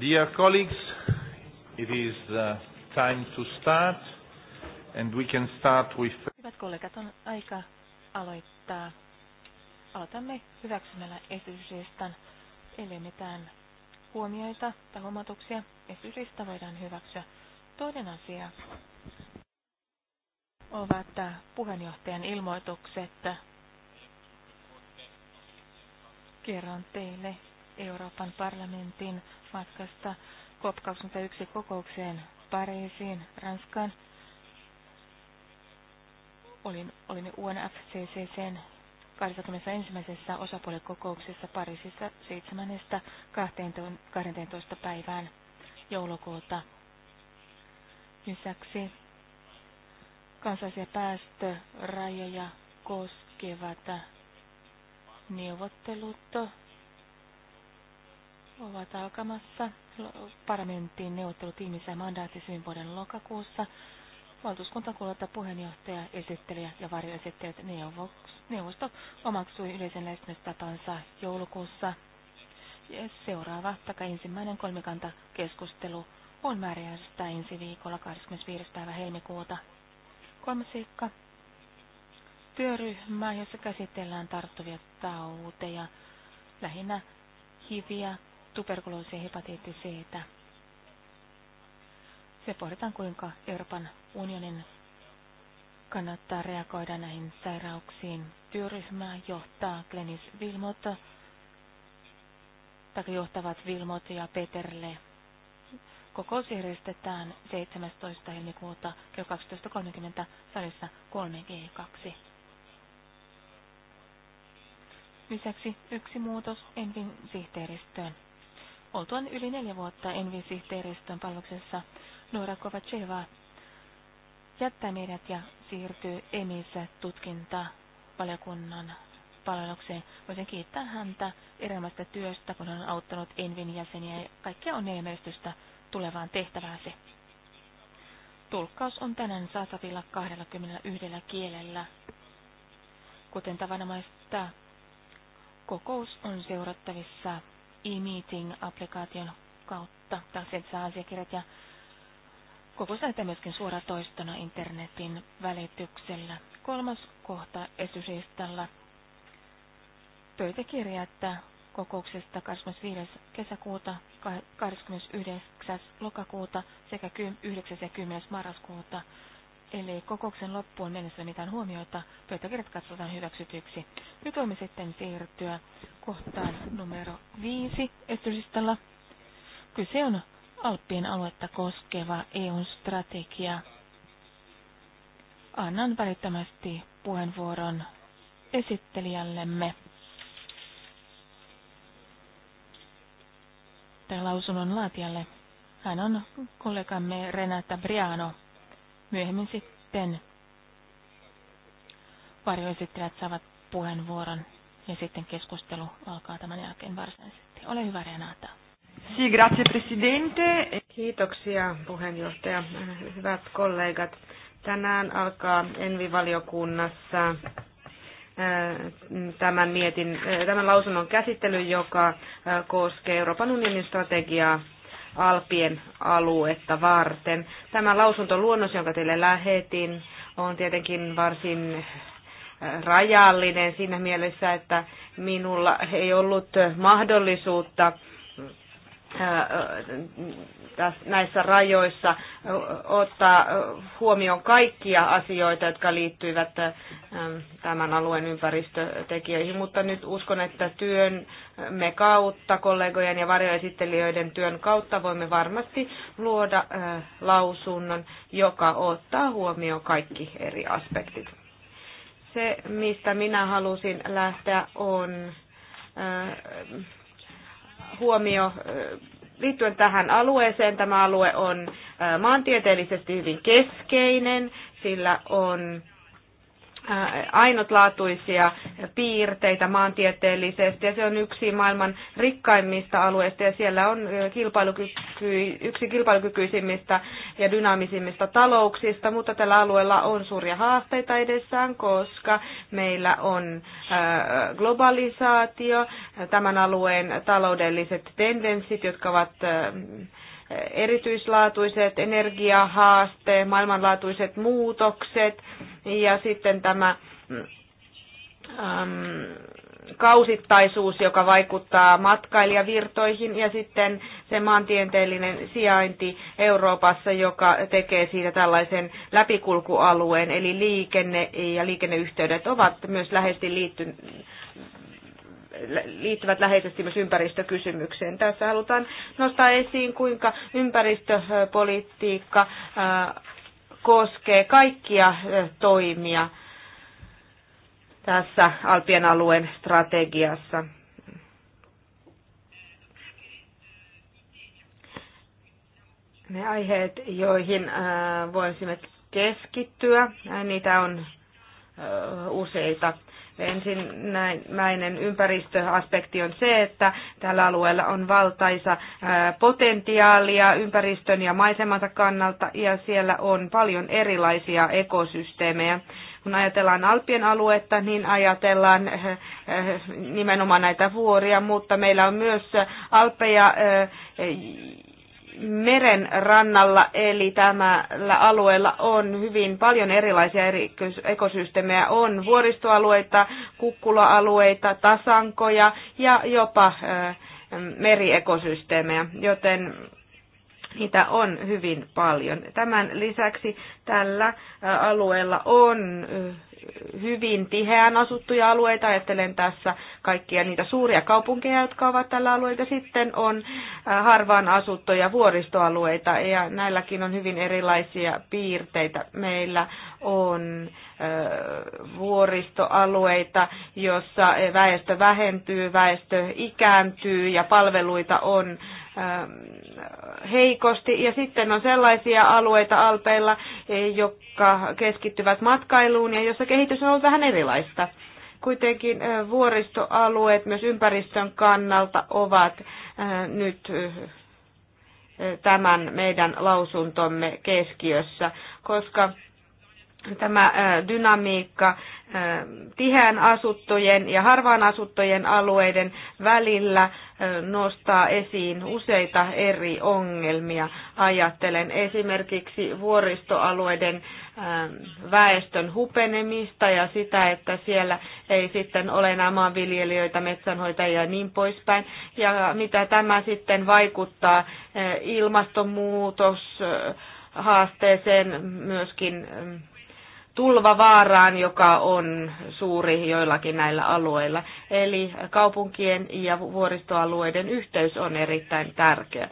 Dear colleagues, it is uh, time to start and we can start with... Hyvät kollegat, on aika aloittaa. Aloitamme hyväksymällä esityslistan, ellei mitään huomioita tai huomautuksia. Esityslista voidaan hyväksyä. Toinen asia ovat äh, puheenjohtajan ilmoitukset. Kerron teille Euroopan parlamentin matkasta COP21 kokoukseen Pariisiin, Ranskaan. Olin, olimme UNFCCCn 21. osapuolikokouksessa Pariisissa 7. 12. päivään joulukuuta. Lisäksi kansallisia päästörajoja koskevat neuvottelut ovat alkamassa parlamentin neuvottelut ihmisen mandaatissa vuoden lokakuussa. Valtuuskunta kuulottaa puheenjohtaja, esittelijä ja varjoesittelijät neuvosto omaksui yleisen lähestymistapansa joulukuussa. Ja seuraava taka ensimmäinen kolmikanta keskustelu on määräjärjestä ensi viikolla 25. päivä helmikuuta. Kolmas seikka. Työryhmä, jossa käsitellään tarttuvia tauteja, lähinnä hiviä, tuberkuloosi ja hepatiitti C. Se pohditaan, kuinka Euroopan unionin kannattaa reagoida näihin sairauksiin. Työryhmää johtaa Glenis Vilmot, tai johtavat Vilmot ja Peterle. Kokous järjestetään 17. helmikuuta kello 12.30 salissa 3G2. Lisäksi yksi muutos Envin sihteeristöön oltuaan yli neljä vuotta Envi-sihteeristön palveluksessa Noora Kovaceva jättää meidät ja siirtyy emissä tutkintavaliokunnan palvelukseen. Voisin kiittää häntä erilaisesta työstä, kun hän on auttanut Envin jäseniä ja kaikkia on ja menestystä tulevaan tehtävääsi. Tulkkaus on tänään saatavilla 21 kielellä. Kuten tavanomaista, kokous on seurattavissa e-meeting-applikaation kautta, tai saa asiakirjat ja koko säätä myöskin suoratoistona internetin välityksellä. Kolmas kohta pöytäkirja, että kokouksesta 25. kesäkuuta, 29. lokakuuta sekä 9. ja 10. marraskuuta Eli kokouksen loppuun mennessä mitään huomioita, pöytäkirjat katsotaan hyväksytyksi. Nyt voimme sitten siirtyä kohtaan numero viisi esityslistalla. Kyse on Alppien aluetta koskeva eu strategia. Annan välittömästi puheenvuoron esittelijällemme. Tämä lausunnon laatijalle. Hän on kollegamme Renata Briano. Myöhemmin sitten varjoesittelijät saavat puheenvuoron ja sitten keskustelu alkaa tämän jälkeen varsinaisesti. Ole hyvä Renata. Si, grazie presidente. Kiitoksia puheenjohtaja. Hyvät kollegat, tänään alkaa Envivaliokunnassa äh, tämän, mietin, äh, tämän lausunnon käsittely, joka äh, koskee Euroopan unionin strategiaa Alpien aluetta varten. Tämä lausuntoluonnos, jonka teille lähetin, on tietenkin varsin äh, rajallinen siinä mielessä, että minulla ei ollut mahdollisuutta näissä rajoissa ottaa huomioon kaikkia asioita, jotka liittyvät tämän alueen ympäristötekijöihin, mutta nyt uskon, että työn me kautta, kollegojen ja varjoesittelijöiden työn kautta voimme varmasti luoda lausunnon, joka ottaa huomioon kaikki eri aspektit. Se, mistä minä halusin lähteä, on huomio liittyen tähän alueeseen. Tämä alue on maantieteellisesti hyvin keskeinen, sillä on ainutlaatuisia piirteitä maantieteellisesti ja se on yksi maailman rikkaimmista alueista ja siellä on kilpailukyky, yksi kilpailukykyisimmistä ja dynaamisimmista talouksista, mutta tällä alueella on suuria haasteita edessään, koska meillä on globalisaatio, tämän alueen taloudelliset tendenssit, jotka ovat erityislaatuiset energiahaasteet, maailmanlaatuiset muutokset ja sitten tämä äm, kausittaisuus, joka vaikuttaa matkailijavirtoihin ja sitten se maantieteellinen sijainti Euroopassa, joka tekee siitä tällaisen läpikulkualueen, eli liikenne ja liikenneyhteydet ovat myös läheisesti liittyneet liittyvät läheisesti myös ympäristökysymykseen. Tässä halutaan nostaa esiin, kuinka ympäristöpolitiikka koskee kaikkia toimia tässä Alpien alueen strategiassa. Ne aiheet, joihin voisimme keskittyä, niitä on useita. Ensimmäinen ympäristöaspekti on se, että tällä alueella on valtaisa potentiaalia ympäristön ja maisemansa kannalta ja siellä on paljon erilaisia ekosysteemejä kun ajatellaan Alpien aluetta, niin ajatellaan nimenomaan näitä vuoria, mutta meillä on myös Alpeja meren rannalla, eli tällä alueella on hyvin paljon erilaisia eri ekosysteemejä. On vuoristoalueita, kukkula-alueita, tasankoja ja jopa meriekosysteemejä, joten Niitä on hyvin paljon. Tämän lisäksi tällä alueella on hyvin tiheään asuttuja alueita. Ajattelen tässä kaikkia niitä suuria kaupunkeja, jotka ovat tällä alueella. Sitten on harvaan asuttuja vuoristoalueita ja näilläkin on hyvin erilaisia piirteitä. Meillä on vuoristoalueita, jossa väestö vähentyy, väestö ikääntyy ja palveluita on Ähm, heikosti. Ja sitten on sellaisia alueita Alpeilla, eh, jotka keskittyvät matkailuun ja jossa kehitys on ollut vähän erilaista. Kuitenkin eh, vuoristoalueet myös ympäristön kannalta ovat eh, nyt tämän meidän lausuntomme keskiössä, koska tämä dynamiikka tiheän asuttujen ja harvaan asuttujen alueiden välillä nostaa esiin useita eri ongelmia. Ajattelen esimerkiksi vuoristoalueiden väestön hupenemista ja sitä, että siellä ei sitten ole enää maanviljelijöitä, metsänhoitajia ja niin poispäin. Ja mitä tämä sitten vaikuttaa ilmastonmuutos haasteeseen myöskin tulvavaaraan, joka on suuri joillakin näillä alueilla. Eli kaupunkien ja vuoristoalueiden yhteys on erittäin tärkeä.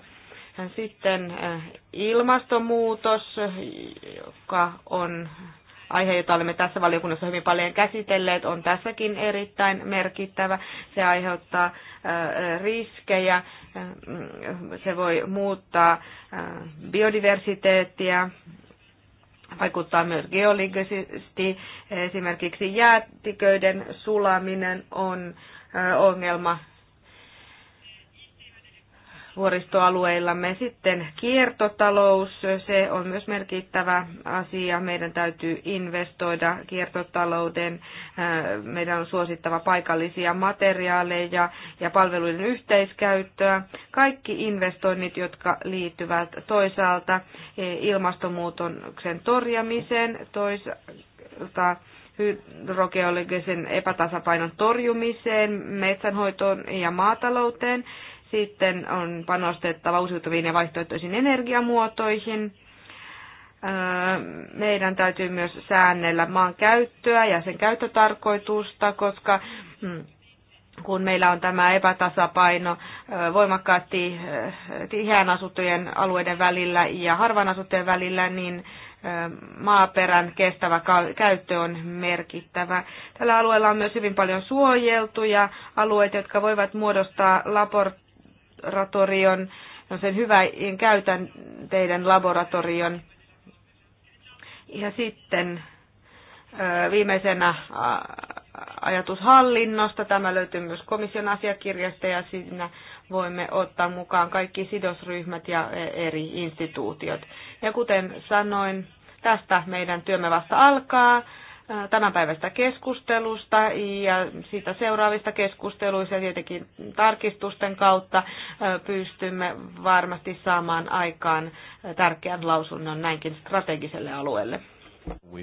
Sitten eh, ilmastonmuutos, joka on aihe, jota olemme tässä valiokunnassa hyvin paljon käsitelleet, on tässäkin erittäin merkittävä. Se aiheuttaa eh, riskejä, eh, se voi muuttaa biodiversiteettiä, vaikuttaa myös geologisesti. Esimerkiksi jäätiköiden sulaminen on ongelma vuoristoalueillamme. Sitten kiertotalous, se on myös merkittävä asia. Meidän täytyy investoida kiertotalouden. Äh, meidän on suosittava paikallisia materiaaleja ja palveluiden yhteiskäyttöä. Kaikki investoinnit, jotka liittyvät toisaalta eh, ilmastonmuutoksen torjamiseen, toisaalta hydrogeologisen epätasapainon torjumiseen, metsänhoitoon ja maatalouteen sitten on panostettava uusiutuviin ja vaihtoehtoisiin energiamuotoihin. Meidän täytyy myös säännellä maan käyttöä ja sen käyttötarkoitusta, koska mm, kun meillä on tämä epätasapaino voimakkaasti tiheän asuttujen alueiden välillä ja harvan asuttujen välillä, niin maaperän kestävä käyttö on merkittävä. Tällä alueella on myös hyvin paljon suojeltuja alueita, jotka voivat muodostaa laboratorion, no sen hyvä, käytän teidän laboratorion. Ja sitten viimeisenä ajatus hallinnosta. Tämä löytyy myös komission asiakirjasta ja siinä voimme ottaa mukaan kaikki sidosryhmät ja e, eri instituutiot. Ja kuten sanoin, tästä meidän työmme vasta alkaa. Äh, päivästä keskustelusta ja siitä seuraavista keskusteluista ja tietenkin tarkistusten kautta äh, pystymme varmasti saamaan aikaan tärkeän lausunnon näinkin strategiselle alueelle. Uh,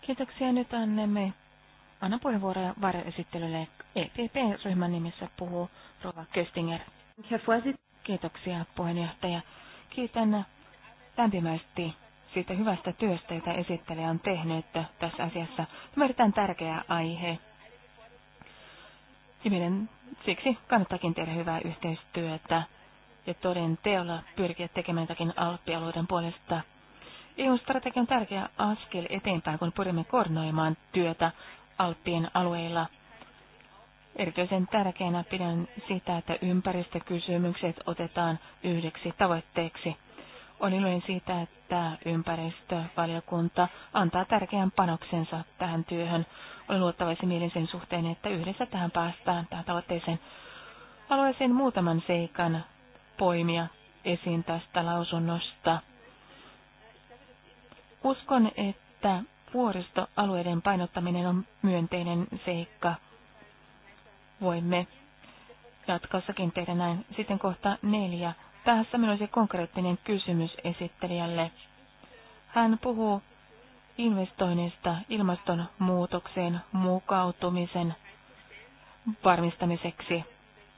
Kiitoksia. Nyt annemme Anna puheenvuoroja esittelylle. EPP-ryhmän nimissä puhuu Rova Köstinger. Kiitoksia puheenjohtaja. Kiitän lämpimästi siitä hyvästä työstä, jota esittelijä on tehnyt tässä asiassa. Tämä erittäin tärkeä aihe. Ja meidän siksi kannattaakin tehdä hyvää yhteistyötä ja toden teolla pyrkiä tekemään jotakin alppialueiden puolesta. EU-strategia on tärkeä askel eteenpäin, kun pyrimme koordinoimaan työtä Alppien alueilla. Erityisen tärkeänä pidän sitä, että ympäristökysymykset otetaan yhdeksi tavoitteeksi on iloinen siitä, että ympäristövaliokunta antaa tärkeän panoksensa tähän työhön. Olen luottavaisin mielin sen suhteen, että yhdessä tähän päästään tähän tavoitteeseen. Haluaisin muutaman seikan poimia esiin tästä lausunnosta. Uskon, että vuoristoalueiden painottaminen on myönteinen seikka. Voimme jatkossakin tehdä näin. Sitten kohta neljä tässä minulla olisi konkreettinen kysymys esittelijälle. Hän puhuu investoinnista ilmastonmuutokseen mukautumisen varmistamiseksi.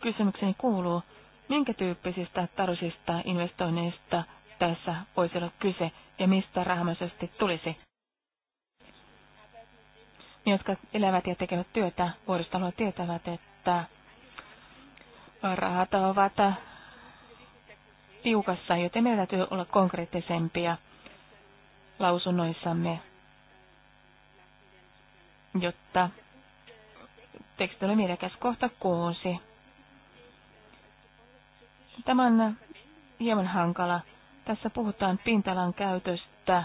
Kysymykseni kuuluu, minkä tyyppisistä taloudellisista investoinneista tässä voisi olla kyse ja mistä rahamaisesti tulisi? Ne, jotka elävät ja tekevät työtä vuoristolla tietävät, että rahat ovat tiukassa, joten meillä täytyy olla konkreettisempia lausunnoissamme, jotta teksti oli mielekäs kohta kuusi. Tämä on hieman hankala. Tässä puhutaan pintalan käytöstä.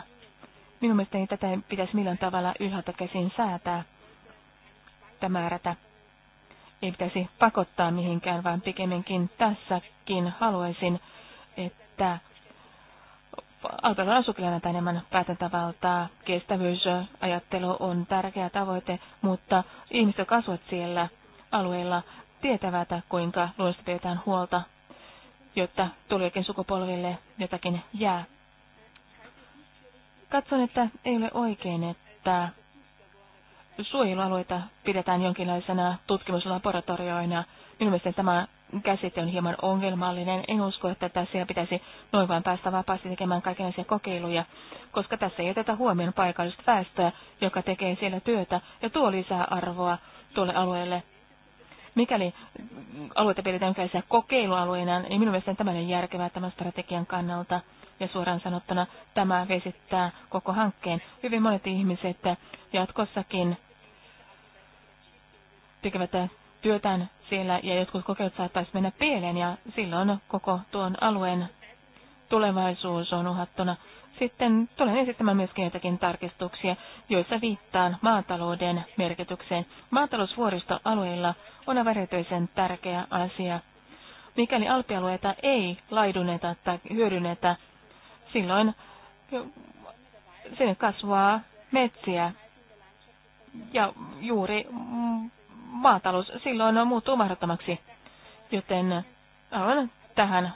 Minun mielestäni tätä ei pitäisi millään tavalla ylhäältä käsin säätää tai määrätä. Ei pitäisi pakottaa mihinkään, vaan pikemminkin tässäkin haluaisin että autolla asukilla näitä enemmän päätäntävaltaa. Kestävyysajattelu on tärkeä tavoite, mutta ihmiset, jotka asuvat siellä alueilla, tietävät, kuinka luonnosta pidetään huolta, jotta tulijakin sukupolville jotakin jää. Katson, että ei ole oikein, että suojelualueita pidetään jonkinlaisena tutkimuslaboratorioina. Minun mielestäni tämä käsite on hieman ongelmallinen. En usko, että tässä pitäisi noin vain päästä vapaasti tekemään kaikenlaisia kokeiluja, koska tässä ei oteta huomioon paikallista väestöä, joka tekee siellä työtä ja tuo lisää arvoa tuolle alueelle. Mikäli alueita pidetään käsiä kokeilualueena, niin minun mielestäni tämä on järkevää tämän strategian kannalta. Ja suoraan sanottuna tämä vesittää koko hankkeen. Hyvin monet ihmiset jatkossakin tekevät työtään siellä ja jotkut kokeilut saattaisi mennä pieleen ja silloin koko tuon alueen tulevaisuus on uhattuna. Sitten tulen esittämään myöskin joitakin tarkistuksia, joissa viittaan maatalouden merkitykseen. Maatalousvuoristoalueilla on erityisen tärkeä asia. Mikäli alpialueita ei laiduneta tai hyödynnetä, silloin sinne kasvaa metsiä ja juuri maatalous silloin muuttuu mahdottomaksi. Joten haluan tähän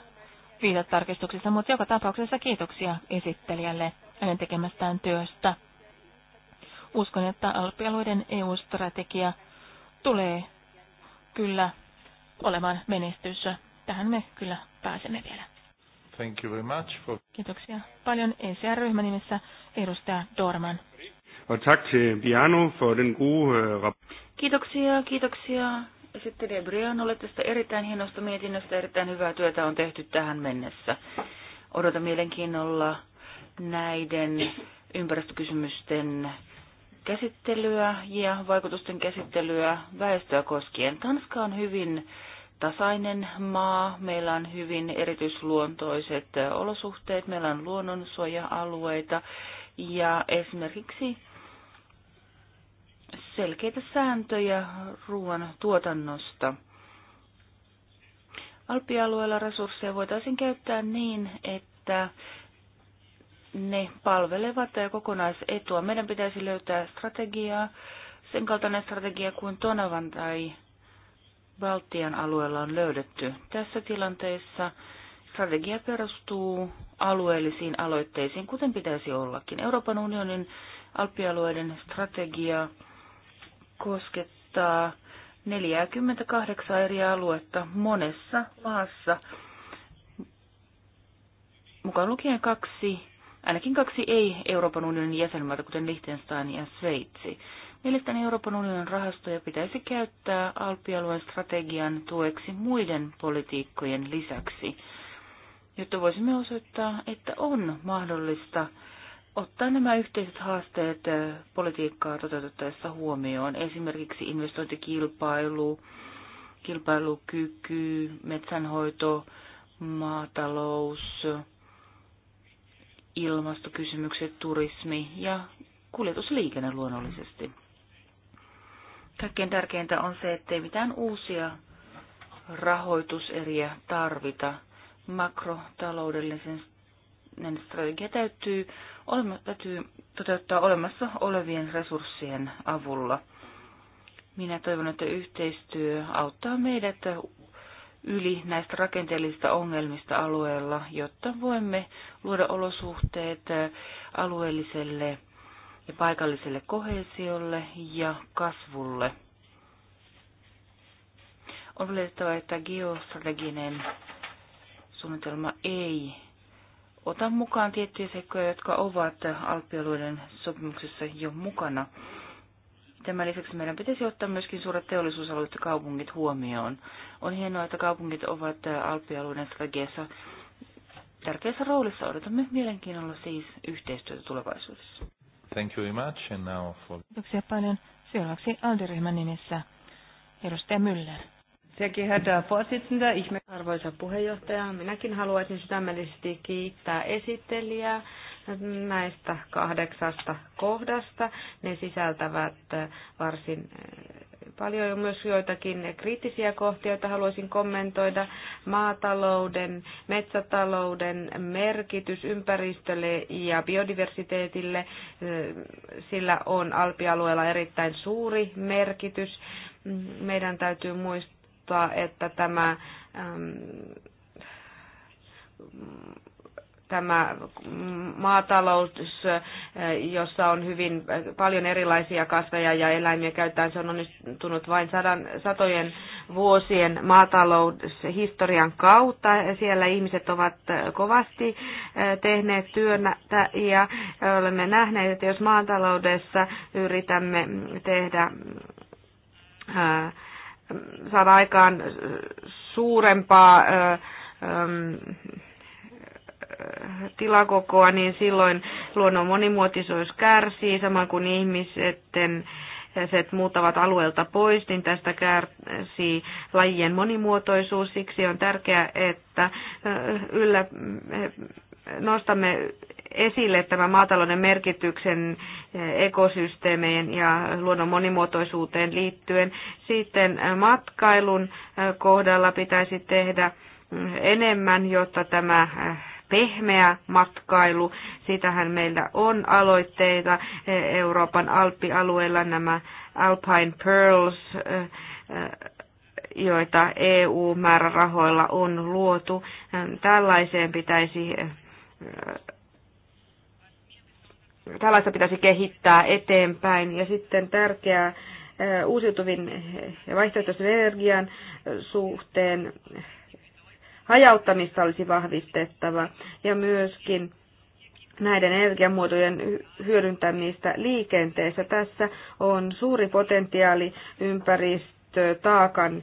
viitatarkistuksessa, mutta joka tapauksessa kiitoksia esittelijälle hänen tekemästään työstä. Uskon, että alppialueiden EU-strategia tulee kyllä olemaan menestys. Tähän me kyllä pääsemme vielä. Thank you very much for... Kiitoksia paljon ECR-ryhmän nimessä edustaja Dorman. Och tack till Biano för den gode øh, Kiitoksia, kiitoksia esittelijä Brianolle tästä erittäin hienosta mietinnöstä. Erittäin hyvää työtä on tehty tähän mennessä. Odota mielenkiinnolla näiden ympäristökysymysten käsittelyä ja vaikutusten käsittelyä väestöä koskien. Tanska on hyvin tasainen maa, meillä on hyvin erityisluontoiset olosuhteet, meillä on luonnonsuoja-alueita ja esimerkiksi selkeitä sääntöjä ruoan tuotannosta. Alppialueella resursseja voitaisiin käyttää niin, että ne palvelevat kokonaisetua. Meidän pitäisi löytää strategiaa, sen kaltainen strategia kuin Tonavan tai Baltian alueella on löydetty. Tässä tilanteessa strategia perustuu alueellisiin aloitteisiin, kuten pitäisi ollakin. Euroopan unionin alppialueiden strategia koskettaa 48 eri aluetta monessa maassa, mukaan lukien kaksi, ainakin kaksi ei-Euroopan unionin jäsenmaata, kuten Liechtenstein ja Sveitsi. Mielestäni Euroopan unionin rahastoja pitäisi käyttää alpialueen strategian tueksi muiden politiikkojen lisäksi, jotta voisimme osoittaa, että on mahdollista ottaa nämä yhteiset haasteet politiikkaa toteutettaessa huomioon, esimerkiksi investointikilpailu, kilpailukyky, metsänhoito, maatalous, ilmastokysymykset, turismi ja kuljetusliikenne luonnollisesti. Kaikkein tärkeintä on se, ettei mitään uusia rahoituseriä tarvita makrotaloudellisen strategia täytyy, olema, täytyy toteuttaa olemassa olevien resurssien avulla. Minä toivon, että yhteistyö auttaa meidät yli näistä rakenteellisista ongelmista alueella, jotta voimme luoda olosuhteet alueelliselle ja paikalliselle kohesiolle ja kasvulle. On valitettava, että geostrateginen suunnitelma ei otan mukaan tiettyjä seikkoja, jotka ovat alppialueiden sopimuksessa jo mukana. Tämän lisäksi meidän pitäisi ottaa myöskin suuret teollisuusalueet ja kaupungit huomioon. On hienoa, että kaupungit ovat alppialueiden strategiassa tärkeässä roolissa. Odotamme mielenkiinnolla siis yhteistyötä tulevaisuudessa. Thank you very much. And now for... Kiitoksia paljon. Seuraavaksi Alderyhmän nimessä edustaja Müller. Arvoisa puheenjohtaja, minäkin haluaisin sydämellisesti kiittää esittelijää näistä kahdeksasta kohdasta. Ne sisältävät varsin eh, paljon myös joitakin kriittisiä kohtia, joita haluaisin kommentoida. Maatalouden, metsätalouden merkitys ympäristölle ja biodiversiteetille, eh, sillä on alpialueella erittäin suuri merkitys. Meidän täytyy muistaa, muistuttaa, että tämä, tämä maatalous, äh, jossa on hyvin paljon erilaisia kasveja ja eläimiä käytetään, se on onnistunut vain sadan, satojen vuosien maataloushistorian kautta. Siellä ihmiset ovat äh, kovasti äh, tehneet työnä ja olemme nähneet, että jos maataloudessa yritämme tehdä saada aikaan suurempaa tilakokoa, niin silloin luonnon monimuotisuus kärsii, sama kuin ihmisten set muuttavat alueelta pois, niin tästä kärsii lajien monimuotoisuus. Siksi on tärkeää, että yllä nostamme esille tämän maatalouden merkityksen eh, ekosysteemeen ja luonnon monimuotoisuuteen liittyen. Sitten eh, matkailun eh, kohdalla pitäisi tehdä mm, enemmän, jotta tämä pehmeä matkailu, sitähän meillä on aloitteita Euroopan alppialueella nämä Alpine Pearls, joita EU-määrärahoilla on luotu. Tällaiseen pitäisi tällaista pitäisi kehittää eteenpäin. Ja sitten tärkeää uusiutuvin ja vaihtoehtoisen energian suhteen hajauttamista olisi vahvistettava ja myöskin näiden energiamuotojen hyödyntämistä liikenteessä. Tässä on suuri potentiaali ympäristötaakan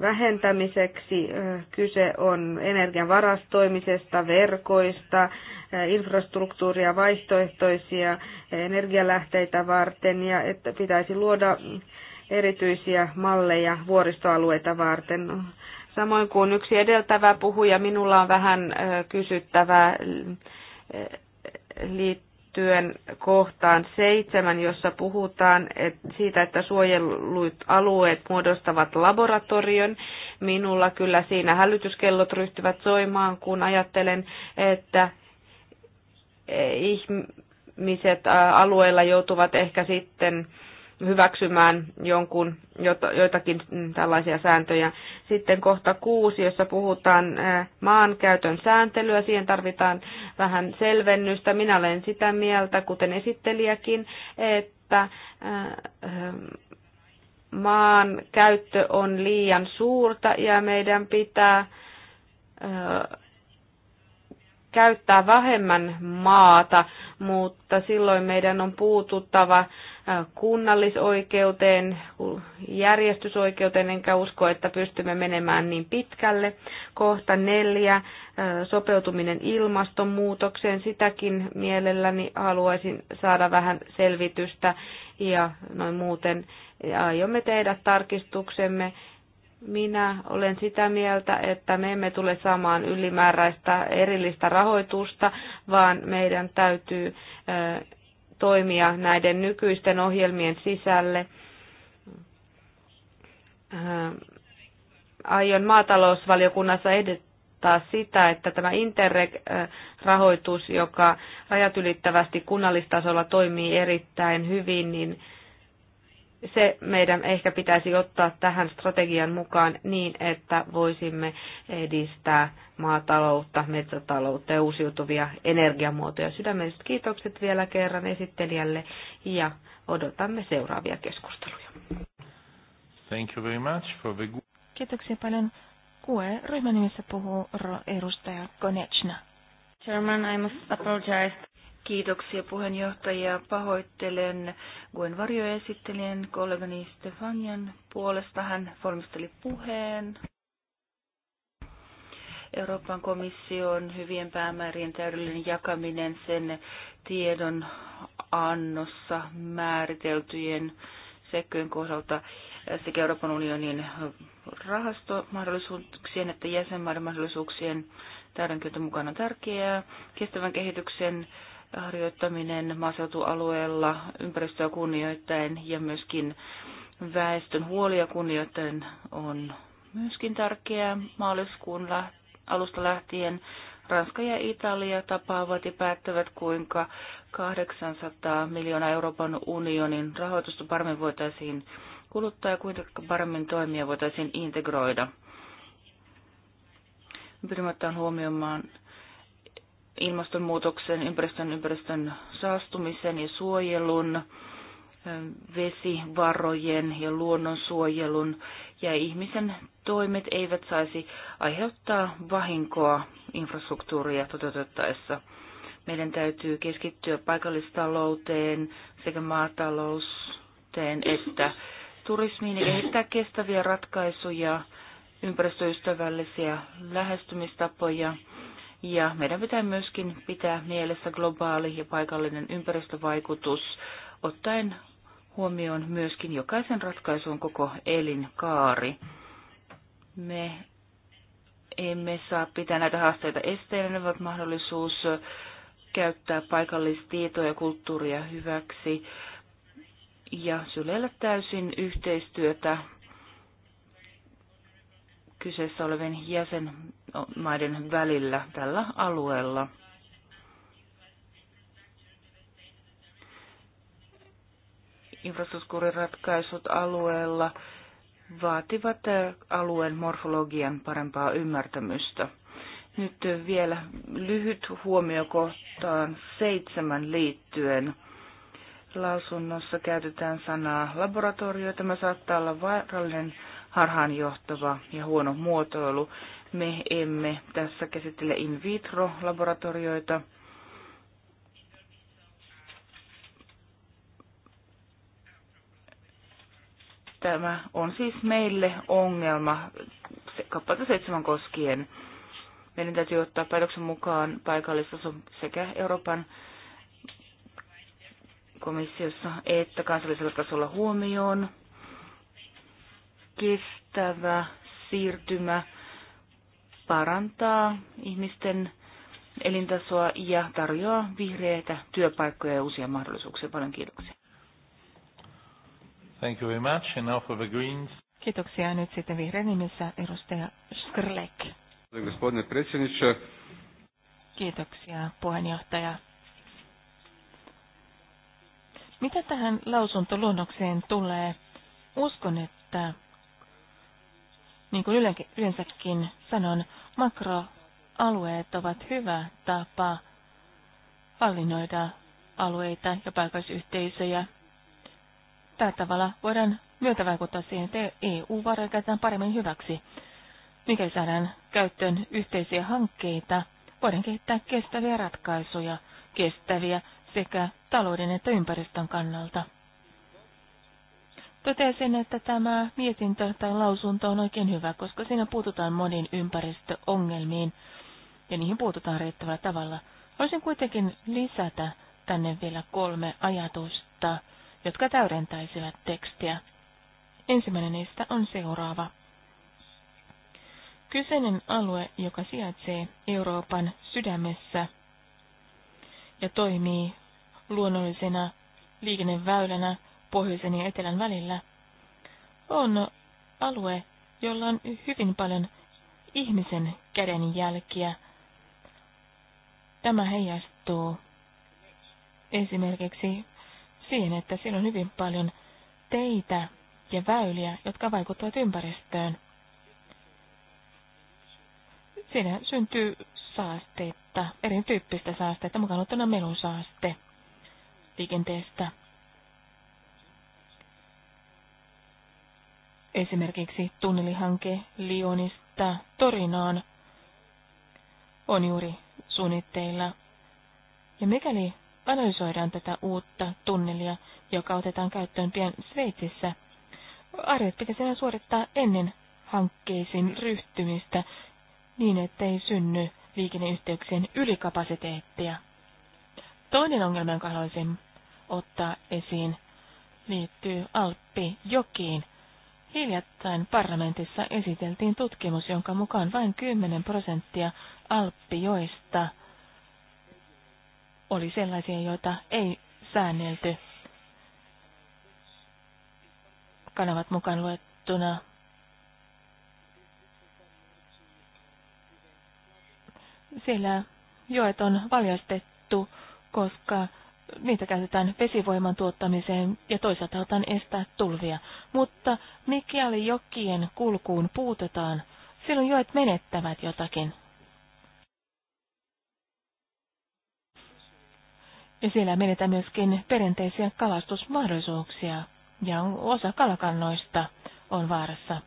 vähentämiseksi. Kyse on energian varastoimisesta, verkoista, infrastruktuuria vaihtoehtoisia energialähteitä varten ja että pitäisi luoda erityisiä malleja vuoristoalueita varten. Samoin kuin yksi edeltävä puhuja, minulla on vähän kysyttävää liittyen liittyen kohtaan seitsemän, jossa puhutaan siitä, että suojelut alueet muodostavat laboratorion. Minulla kyllä siinä hälytyskellot ryhtyvät soimaan, kun ajattelen, että ihmiset alueella joutuvat ehkä sitten hyväksymään jonkun, joitakin tällaisia sääntöjä. Sitten kohta kuusi, jossa puhutaan maankäytön sääntelyä, siihen tarvitaan vähän selvennystä. Minä olen sitä mieltä, kuten esittelijäkin, että maan käyttö on liian suurta ja meidän pitää käyttää vähemmän maata, mutta silloin meidän on puututtava kunnallisoikeuteen, järjestysoikeuteen, enkä usko, että pystymme menemään niin pitkälle. Kohta neljä, sopeutuminen ilmastonmuutokseen, sitäkin mielelläni haluaisin saada vähän selvitystä ja noin muuten aiomme tehdä tarkistuksemme. Minä olen sitä mieltä, että me emme tule saamaan ylimääräistä erillistä rahoitusta, vaan meidän täytyy toimia näiden nykyisten ohjelmien sisälle. Äh, aion maatalousvaliokunnassa ehdottaa sitä, että tämä Interreg-rahoitus, joka rajat ylittävästi kunnallistasolla toimii erittäin hyvin, niin se meidän ehkä pitäisi ottaa tähän strategian mukaan niin, että voisimme edistää maataloutta, metsätaloutta ja uusiutuvia energiamuotoja. Sydämelliset kiitokset vielä kerran esittelijälle ja odotamme seuraavia keskusteluja. Thank you very much for the... Kiitoksia paljon. QE-ryhmän nimessä puhuu edustaja Konechna. Chairman, I must apologize. Kiitoksia puheenjohtaja. Pahoittelen Varjo esittelijän kollegani Stefanian puolesta. Hän valmisteli puheen. Euroopan komission hyvien päämäärien täydellinen jakaminen sen tiedon annossa määriteltyjen sekkojen kohdalta sekä Euroopan unionin rahastomahdollisuuksien että jäsenmaiden mahdollisuuksien täydenkyntö mukana on tärkeää. Kestävän kehityksen harjoittaminen maaseutualueella ympäristöä kunnioittaen ja myöskin väestön huolia kunnioittaen on myöskin tärkeää. Maaliskuun alusta lähtien Ranska ja Italia tapaavat ja päättävät, kuinka 800 miljoonaa Euroopan unionin rahoitusta paremmin voitaisiin kuluttaa ja kuinka paremmin toimia voitaisiin integroida. Pyrimme ottaa huomioimaan ilmastonmuutoksen, ympäristön, ympäristön saastumisen ja suojelun, vesivarojen ja luonnonsuojelun ja ihmisen toimet eivät saisi aiheuttaa vahinkoa infrastruktuuria toteutettaessa. Meidän täytyy keskittyä paikallistalouteen sekä maatalouteen että turismiin ja kehittää kestäviä ratkaisuja, ympäristöystävällisiä lähestymistapoja ja meidän pitää myöskin pitää mielessä globaali ja paikallinen ympäristövaikutus, ottaen huomioon myöskin jokaisen ratkaisun koko elinkaari. Me emme saa pitää näitä haasteita esteenä, ne ovat mahdollisuus käyttää paikallistietoja ja kulttuuria hyväksi ja syleillä täysin yhteistyötä kyseessä olevien jäsenmaiden välillä tällä alueella. Infrastruktuuriratkaisut alueella vaativat alueen morfologian parempaa ymmärtämystä. Nyt vielä lyhyt huomio kohtaan seitsemän liittyen. Lausunnossa käytetään sanaa laboratorio. Tämä saattaa olla vaarallinen harhaanjohtava ja huono muotoilu. Me emme tässä käsittele in vitro-laboratorioita. Tämä on siis meille ongelma kappalta seitsemän koskien. Meidän täytyy ottaa päätöksen mukaan paikallistason sekä Euroopan komissiossa että kansallisella tasolla huomioon kestävä siirtymä parantaa ihmisten elintasoa ja tarjoaa vihreitä työpaikkoja ja uusia mahdollisuuksia. Paljon kiitoksia. Thank you very much. And now for the Greens. Kiitoksia. Nyt sitten vihreän nimissä edustaja Skrlek. Kiitoksia, puheenjohtaja. Mitä tähän lausuntoluonnokseen tulee? Uskon, että niin kuin yleensäkin sanon, makroalueet ovat hyvä tapa hallinnoida alueita ja paikallisyhteisöjä. Tällä tavalla voidaan vaikuttaa siihen, että EU-varoja käytetään paremmin hyväksi. Mikäli saadaan käyttöön yhteisiä hankkeita, voidaan kehittää kestäviä ratkaisuja, kestäviä sekä talouden että ympäristön kannalta. Totesin, että tämä mietintö tai lausunto on oikein hyvä, koska siinä puututaan moniin ympäristöongelmiin ja niihin puututaan riittävällä tavalla. Voisin kuitenkin lisätä tänne vielä kolme ajatusta, jotka täydentäisivät tekstiä. Ensimmäinen niistä on seuraava. Kyseinen alue, joka sijaitsee Euroopan sydämessä ja toimii luonnollisena liikenneväylänä pohjoisen ja etelän välillä, on alue, jolla on hyvin paljon ihmisen kädenjälkiä. Tämä heijastuu esimerkiksi siihen, että siellä on hyvin paljon teitä ja väyliä, jotka vaikuttavat ympäristöön. Siinä syntyy saasteita, erityyppistä saasteita, mukaan ottana melusaaste liikenteestä. Esimerkiksi tunnelihanke Lionista Torinaan on juuri suunnitteilla. Ja mikäli analysoidaan tätä uutta tunnelia, joka otetaan käyttöön pian Sveitsissä, arviot pitäisi suorittaa ennen hankkeisiin ryhtymistä niin, ettei synny liikenneyhteyksien ylikapasiteettia. Toinen ongelma, jonka haluaisin ottaa esiin, liittyy Alppi-jokiin. Hiljattain parlamentissa esiteltiin tutkimus, jonka mukaan vain 10 prosenttia alppijoista oli sellaisia, joita ei säännelty. Kanavat mukaan luettuna siellä joet on valjastettu, koska niitä käytetään vesivoiman tuottamiseen ja toisaalta otan estää tulvia. Mutta mikäli jokien kulkuun puutetaan, silloin joet menettävät jotakin. Ja siellä menetään myöskin perinteisiä kalastusmahdollisuuksia ja osa kalakannoista on vaarassa.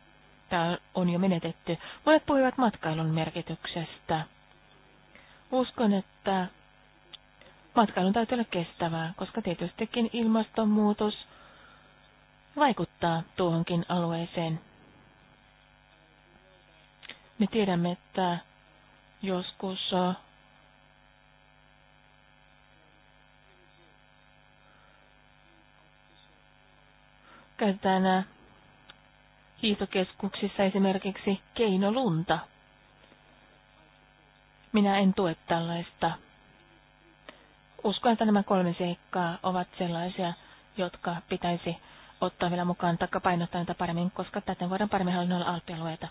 Tämä on jo menetetty. Monet puhuivat matkailun merkityksestä. Uskon, että Matkailun täytyy olla kestävää, koska tietystikin ilmastonmuutos vaikuttaa tuohonkin alueeseen. Me tiedämme, että joskus käytetään hiihtokeskuksissa esimerkiksi keinolunta. Minä en tue tällaista Uskon, että nämä kolme seikkaa ovat sellaisia, jotka pitäisi ottaa vielä mukaan takapainottaa niitä paremmin, koska täten voidaan paremmin hallinnoida alttialueita.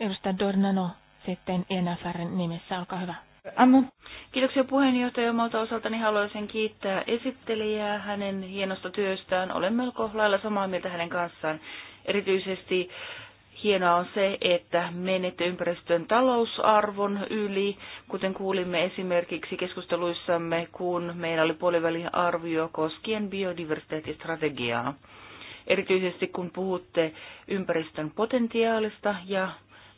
Edustaja Dornano sitten ENFRn nimessä, olkaa hyvä. Amu. Kiitoksia puheenjohtaja omalta osaltani. Haluaisin kiittää esittelijää hänen hienosta työstään. Olen melko lailla samaa mieltä hänen kanssaan. Erityisesti Hienoa on se, että menette ympäristön talousarvon yli, kuten kuulimme esimerkiksi keskusteluissamme, kun meillä oli arvio koskien biodiversiteettistrategiaa. Erityisesti kun puhutte ympäristön potentiaalista ja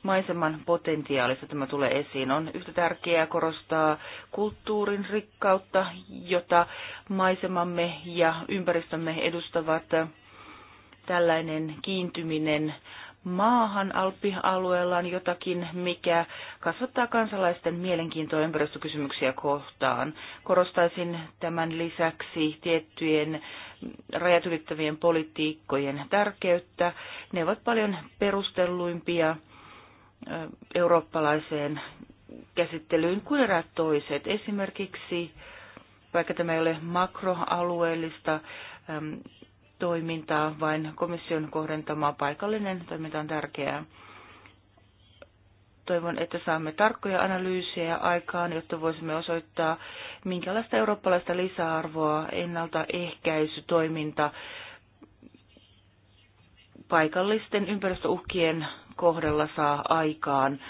maiseman potentiaalista tämä tulee esiin. On yhtä tärkeää korostaa kulttuurin rikkautta, jota maisemamme ja ympäristömme edustavat. Tällainen kiintyminen maahan Alppi-alueellaan jotakin, mikä kasvattaa kansalaisten mielenkiintoa ympäristökysymyksiä kohtaan. Korostaisin tämän lisäksi tiettyjen rajat ylittävien politiikkojen tärkeyttä. Ne ovat paljon perustelluimpia eurooppalaiseen käsittelyyn kuin erät toiset. Esimerkiksi, vaikka tämä ei ole makroalueellista, toimintaa, vain komission kohdentama paikallinen toiminta on tärkeää. Toivon, että saamme tarkkoja analyysejä aikaan, jotta voisimme osoittaa, minkälaista eurooppalaista lisäarvoa ennaltaehkäisytoiminta paikallisten ympäristöuhkien kohdalla saa aikaan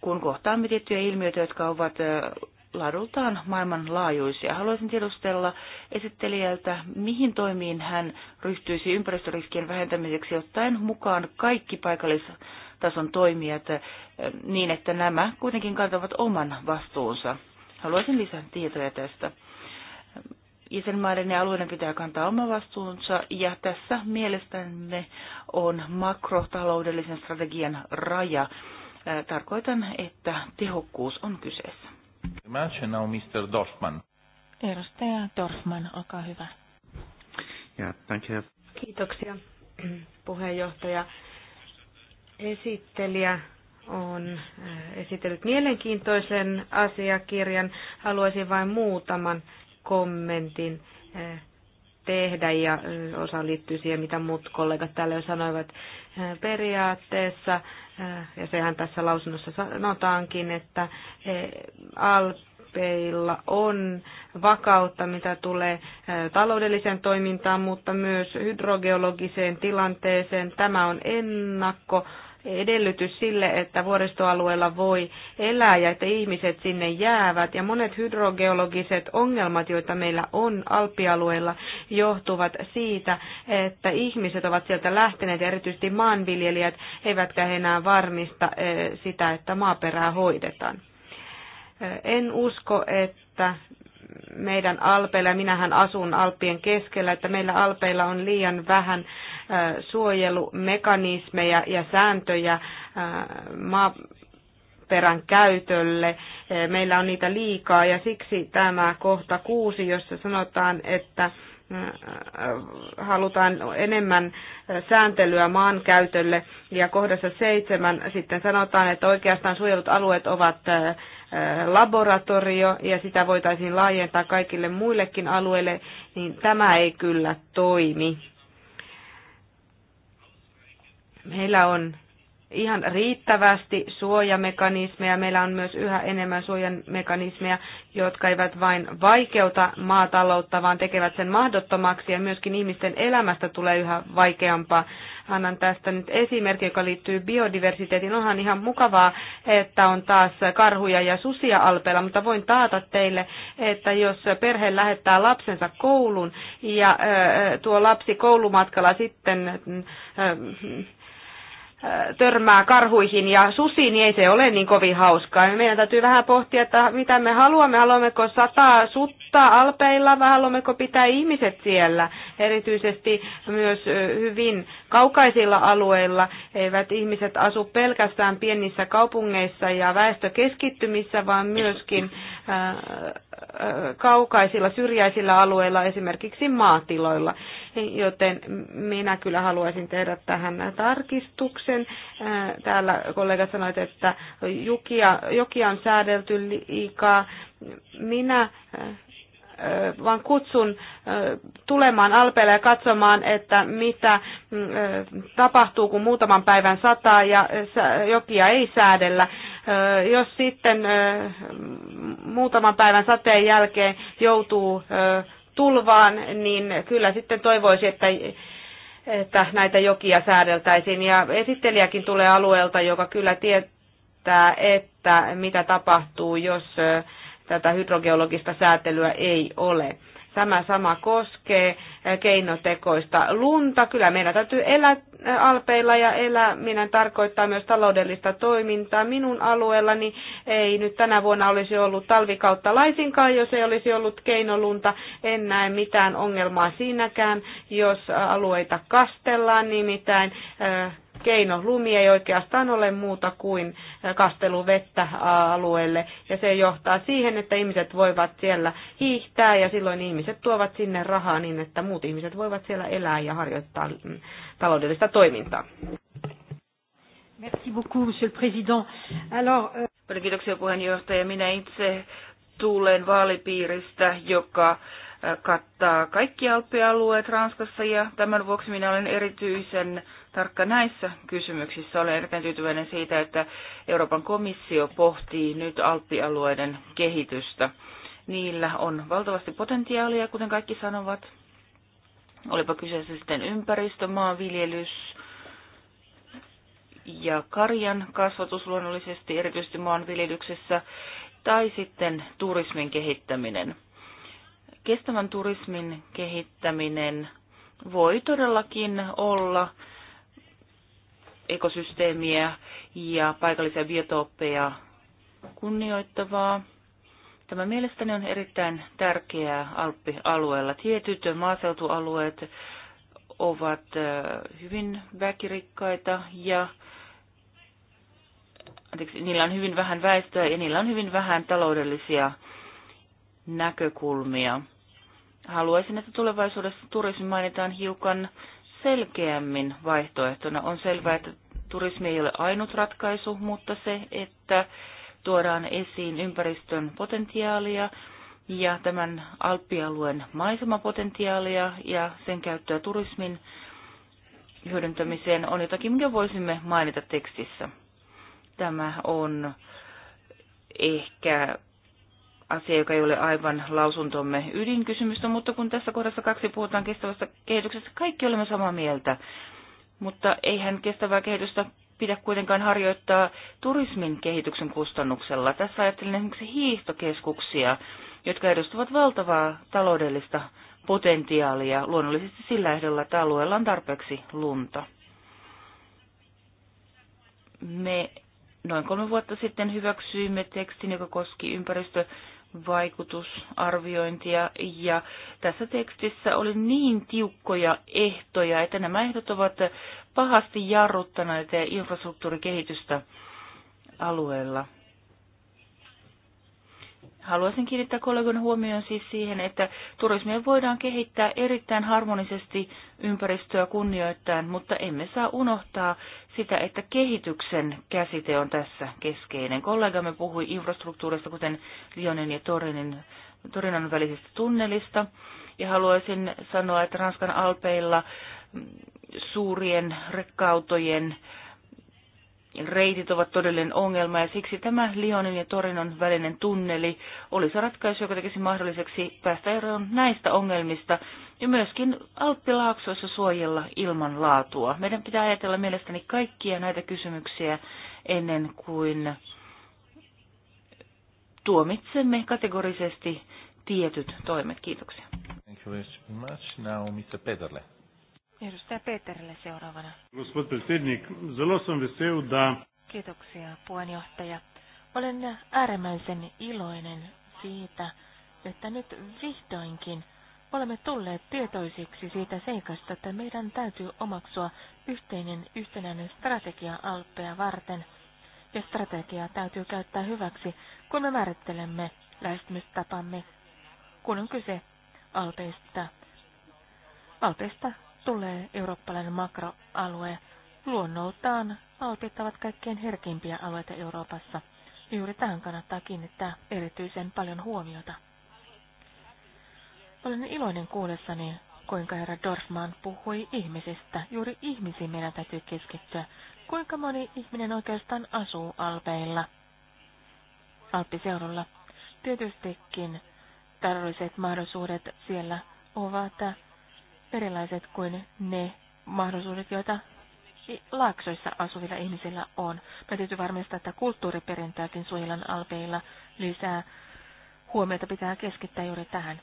kun kohtaamme tiettyjä ilmiöitä, jotka ovat laadultaan maailmanlaajuisia. Haluaisin tiedustella esittelijältä, mihin toimiin hän ryhtyisi ympäristöriskien vähentämiseksi ottaen mukaan kaikki paikallistason toimijat eh, niin, että nämä kuitenkin kantavat oman vastuunsa. Haluaisin lisää tietoja tästä. Jäsenmaiden ja alueiden pitää kantaa oma vastuunsa ja tässä mielestämme on makrotaloudellisen strategian raja. Eh, tarkoitan, että tehokkuus on kyseessä. Now Mr. Dorfman. Edustaja Dorfman, olkaa hyvä. Yeah, thank you. Kiitoksia puheenjohtaja. Esittelijä on äh, esitellyt mielenkiintoisen asiakirjan. Haluaisin vain muutaman kommentin äh, tehdä ja osa liittyy siihen, mitä muut kollegat täällä jo sanoivat periaatteessa. Ja sehän tässä lausunnossa sanotaankin, että Alpeilla on vakautta, mitä tulee taloudelliseen toimintaan, mutta myös hydrogeologiseen tilanteeseen. Tämä on ennakko edellytys sille, että vuoristoalueella voi elää ja että ihmiset sinne jäävät. Ja monet hydrogeologiset ongelmat, joita meillä on alppialueella, johtuvat siitä, että ihmiset ovat sieltä lähteneet, erityisesti maanviljelijät, eivätkä enää varmista eh, sitä, että maaperää hoidetaan. Eh, en usko, että meidän alpeilla, minähän asun alpien keskellä, että meillä alpeilla on liian vähän suojelumekanismeja ja sääntöjä maaperän käytölle. Meillä on niitä liikaa ja siksi tämä kohta kuusi, jossa sanotaan, että halutaan enemmän sääntelyä maan käytölle. Ja kohdassa seitsemän sitten sanotaan, että oikeastaan suojelut alueet ovat laboratorio ja sitä voitaisiin laajentaa kaikille muillekin alueille, niin tämä ei kyllä toimi. Meillä on ihan riittävästi suojamekanismeja. Meillä on myös yhä enemmän suojamekanismeja, jotka eivät vain vaikeuta maataloutta, vaan tekevät sen mahdottomaksi ja myöskin ihmisten elämästä tulee yhä vaikeampaa. Annan tästä nyt esimerkki, joka liittyy biodiversiteetin. Onhan ihan mukavaa, että on taas karhuja ja susia alpeilla, mutta voin taata teille, että jos perhe lähettää lapsensa kouluun ja tuo lapsi koulumatkalla sitten törmää karhuihin ja susiin, niin ei se ole niin kovin hauskaa. Meidän täytyy vähän pohtia, että mitä me haluamme. Haluammeko sataa sutta alpeilla vai haluammeko pitää ihmiset siellä? Erityisesti myös hyvin kaukaisilla alueilla eivät ihmiset asu pelkästään pienissä kaupungeissa ja väestökeskittymissä, vaan myöskin kaukaisilla syrjäisillä alueilla, esimerkiksi maatiloilla. Joten minä kyllä haluaisin tehdä tähän tarkistuksen kysymyksen. Täällä kollega sanoi, että jukia, jokia on säädelty liikaa. Minä vaan kutsun tulemaan Alpeelle ja katsomaan, että mitä tapahtuu, kun muutaman päivän sataa ja jokia ei säädellä. Jos sitten muutaman päivän sateen jälkeen joutuu tulvaan, niin kyllä sitten toivoisin, että että näitä jokia säädeltäisiin. Ja esittelijäkin tulee alueelta, joka kyllä tietää, että mitä tapahtuu, jos äh, tätä hydrogeologista säätelyä ei ole. Tämä sama koskee eh, keinotekoista lunta. Kyllä meillä täytyy elää eh, alpeilla ja eläminen tarkoittaa myös taloudellista toimintaa. Minun alueellani ei nyt tänä vuonna olisi ollut talvikautta laisinkaan, jos ei olisi ollut keinolunta. En näe mitään ongelmaa siinäkään, jos eh, alueita kastellaan, nimittäin keino. Lumi ei oikeastaan ole muuta kuin kasteluvettä alueelle ja se johtaa siihen, että ihmiset voivat siellä hiihtää ja silloin ihmiset tuovat sinne rahaa niin, että muut ihmiset voivat siellä elää ja harjoittaa mm, taloudellista toimintaa. Merci beaucoup, monsieur le président. Alors, euh... Kiitoksia puheenjohtaja. Minä itse tulen vaalipiiristä, joka äh, kattaa kaikki alppialueet Ranskassa ja tämän vuoksi minä olen erityisen tarkka näissä kysymyksissä. Olen erittäin tyytyväinen siitä, että Euroopan komissio pohtii nyt alppialueiden kehitystä. Niillä on valtavasti potentiaalia, kuten kaikki sanovat. Olipa kyseessä sitten ympäristö, maanviljelys ja karjan kasvatus luonnollisesti, erityisesti maanviljelyksessä, tai sitten turismin kehittäminen. Kestävän turismin kehittäminen voi todellakin olla ekosysteemiä ja paikallisia biotooppeja kunnioittavaa. Tämä mielestäni on erittäin tärkeää Alppi-alueella. Tietyt maaseutualueet ovat hyvin väkirikkaita ja anteeksi, niillä on hyvin vähän väestöä ja niillä on hyvin vähän taloudellisia näkökulmia. Haluaisin, että tulevaisuudessa turismi mainitaan hiukan selkeämmin vaihtoehtona. On selvää, että turismi ei ole ainut ratkaisu, mutta se, että tuodaan esiin ympäristön potentiaalia ja tämän alppialueen maisemapotentiaalia ja sen käyttöä turismin hyödyntämiseen on jotakin, mitä voisimme mainita tekstissä. Tämä on ehkä asia, joka ei ole aivan lausuntomme ydinkysymystä, mutta kun tässä kohdassa kaksi puhutaan kestävästä kehityksestä, kaikki olemme samaa mieltä. Mutta eihän kestävää kehitystä pidä kuitenkaan harjoittaa turismin kehityksen kustannuksella. Tässä ajattelen esimerkiksi hiihtokeskuksia, jotka edustavat valtavaa taloudellista potentiaalia luonnollisesti sillä ehdolla, että alueella on tarpeeksi lunta. Me noin kolme vuotta sitten hyväksyimme tekstin, joka koski ympäristö- vaikutusarviointia ja tässä tekstissä oli niin tiukkoja ehtoja, että nämä ehdot ovat pahasti jarruttaneet infrastruktuurikehitystä alueella. Haluaisin kiinnittää kollegan huomioon siis siihen, että turismia voidaan kehittää erittäin harmonisesti ympäristöä kunnioittain, mutta emme saa unohtaa sitä, että kehityksen käsite on tässä keskeinen. Kollegamme puhui infrastruktuurista, kuten Lionin ja Torinin, Torinan välisestä tunnelista, ja haluaisin sanoa, että Ranskan alpeilla suurien rekkautojen reitit ovat todellinen ongelma ja siksi tämä Lionin ja Torinon välinen tunneli olisi ratkaisu, joka tekisi mahdolliseksi päästä eroon näistä ongelmista ja myöskin Alppilaaksoissa suojella ilmanlaatua. Meidän pitää ajatella mielestäni kaikkia näitä kysymyksiä ennen kuin tuomitsemme kategorisesti tietyt toimet. Kiitoksia. Thank you very much. Now Mr. Edustaja Peterille seuraavana. Kiitoksia, puheenjohtaja. Olen äärimmäisen iloinen siitä, että nyt vihdoinkin olemme tulleet tietoisiksi siitä seikasta, että meidän täytyy omaksua yhteinen yhtenäinen strategia Alppeja varten. Ja strategiaa täytyy käyttää hyväksi, kun me määrittelemme lähestymistapamme, kun on kyse alteista. Alteista tulee eurooppalainen makroalue. Luonnoltaan altit ovat kaikkein herkimpiä alueita Euroopassa. Juuri tähän kannattaa kiinnittää erityisen paljon huomiota. Olen iloinen kuullessani, kuinka herra Dorfman puhui ihmisistä. Juuri ihmisiin meidän täytyy keskittyä. Kuinka moni ihminen oikeastaan asuu alpeilla? Alppiseudulla. Tietystikin tarvitset mahdollisuudet siellä ovat erilaiset kuin ne mahdollisuudet, joita laaksoissa asuvilla ihmisillä on. Mä täytyy varmistaa, että kulttuuriperintöäkin suojellaan alpeilla lisää. Huomiota pitää keskittää juuri tähän.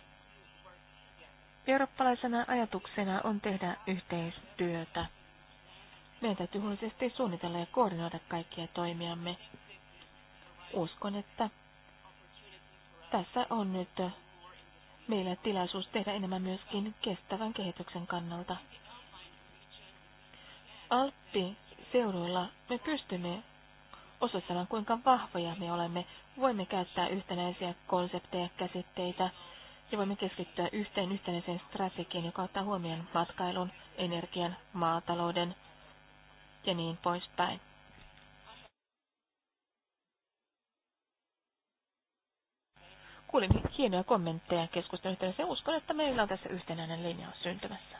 Eurooppalaisena ajatuksena on tehdä yhteistyötä. Meidän täytyy huolellisesti suunnitella ja koordinoida kaikkia toimiamme. Uskon, että tässä on nyt meille tilaisuus tehdä enemmän myöskin kestävän kehityksen kannalta. Altti seuroilla me pystymme osoittamaan, kuinka vahvoja me olemme. Voimme käyttää yhtenäisiä konsepteja, käsitteitä ja voimme keskittyä yhteen yhtenäiseen strategiaan, joka ottaa huomioon matkailun, energian, maatalouden ja niin poispäin. Kuulin hienoja kommentteja keskustelun yhteydessä ja uskon, että meillä on tässä yhtenäinen linja syntymässä.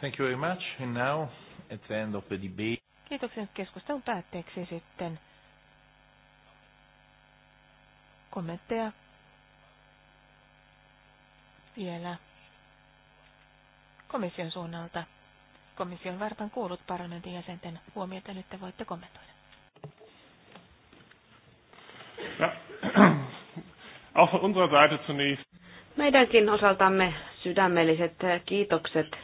Thank you very much. And now, at the end of the debate... Kiitoksia keskustelun päätteeksi sitten kommentteja vielä komission suunnalta. Komission vartan kuulut parlamentin jäsenten huomiota, nyt te voitte kommentoida. Auch von unserer Seite zunächst. Meidänkin osaltamme sydämelliset kiitokset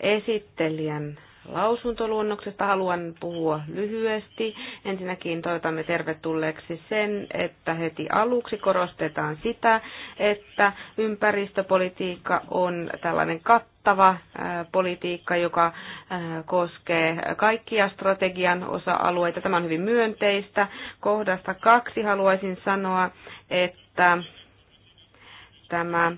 esittelijän lausuntoluonnoksesta. Haluan puhua lyhyesti. Ensinnäkin toivotamme tervetulleeksi sen, että heti aluksi korostetaan sitä, että ympäristöpolitiikka on tällainen kattava äh, politiikka, joka äh, koskee kaikkia strategian osa-alueita. Tämä on hyvin myönteistä. Kohdasta kaksi haluaisin sanoa, että tämä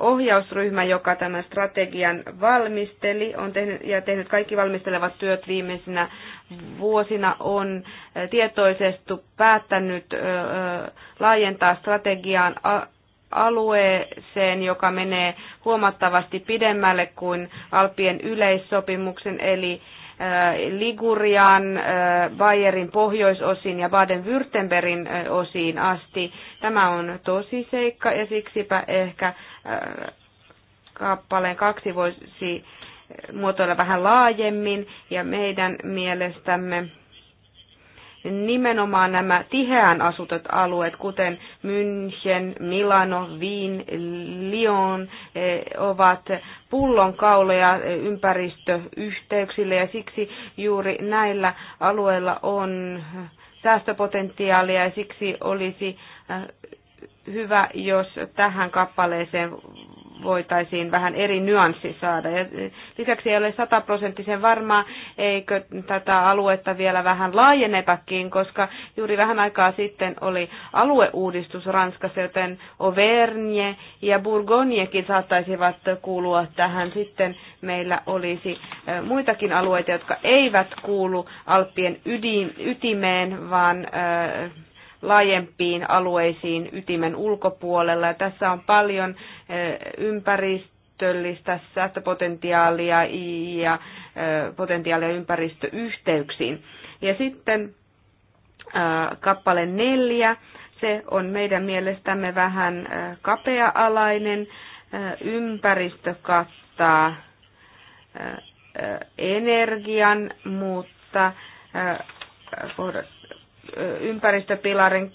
ohjausryhmä, joka tämän strategian valmisteli on tehnyt, ja tehnyt kaikki valmistelevat työt viimeisinä vuosina, on eh, tietoisesti päättänyt eh, eh, laajentaa strategiaan alueeseen, joka menee huomattavasti pidemmälle kuin Alpien yleissopimuksen, eli Ligurian, Bayerin pohjoisosiin ja Baden-Württembergin osiin asti. Tämä on tosi seikka ja siksipä ehkä kappaleen kaksi voisi muotoilla vähän laajemmin ja meidän mielestämme nimenomaan nämä tiheään asutut alueet, kuten München, Milano, Wien, Lyon, e, ovat pullonkauloja ympäristöyhteyksille ja siksi juuri näillä alueilla on säästöpotentiaalia ja siksi olisi hyvä, jos tähän kappaleeseen voitaisiin vähän eri nyanssi saada. Ja lisäksi ei ole sataprosenttisen varmaa, eikö tätä aluetta vielä vähän laajennetakin, koska juuri vähän aikaa sitten oli alueuudistus Ranskassa, joten Auvergne ja Bourgognekin saattaisivat kuulua tähän. Sitten meillä olisi muitakin alueita, jotka eivät kuulu Alppien ydin, ytimeen, vaan äh, laajempiin alueisiin ytimen ulkopuolella. Ja tässä on paljon eh, ympäristöllistä säästöpotentiaalia ja eh, potentiaalia ympäristöyhteyksiin. Ja sitten eh, kappale neljä, se on meidän mielestämme vähän kapea-alainen. Ympäristö kattaa energian, mutta ympäristöpilarin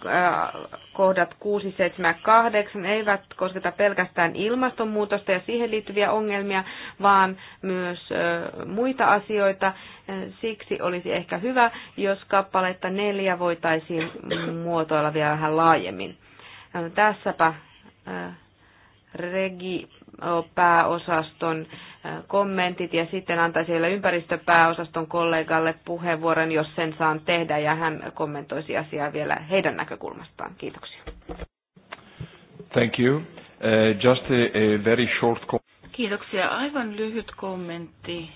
kohdat 6, 7 ja 8 eivät kosketa pelkästään ilmastonmuutosta ja siihen liittyviä ongelmia, vaan myös muita asioita. Siksi olisi ehkä hyvä, jos kappaletta 4 voitaisiin muotoilla vielä vähän laajemmin. Tässäpä regi-pääosaston kommentit ja sitten antaisi siellä ympäristöpääosaston kollegalle puheenvuoron, jos sen saan tehdä ja hän kommentoisi asiaa vielä heidän näkökulmastaan. Kiitoksia. Thank you. Uh, just a, a very short Kiitoksia. Aivan lyhyt kommentti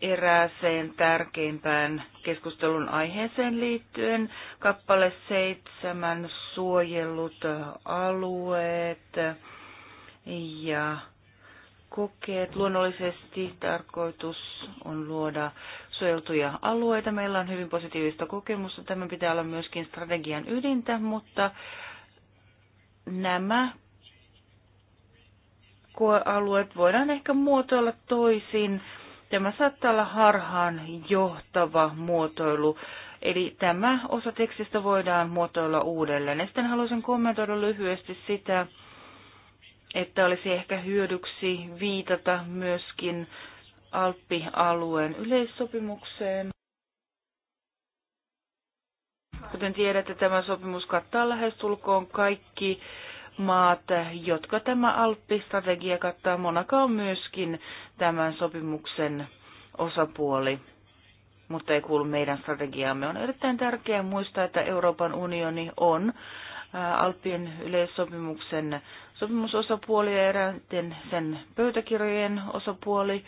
erääseen tärkeimpään keskustelun aiheeseen liittyen. Kappale seitsemän suojellut alueet ja kokeet. Luonnollisesti tarkoitus on luoda suojeltuja alueita. Meillä on hyvin positiivista kokemusta. Tämä pitää olla myöskin strategian ydintä, mutta nämä koealueet voidaan ehkä muotoilla toisin Tämä saattaa olla harhaan johtava muotoilu. Eli tämä osa tekstistä voidaan muotoilla uudelleen. Ja sitten haluaisin kommentoida lyhyesti sitä, että olisi ehkä hyödyksi viitata myöskin Alppi-alueen yleissopimukseen. Kuten tiedätte, tämä sopimus kattaa lähestulkoon kaikki maat, jotka tämä Alppistrategia kattaa. Monaka on myöskin tämän sopimuksen osapuoli, mutta ei kuulu meidän strategiaamme. On erittäin tärkeää muistaa, että Euroopan unioni on Alppien yleissopimuksen sopimusosapuoli ja eräiden sen pöytäkirjojen osapuoli.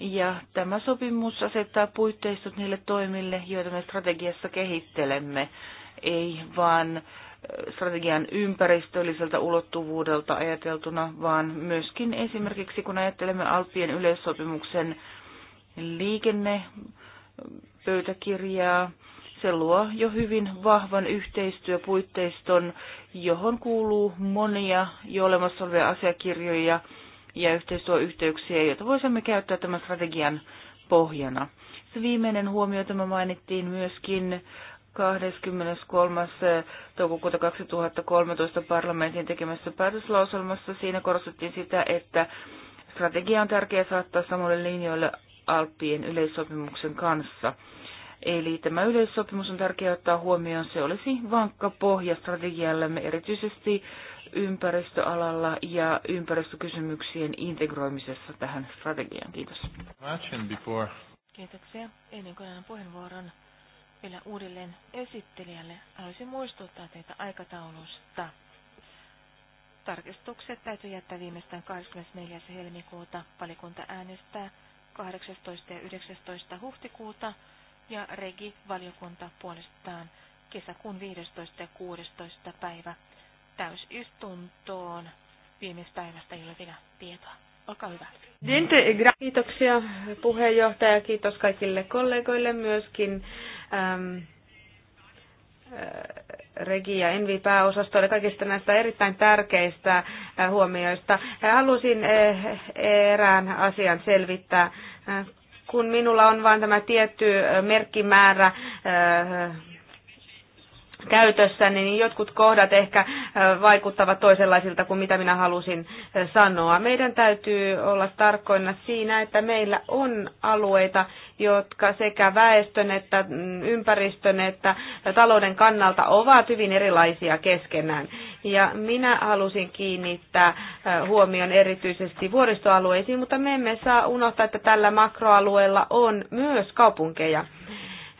Ja tämä sopimus asettaa puitteistot niille toimille, joita me strategiassa kehittelemme, ei vaan äh, strategian ympäristölliseltä ulottuvuudelta ajateltuna, vaan myöskin esimerkiksi kun ajattelemme Alppien yleissopimuksen liikennepöytäkirjaa, se luo jo hyvin vahvan yhteistyöpuitteiston, johon kuuluu monia jo olemassa olevia asiakirjoja ja yhteistyöyhteyksiä, joita voisimme käyttää tämän strategian pohjana. Se viimeinen huomio, tämä mainittiin myöskin 23. toukokuuta 2013 parlamentin tekemässä päätöslauselmassa. Siinä korostettiin sitä, että strategia on tärkeää saattaa samalle linjoille Alppien yleissopimuksen kanssa. Eli tämä yleissopimus on tärkeää ottaa huomioon. Se olisi vankka pohja strategiallemme erityisesti ympäristöalalla ja ympäristökysymyksien integroimisessa tähän strategiaan. Kiitos. Kiitoksia. Ennen kuin annan puheenvuoron vielä uudelleen esittelijälle. Haluaisin muistuttaa teitä aikataulusta. Tarkistukset täytyy jättää viimeistään 24. helmikuuta. Valikunta äänestää 18. ja 19. huhtikuuta ja Regi-valiokunta puolestaan kesäkuun 15. ja 16. päivä täysistuntoon. päivästä ei ole vielä tietoa. Olkaa hyvä. Kiitoksia puheenjohtaja, kiitos kaikille kollegoille myöskin ähm, äh, Regi ja Envi pääosasto oli kaikista näistä erittäin tärkeistä äh, huomioista. Äh, halusin erään asian selvittää kun minulla on vain tämä tietty merkkimäärä käytössä, niin jotkut kohdat ehkä vaikuttavat toisenlaisilta kuin mitä minä halusin sanoa. Meidän täytyy olla tarkkoina siinä, että meillä on alueita, jotka sekä väestön että mm, ympäristön että talouden kannalta ovat hyvin erilaisia keskenään. Ja minä halusin kiinnittää huomion erityisesti vuoristoalueisiin, mutta me emme saa unohtaa, että tällä makroalueella on myös kaupunkeja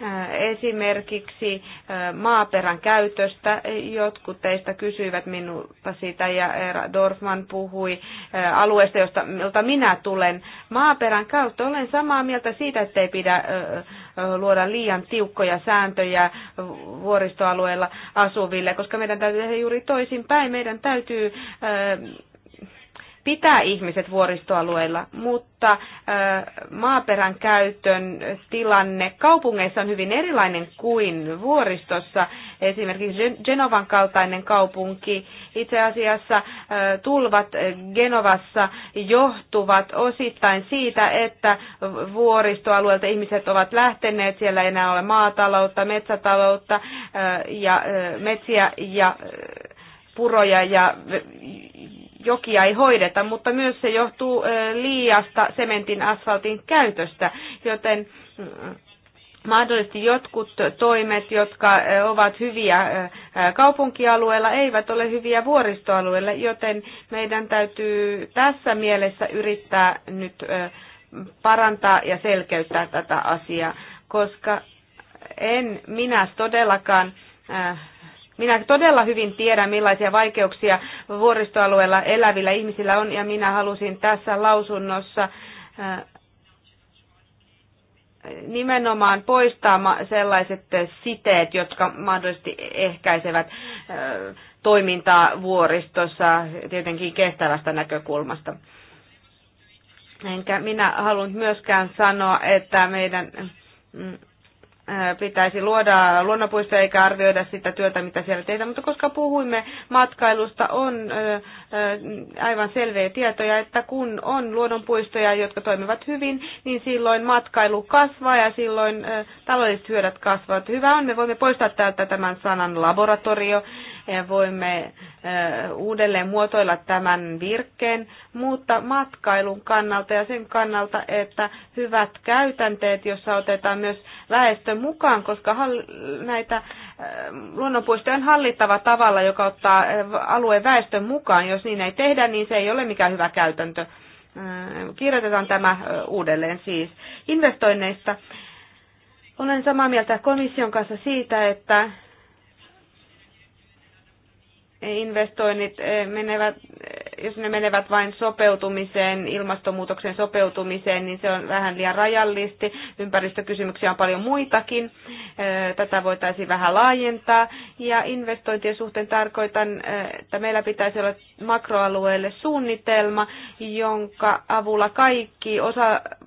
Äh, esimerkiksi äh, maaperän käytöstä. Jotkut teistä kysyivät minulta siitä ja Dorfman puhui äh, alueesta, josta, jolta minä tulen. Maaperän käyttö, olen samaa mieltä siitä, että ei pidä luoda liian tiukkoja sääntöjä vuoristoalueella asuville, koska meidän täytyy tehdä juuri toisinpäin. Meidän täytyy pitää ihmiset vuoristoalueilla, mutta maaperän käytön tilanne kaupungeissa on hyvin erilainen kuin vuoristossa. Esimerkiksi Genovan kaltainen kaupunki, itse asiassa tulvat Genovassa johtuvat osittain siitä, että vuoristoalueelta ihmiset ovat lähteneet, siellä ei enää ole maataloutta, metsätaloutta ja metsiä ja puroja ja jokia ei hoideta, mutta myös se johtuu liiasta sementin asfaltin käytöstä, joten mm, mahdollisesti jotkut toimet, jotka ovat hyviä kaupunkialueella, eivät ole hyviä vuoristoalueella, joten meidän täytyy tässä mielessä yrittää nyt parantaa ja selkeyttää tätä asiaa, koska en minä todellakaan äh, minä todella hyvin tiedän, millaisia vaikeuksia vuoristoalueella elävillä ihmisillä on, ja minä halusin tässä lausunnossa äh, nimenomaan poistaa sellaiset siteet, jotka mahdollisesti ehkäisevät äh, toimintaa vuoristossa tietenkin kestävästä näkökulmasta. Enkä minä halunnut myöskään sanoa, että meidän mm, pitäisi luoda luonnonpuisto eikä arvioida sitä työtä, mitä siellä tehdään. Mutta koska puhuimme matkailusta, on aivan selviä tietoja, että kun on luonnonpuistoja, jotka toimivat hyvin, niin silloin matkailu kasvaa ja silloin taloudelliset hyödyt kasvavat. Hyvä on, me voimme poistaa täältä tämän sanan laboratorio ja voimme uudelleen muotoilla tämän virkkeen, mutta matkailun kannalta ja sen kannalta, että hyvät käytänteet, jossa otetaan myös väestö mukaan, koska näitä luonnonpuistoja on hallittava tavalla, joka ottaa alueen väestön mukaan. Jos niin ei tehdä, niin se ei ole mikään hyvä käytäntö. Kirjoitetaan tämä uudelleen siis. Investoinneista olen samaa mieltä komission kanssa siitä, että investoinnit eh, menevät, eh, jos ne menevät vain sopeutumiseen, ilmastonmuutoksen sopeutumiseen, niin se on vähän liian rajallisti. Ympäristökysymyksiä on paljon muitakin. Eh, tätä voitaisiin vähän laajentaa. Ja investointien suhteen tarkoitan, että meillä pitäisi olla makroalueelle suunnitelma, jonka avulla kaikki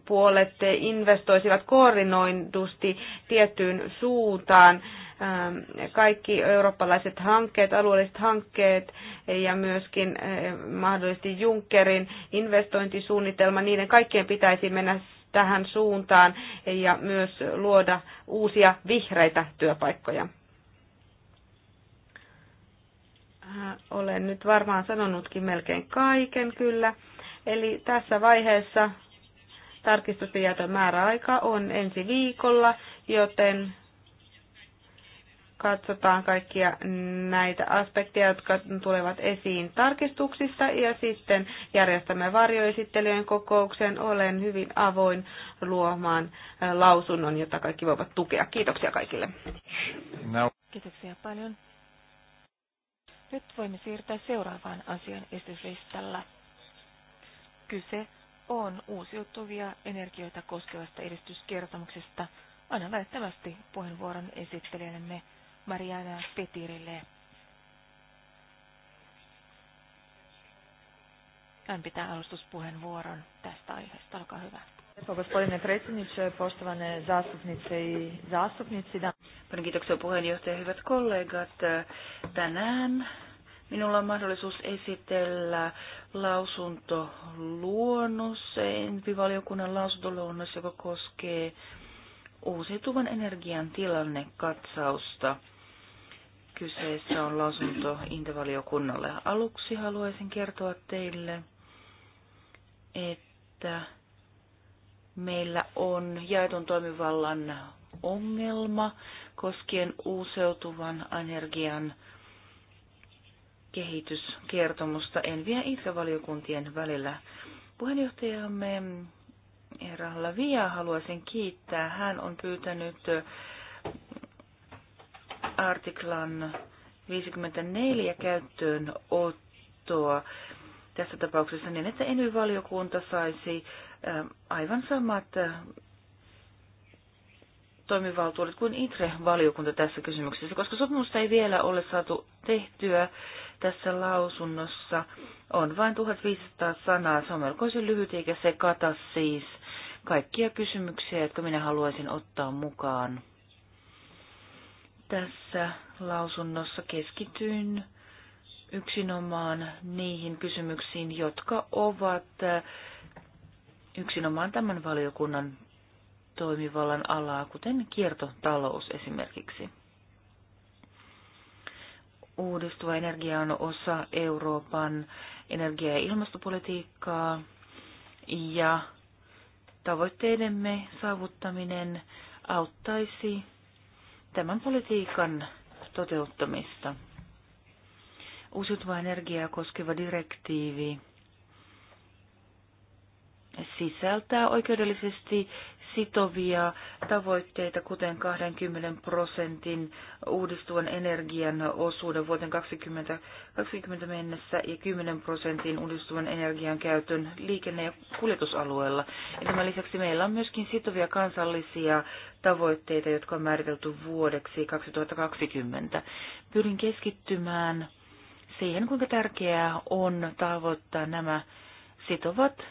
puolet investoisivat koordinoidusti tiettyyn suuntaan Ähm, kaikki eurooppalaiset hankkeet, alueelliset hankkeet ja myöskin äh, mahdollisesti Junckerin investointisuunnitelma, niiden kaikkien pitäisi mennä tähän suuntaan ja myös luoda uusia vihreitä työpaikkoja. Äh, olen nyt varmaan sanonutkin melkein kaiken kyllä. Eli tässä vaiheessa tarkistustietojen määräaika on ensi viikolla, joten katsotaan kaikkia näitä aspekteja, jotka tulevat esiin tarkistuksissa ja sitten järjestämme varjoesittelyjen kokouksen. Olen hyvin avoin luomaan lausunnon, jota kaikki voivat tukea. Kiitoksia kaikille. No. Kiitoksia paljon. Nyt voimme siirtää seuraavaan asian esityslistalla. Kyse on uusiutuvia energioita koskevasta edistyskertomuksesta. Anna välittömästi puheenvuoron esittelijänemme Mariana Petirille. Hän pitää alustuspuheenvuoron tästä aiheesta. Olkaa hyvä. Gospodine predsjedniče, poštovane zastupnice i zastupnici. Paljon kiitoksia puheenjohtaja, hyvät kollegat. Tänään minulla on mahdollisuus esitellä lausuntoluonnos, envivaliokunnan lausuntoluonnos, joka koskee uusiutuvan energian tilannekatsausta. Kyseessä on lausunto intervaliokunnalle. Aluksi haluaisin kertoa teille, että meillä on jaetun toimivallan ongelma koskien uusiutuvan energian kehityskertomusta Enviä intervaliokuntien välillä. Puheenjohtajamme herra Via haluaisin kiittää. Hän on pyytänyt artiklan 54 käyttöön ottoa tässä tapauksessa niin, että ENY-valiokunta saisi ähm, aivan samat äh, toimivaltuudet kuin ITRE-valiokunta tässä kysymyksessä, koska sopimusta ei vielä ole saatu tehtyä tässä lausunnossa. On vain 1500 sanaa, se on melkoisen lyhyt eikä se kata siis kaikkia kysymyksiä, jotka minä haluaisin ottaa mukaan tässä lausunnossa keskityin yksinomaan niihin kysymyksiin, jotka ovat yksinomaan tämän valiokunnan toimivallan alaa, kuten kiertotalous esimerkiksi. Uudistuva energia on osa Euroopan energia- ja ilmastopolitiikkaa ja tavoitteidemme saavuttaminen auttaisi tämän politiikan toteuttamista. Uusiutuvaa energiaa koskeva direktiivi sisältää oikeudellisesti sitovia tavoitteita, kuten 20 prosentin uudistuvan energian osuuden vuoteen 2020, mennessä ja 10 prosentin uudistuvan energian käytön liikenne- ja kuljetusalueella. Ja tämän lisäksi meillä on myöskin sitovia kansallisia tavoitteita, jotka on määritelty vuodeksi 2020. Pyrin keskittymään siihen, kuinka tärkeää on tavoittaa nämä sitovat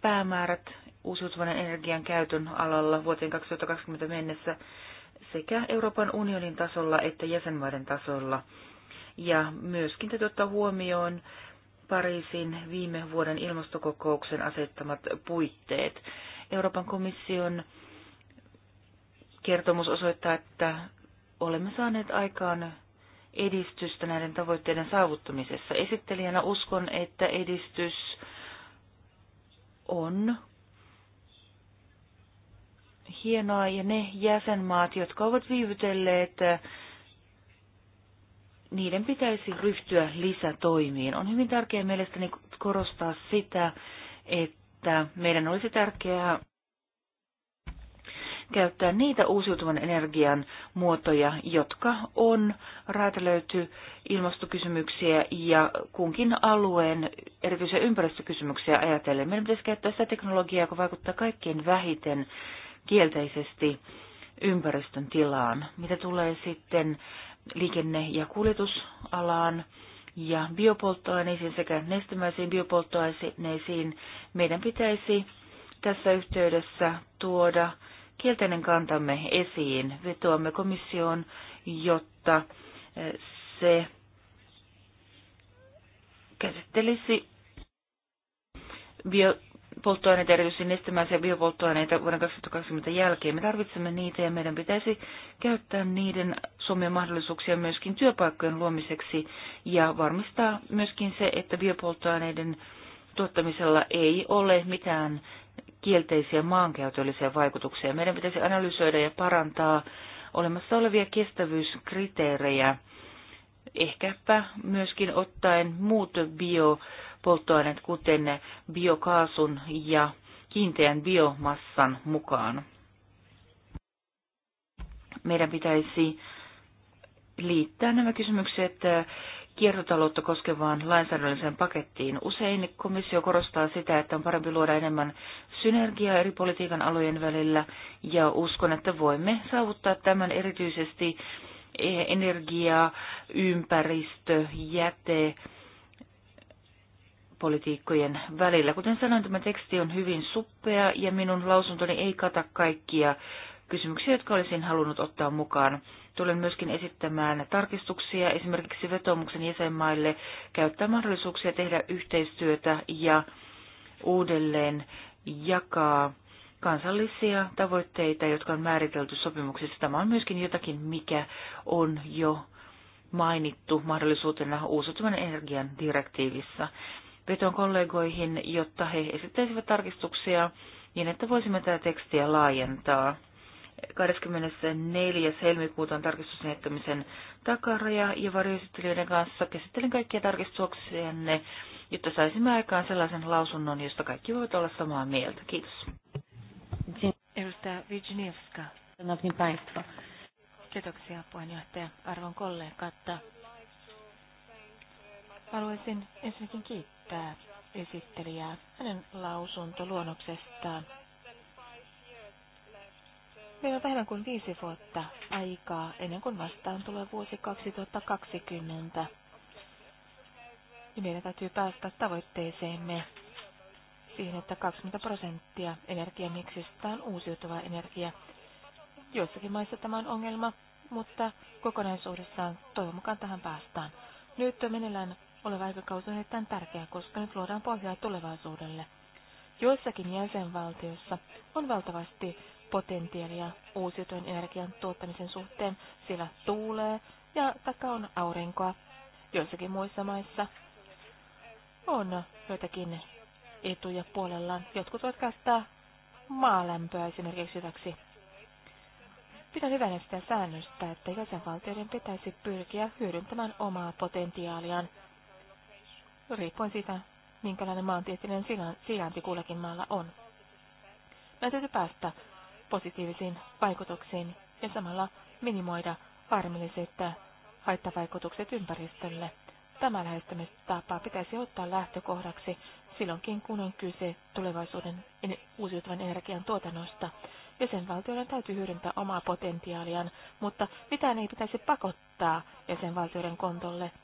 päämäärät uusiutuvan energian käytön alalla vuoteen 2020 mennessä sekä Euroopan unionin tasolla että jäsenmaiden tasolla. Ja myöskin täytyy ottaa huomioon Pariisin viime vuoden ilmastokokouksen asettamat puitteet. Euroopan komission kertomus osoittaa, että olemme saaneet aikaan edistystä näiden tavoitteiden saavuttamisessa. Esittelijänä uskon, että edistys on hienoa ja ne jäsenmaat, jotka ovat viivytelleet, äh, niiden pitäisi ryhtyä lisätoimiin. On hyvin tärkeää mielestäni korostaa sitä, että meidän olisi tärkeää käyttää niitä uusiutuvan energian muotoja, jotka on räätälöity ilmastokysymyksiä ja kunkin alueen erityisiä ympäristökysymyksiä ajatellen. Meidän pitäisi käyttää sitä teknologiaa, joka vaikuttaa kaikkein vähiten kielteisesti ympäristön tilaan. Mitä tulee sitten liikenne- ja kuljetusalaan ja biopolttoaineisiin sekä nestemäisiin biopolttoaineisiin, meidän pitäisi tässä yhteydessä tuoda kielteinen kantamme esiin. Vetoamme komissioon, jotta eh, se käsittelisi bio- polttoaineita, erityisesti nestemäisiä biopolttoaineita vuoden 2020 jälkeen. Me tarvitsemme niitä ja meidän pitäisi käyttää niiden Suomen mahdollisuuksia myöskin työpaikkojen luomiseksi ja varmistaa myöskin se, että biopolttoaineiden tuottamisella ei ole mitään kielteisiä maankäytöllisiä vaikutuksia. Meidän pitäisi analysoida ja parantaa olemassa olevia kestävyyskriteerejä, ehkäpä myöskin ottaen muut bio- polttoaineet, kuten biokaasun ja kiinteän biomassan mukaan. Meidän pitäisi liittää nämä kysymykset kiertotaloutta koskevaan lainsäädännölliseen pakettiin. Usein komissio korostaa sitä, että on parempi luoda enemmän synergiaa eri politiikan alojen välillä, ja uskon, että voimme saavuttaa tämän erityisesti e- energia, ympäristö, jäte, politiikkojen välillä. Kuten sanoin, tämä teksti on hyvin suppea ja minun lausuntoni ei kata kaikkia kysymyksiä, jotka olisin halunnut ottaa mukaan. Tulen myöskin esittämään tarkistuksia esimerkiksi vetoomuksen jäsenmaille käyttää mahdollisuuksia tehdä yhteistyötä ja uudelleen jakaa kansallisia tavoitteita, jotka on määritelty sopimuksessa. Tämä on myöskin jotakin, mikä on jo mainittu mahdollisuutena uusiutuvan energian direktiivissä. Peton kollegoihin, jotta he esittäisivät tarkistuksia niin, että voisimme tätä tekstiä laajentaa. 24. helmikuuta on tarkistusneittämisen takaraja ja varjoesittelijöiden kanssa käsittelen kaikkia tarkistuksianne, jotta saisimme aikaan sellaisen lausunnon, josta kaikki voivat olla samaa mieltä. Kiitos. Edustaja Virginievska. Kiitoksia puheenjohtaja, arvon kollegat. Haluaisin ensinnäkin kiittää kiittää esittelijää hänen lausuntoluonnoksestaan. Meillä on vähemmän kuin viisi vuotta aikaa ennen kuin vastaan tulee vuosi 2020. Ja meidän täytyy päästä tavoitteeseemme siihen, että 20 prosenttia energiamiksistä on uusiutuva energia. Joissakin maissa tämä on ongelma, mutta kokonaisuudessaan toivon mukaan tähän päästään. Nyt on meneillään oleva aikakausi on erittäin tärkeä, koska nyt luodaan pohjaa tulevaisuudelle. Joissakin jäsenvaltioissa on valtavasti potentiaalia uusiutuen energian tuottamisen suhteen, sillä tuulee ja takaa on aurinkoa. Joissakin muissa maissa on joitakin etuja puolellaan. Jotkut voivat käyttää maalämpöä esimerkiksi hyväksi. Pidän hyvänä sitä säännöstä, että jäsenvaltioiden pitäisi pyrkiä hyödyntämään omaa potentiaaliaan riippuen siitä, minkälainen maantieteellinen sijainti kullakin maalla on. Meidän täytyy päästä positiivisiin vaikutuksiin ja samalla minimoida harmilliset haittavaikutukset ympäristölle. Tämä lähestymistapa pitäisi ottaa lähtökohdaksi silloinkin, kun on kyse tulevaisuuden uusiutuvan energian tuotannosta. Jäsenvaltioiden täytyy hyödyntää omaa potentiaaliaan, mutta mitään ei pitäisi pakottaa jäsenvaltioiden kontolle –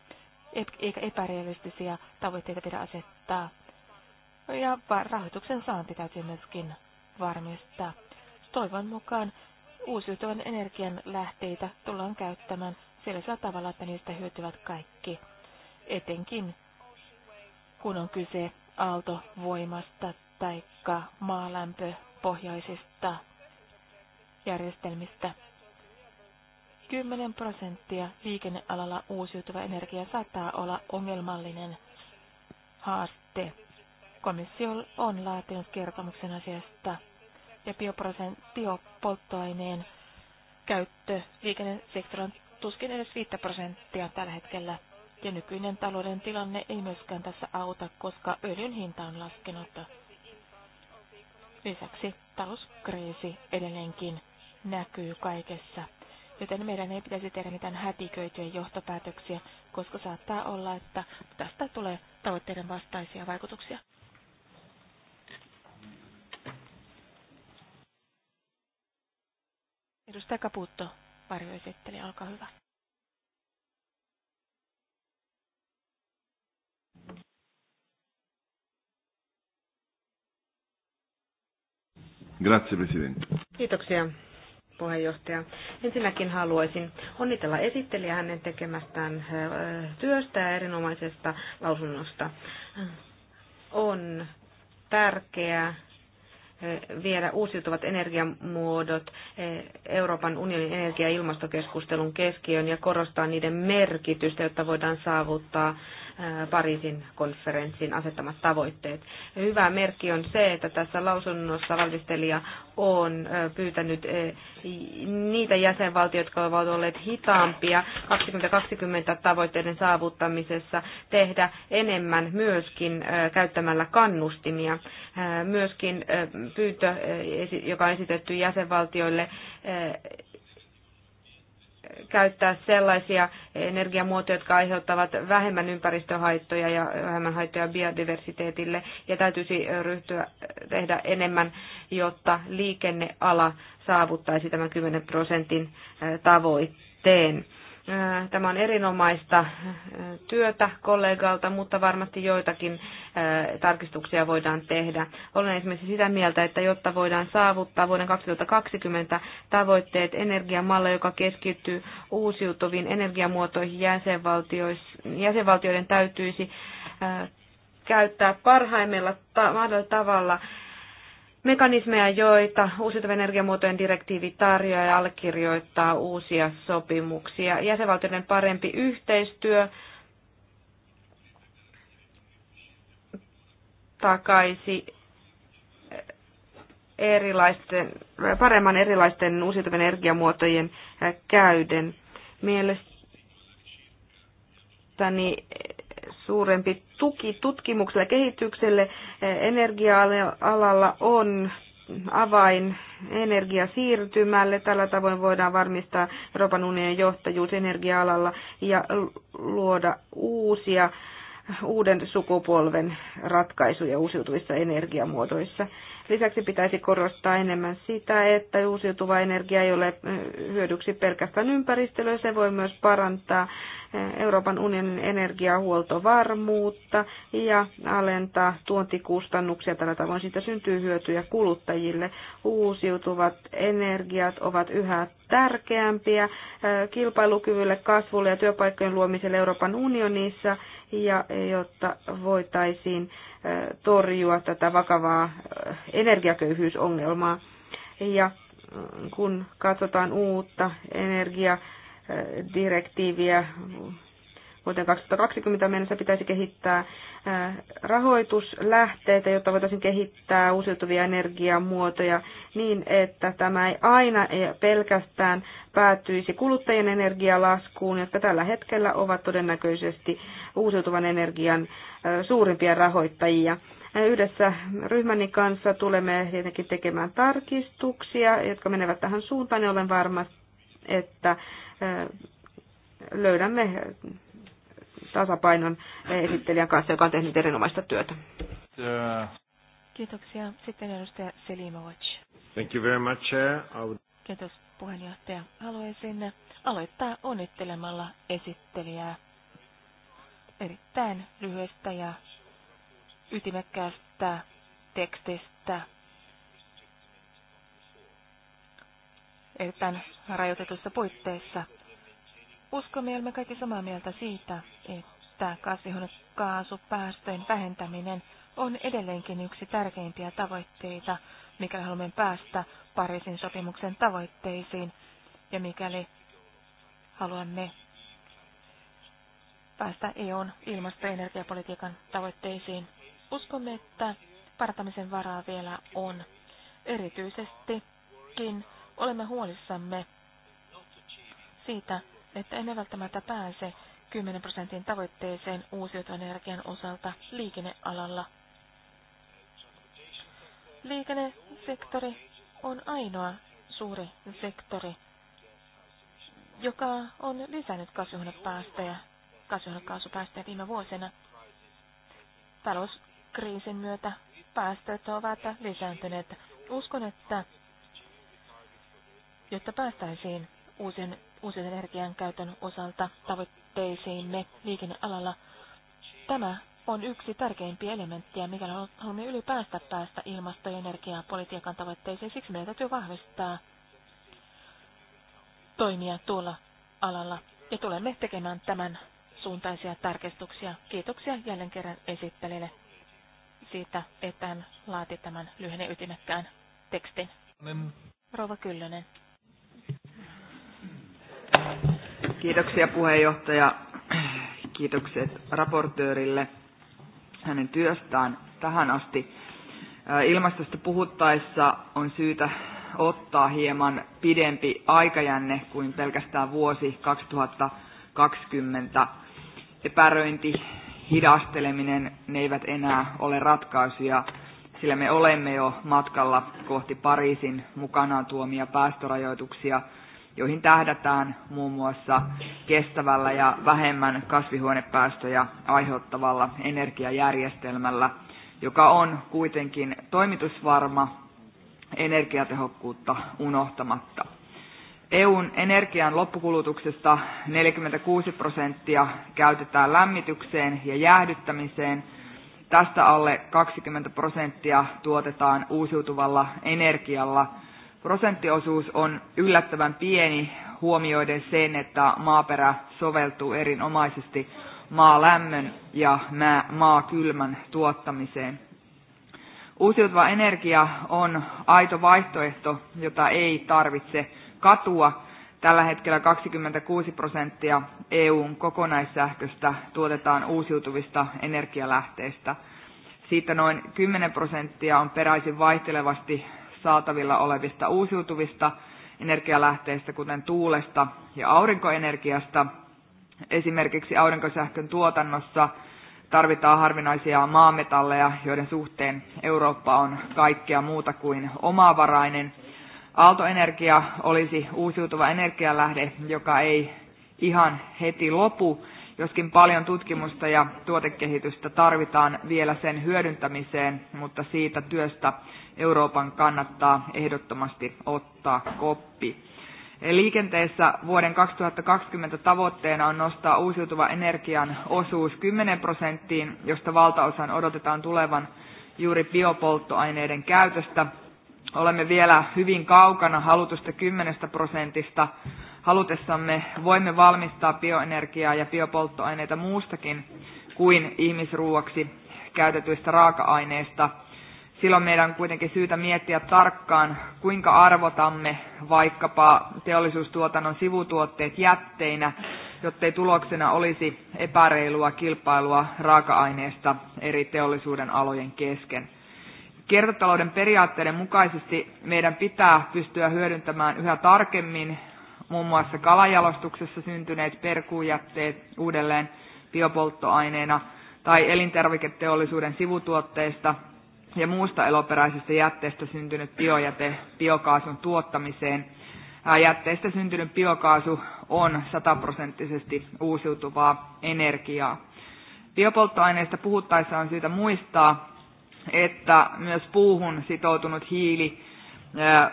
eikä epärealistisia tavoitteita pidä asettaa. Ja rahoituksen saanti täytyy myöskin varmistaa. Toivon mukaan uusiutuvan energian lähteitä tullaan käyttämään sellaisella tavalla, että niistä hyötyvät kaikki, etenkin kun on kyse aaltovoimasta tai maalämpöpohjaisista järjestelmistä. 10 prosenttia liikennealalla uusiutuva energia saattaa olla ongelmallinen haaste. Komissio on laatinut kertomuksen asiasta ja biopolttoaineen käyttö liikennesektorin tuskin edes 5 prosenttia tällä hetkellä. Ja nykyinen talouden tilanne ei myöskään tässä auta, koska öljyn hinta on laskenut. Lisäksi talouskriisi edelleenkin näkyy kaikessa joten meidän ei pitäisi tehdä mitään hätiköityjä johtopäätöksiä, koska saattaa olla, että tästä tulee tavoitteiden vastaisia vaikutuksia. Edustaja Kaputto, varjoesittelijä, olkaa hyvä. Grazie Presidente. Kiitoksia puheenjohtaja. Ensinnäkin haluaisin onnitella esittelijä hänen tekemästään työstä ja erinomaisesta lausunnosta. On tärkeää viedä uusiutuvat energiamuodot Euroopan unionin energia- ja ilmastokeskustelun keskiöön ja korostaa niiden merkitystä, jotta voidaan saavuttaa Pariisin konferenssin asettamat tavoitteet. Hyvä merkki on se, että tässä lausunnossa valmistelija on pyytänyt niitä jäsenvaltioita, jotka ovat olleet hitaampia 2020 tavoitteiden saavuttamisessa, tehdä enemmän myöskin käyttämällä kannustimia. Myöskin pyyntö, joka on esitetty jäsenvaltioille, käyttää sellaisia energiamuotoja, jotka aiheuttavat vähemmän ympäristöhaittoja ja vähemmän haittoja biodiversiteetille. Ja täytyisi ryhtyä tehdä enemmän, jotta liikenneala saavuttaisi tämän 10 prosentin tavoitteen. Äh, tämä on erinomaista äh, työtä kollegalta, mutta varmasti joitakin äh, tarkistuksia voidaan tehdä. Olen esimerkiksi sitä mieltä, että jotta voidaan saavuttaa vuoden 2020 tavoitteet energiamalle, joka keskittyy uusiutuviin energiamuotoihin jäsenvaltioiden täytyisi käyttää parhaimmilla mahdollisella tavalla mekanismeja, joita uusiutuvien energiamuotojen direktiivi tarjoaa ja allekirjoittaa uusia sopimuksia. Jäsenvaltioiden parempi yhteistyö takaisi erilaisten, paremman erilaisten uusiutuvien energiamuotojen käyden. Mielestäni suurempi tuki tutkimukselle ja kehitykselle energia-alalla on avain energiasiirtymälle. Tällä tavoin voidaan varmistaa Euroopan unionin johtajuus energia-alalla ja luoda uusia uuden sukupolven ratkaisuja uusiutuvissa energiamuodoissa. Lisäksi pitäisi korostaa enemmän sitä, että uusiutuva energia ei ole hyödyksi pelkästään ympäristölle, se voi myös parantaa Euroopan unionin energiahuoltovarmuutta ja alentaa tuontikustannuksia. Tällä tavoin siitä syntyy hyötyjä kuluttajille. Uusiutuvat energiat ovat yhä tärkeämpiä kilpailukyvylle, kasvulle ja työpaikkojen luomiselle Euroopan unionissa ja jotta voitaisiin torjua tätä vakavaa energiaköyhyysongelmaa. Ja mm, kun katsotaan uutta energiadirektiiviä vuoteen 2020 mennessä pitäisi kehittää rahoituslähteitä, jotta voitaisiin kehittää uusiutuvia energiamuotoja niin, että tämä ei aina e, pelkästään päätyisi kuluttajien energialaskuun, jotka tällä hetkellä ovat todennäköisesti uusiutuvan energian suurimpia rahoittajia. Yhdessä ryhmäni kanssa tulemme tietenkin tekemään tarkistuksia, jotka menevät tähän suuntaan, ja niin olen varma, että löydämme tasapainon esittelijän kanssa, joka on tehnyt erinomaista työtä. Kiitoksia. Sitten edustaja Selimovic. Thank you very much, Chair. Would... Kiitos puheenjohtaja. Haluaisin aloittaa onnittelemalla esittelijää erittäin lyhyestä ja ytimekkäästä tekstistä. Erittäin rajoitetussa puitteissa. Uskomme ja olemme kaikki samaa mieltä siitä, että kasvihuonekaasupäästöjen vähentäminen on edelleenkin yksi tärkeimpiä tavoitteita, mikäli haluamme päästä Pariisin sopimuksen tavoitteisiin ja mikäli haluamme päästä EUn ilmasto- ja energiapolitiikan tavoitteisiin. Uskomme, että parantamisen varaa vielä on. Erityisestikin olemme huolissamme siitä, että emme välttämättä pääse 10 prosentin tavoitteeseen uusiutuvan energian osalta liikennealalla. Liikennesektori on ainoa suuri sektori, joka on lisännyt kasvihuonepäästöjä, kasvihuonekaasupäästöjä viime vuosina. Talouskriisin myötä päästöt ovat lisääntyneet. Uskon, että jotta päästäisiin uusien uusiutuvan energian käytön osalta tavoitteisiimme liikennealalla. Tämä on yksi tärkeimpiä elementtejä, mikäli haluamme ylipäästä päästä ilmasto- ja energiapolitiikan tavoitteisiin. Siksi meidän täytyy vahvistaa toimia tuolla alalla ja tulemme tekemään tämän suuntaisia tarkistuksia. Kiitoksia jälleen kerran esittelijälle siitä, että hän laati tämän lyhyen ytimekkään tekstin. Rouva Kyllönen. Kiitoksia puheenjohtaja. Kiitokset raportöörille hänen työstään tähän asti. Ilmastosta puhuttaessa on syytä ottaa hieman pidempi aikajänne kuin pelkästään vuosi 2020. Epäröinti, hidasteleminen, ne eivät enää ole ratkaisuja, sillä me olemme jo matkalla kohti Pariisin mukanaan tuomia päästörajoituksia – joihin tähdätään muun muassa kestävällä ja vähemmän kasvihuonepäästöjä aiheuttavalla energiajärjestelmällä, joka on kuitenkin toimitusvarma energiatehokkuutta unohtamatta. EUn energian loppukulutuksesta 46 prosenttia käytetään lämmitykseen ja jäähdyttämiseen. Tästä alle 20 prosenttia tuotetaan uusiutuvalla energialla – Prosenttiosuus on yllättävän pieni huomioiden sen, että maaperä soveltuu erinomaisesti maalämmön ja maakylmän tuottamiseen. Uusiutuva energia on aito vaihtoehto, jota ei tarvitse katua. Tällä hetkellä 26 prosenttia EUn kokonaissähköstä tuotetaan uusiutuvista energialähteistä. Siitä noin 10 prosenttia on peräisin vaihtelevasti saatavilla olevista uusiutuvista energialähteistä, kuten tuulesta ja aurinkoenergiasta. Esimerkiksi aurinkosähkön tuotannossa tarvitaan harvinaisia maametalleja, joiden suhteen Eurooppa on kaikkea muuta kuin omavarainen. Aaltoenergia olisi uusiutuva energialähde, joka ei ihan heti lopu, Joskin paljon tutkimusta ja tuotekehitystä tarvitaan vielä sen hyödyntämiseen, mutta siitä työstä Euroopan kannattaa ehdottomasti ottaa koppi. Liikenteessä vuoden 2020 tavoitteena on nostaa uusiutuvan energian osuus 10 prosenttiin, josta valtaosan odotetaan tulevan juuri biopolttoaineiden käytöstä. Olemme vielä hyvin kaukana halutusta 10 prosentista, halutessamme voimme valmistaa bioenergiaa ja biopolttoaineita muustakin kuin ihmisruuaksi käytetyistä raaka-aineista. Silloin meidän on kuitenkin syytä miettiä tarkkaan, kuinka arvotamme vaikkapa teollisuustuotannon sivutuotteet jätteinä, jottei tuloksena olisi epäreilua kilpailua raaka-aineista eri teollisuuden alojen kesken. Kiertotalouden periaatteiden mukaisesti meidän pitää pystyä hyödyntämään yhä tarkemmin muun muassa kalajalostuksessa syntyneet perkuujätteet uudelleen biopolttoaineena tai elintarviketeollisuuden sivutuotteista ja muusta eloperäisestä jätteestä syntynyt biojäte biokaasun tuottamiseen. Jätteestä syntynyt biokaasu on sataprosenttisesti uusiutuvaa energiaa. Biopolttoaineista puhuttaessa on syytä muistaa, että myös puuhun sitoutunut hiili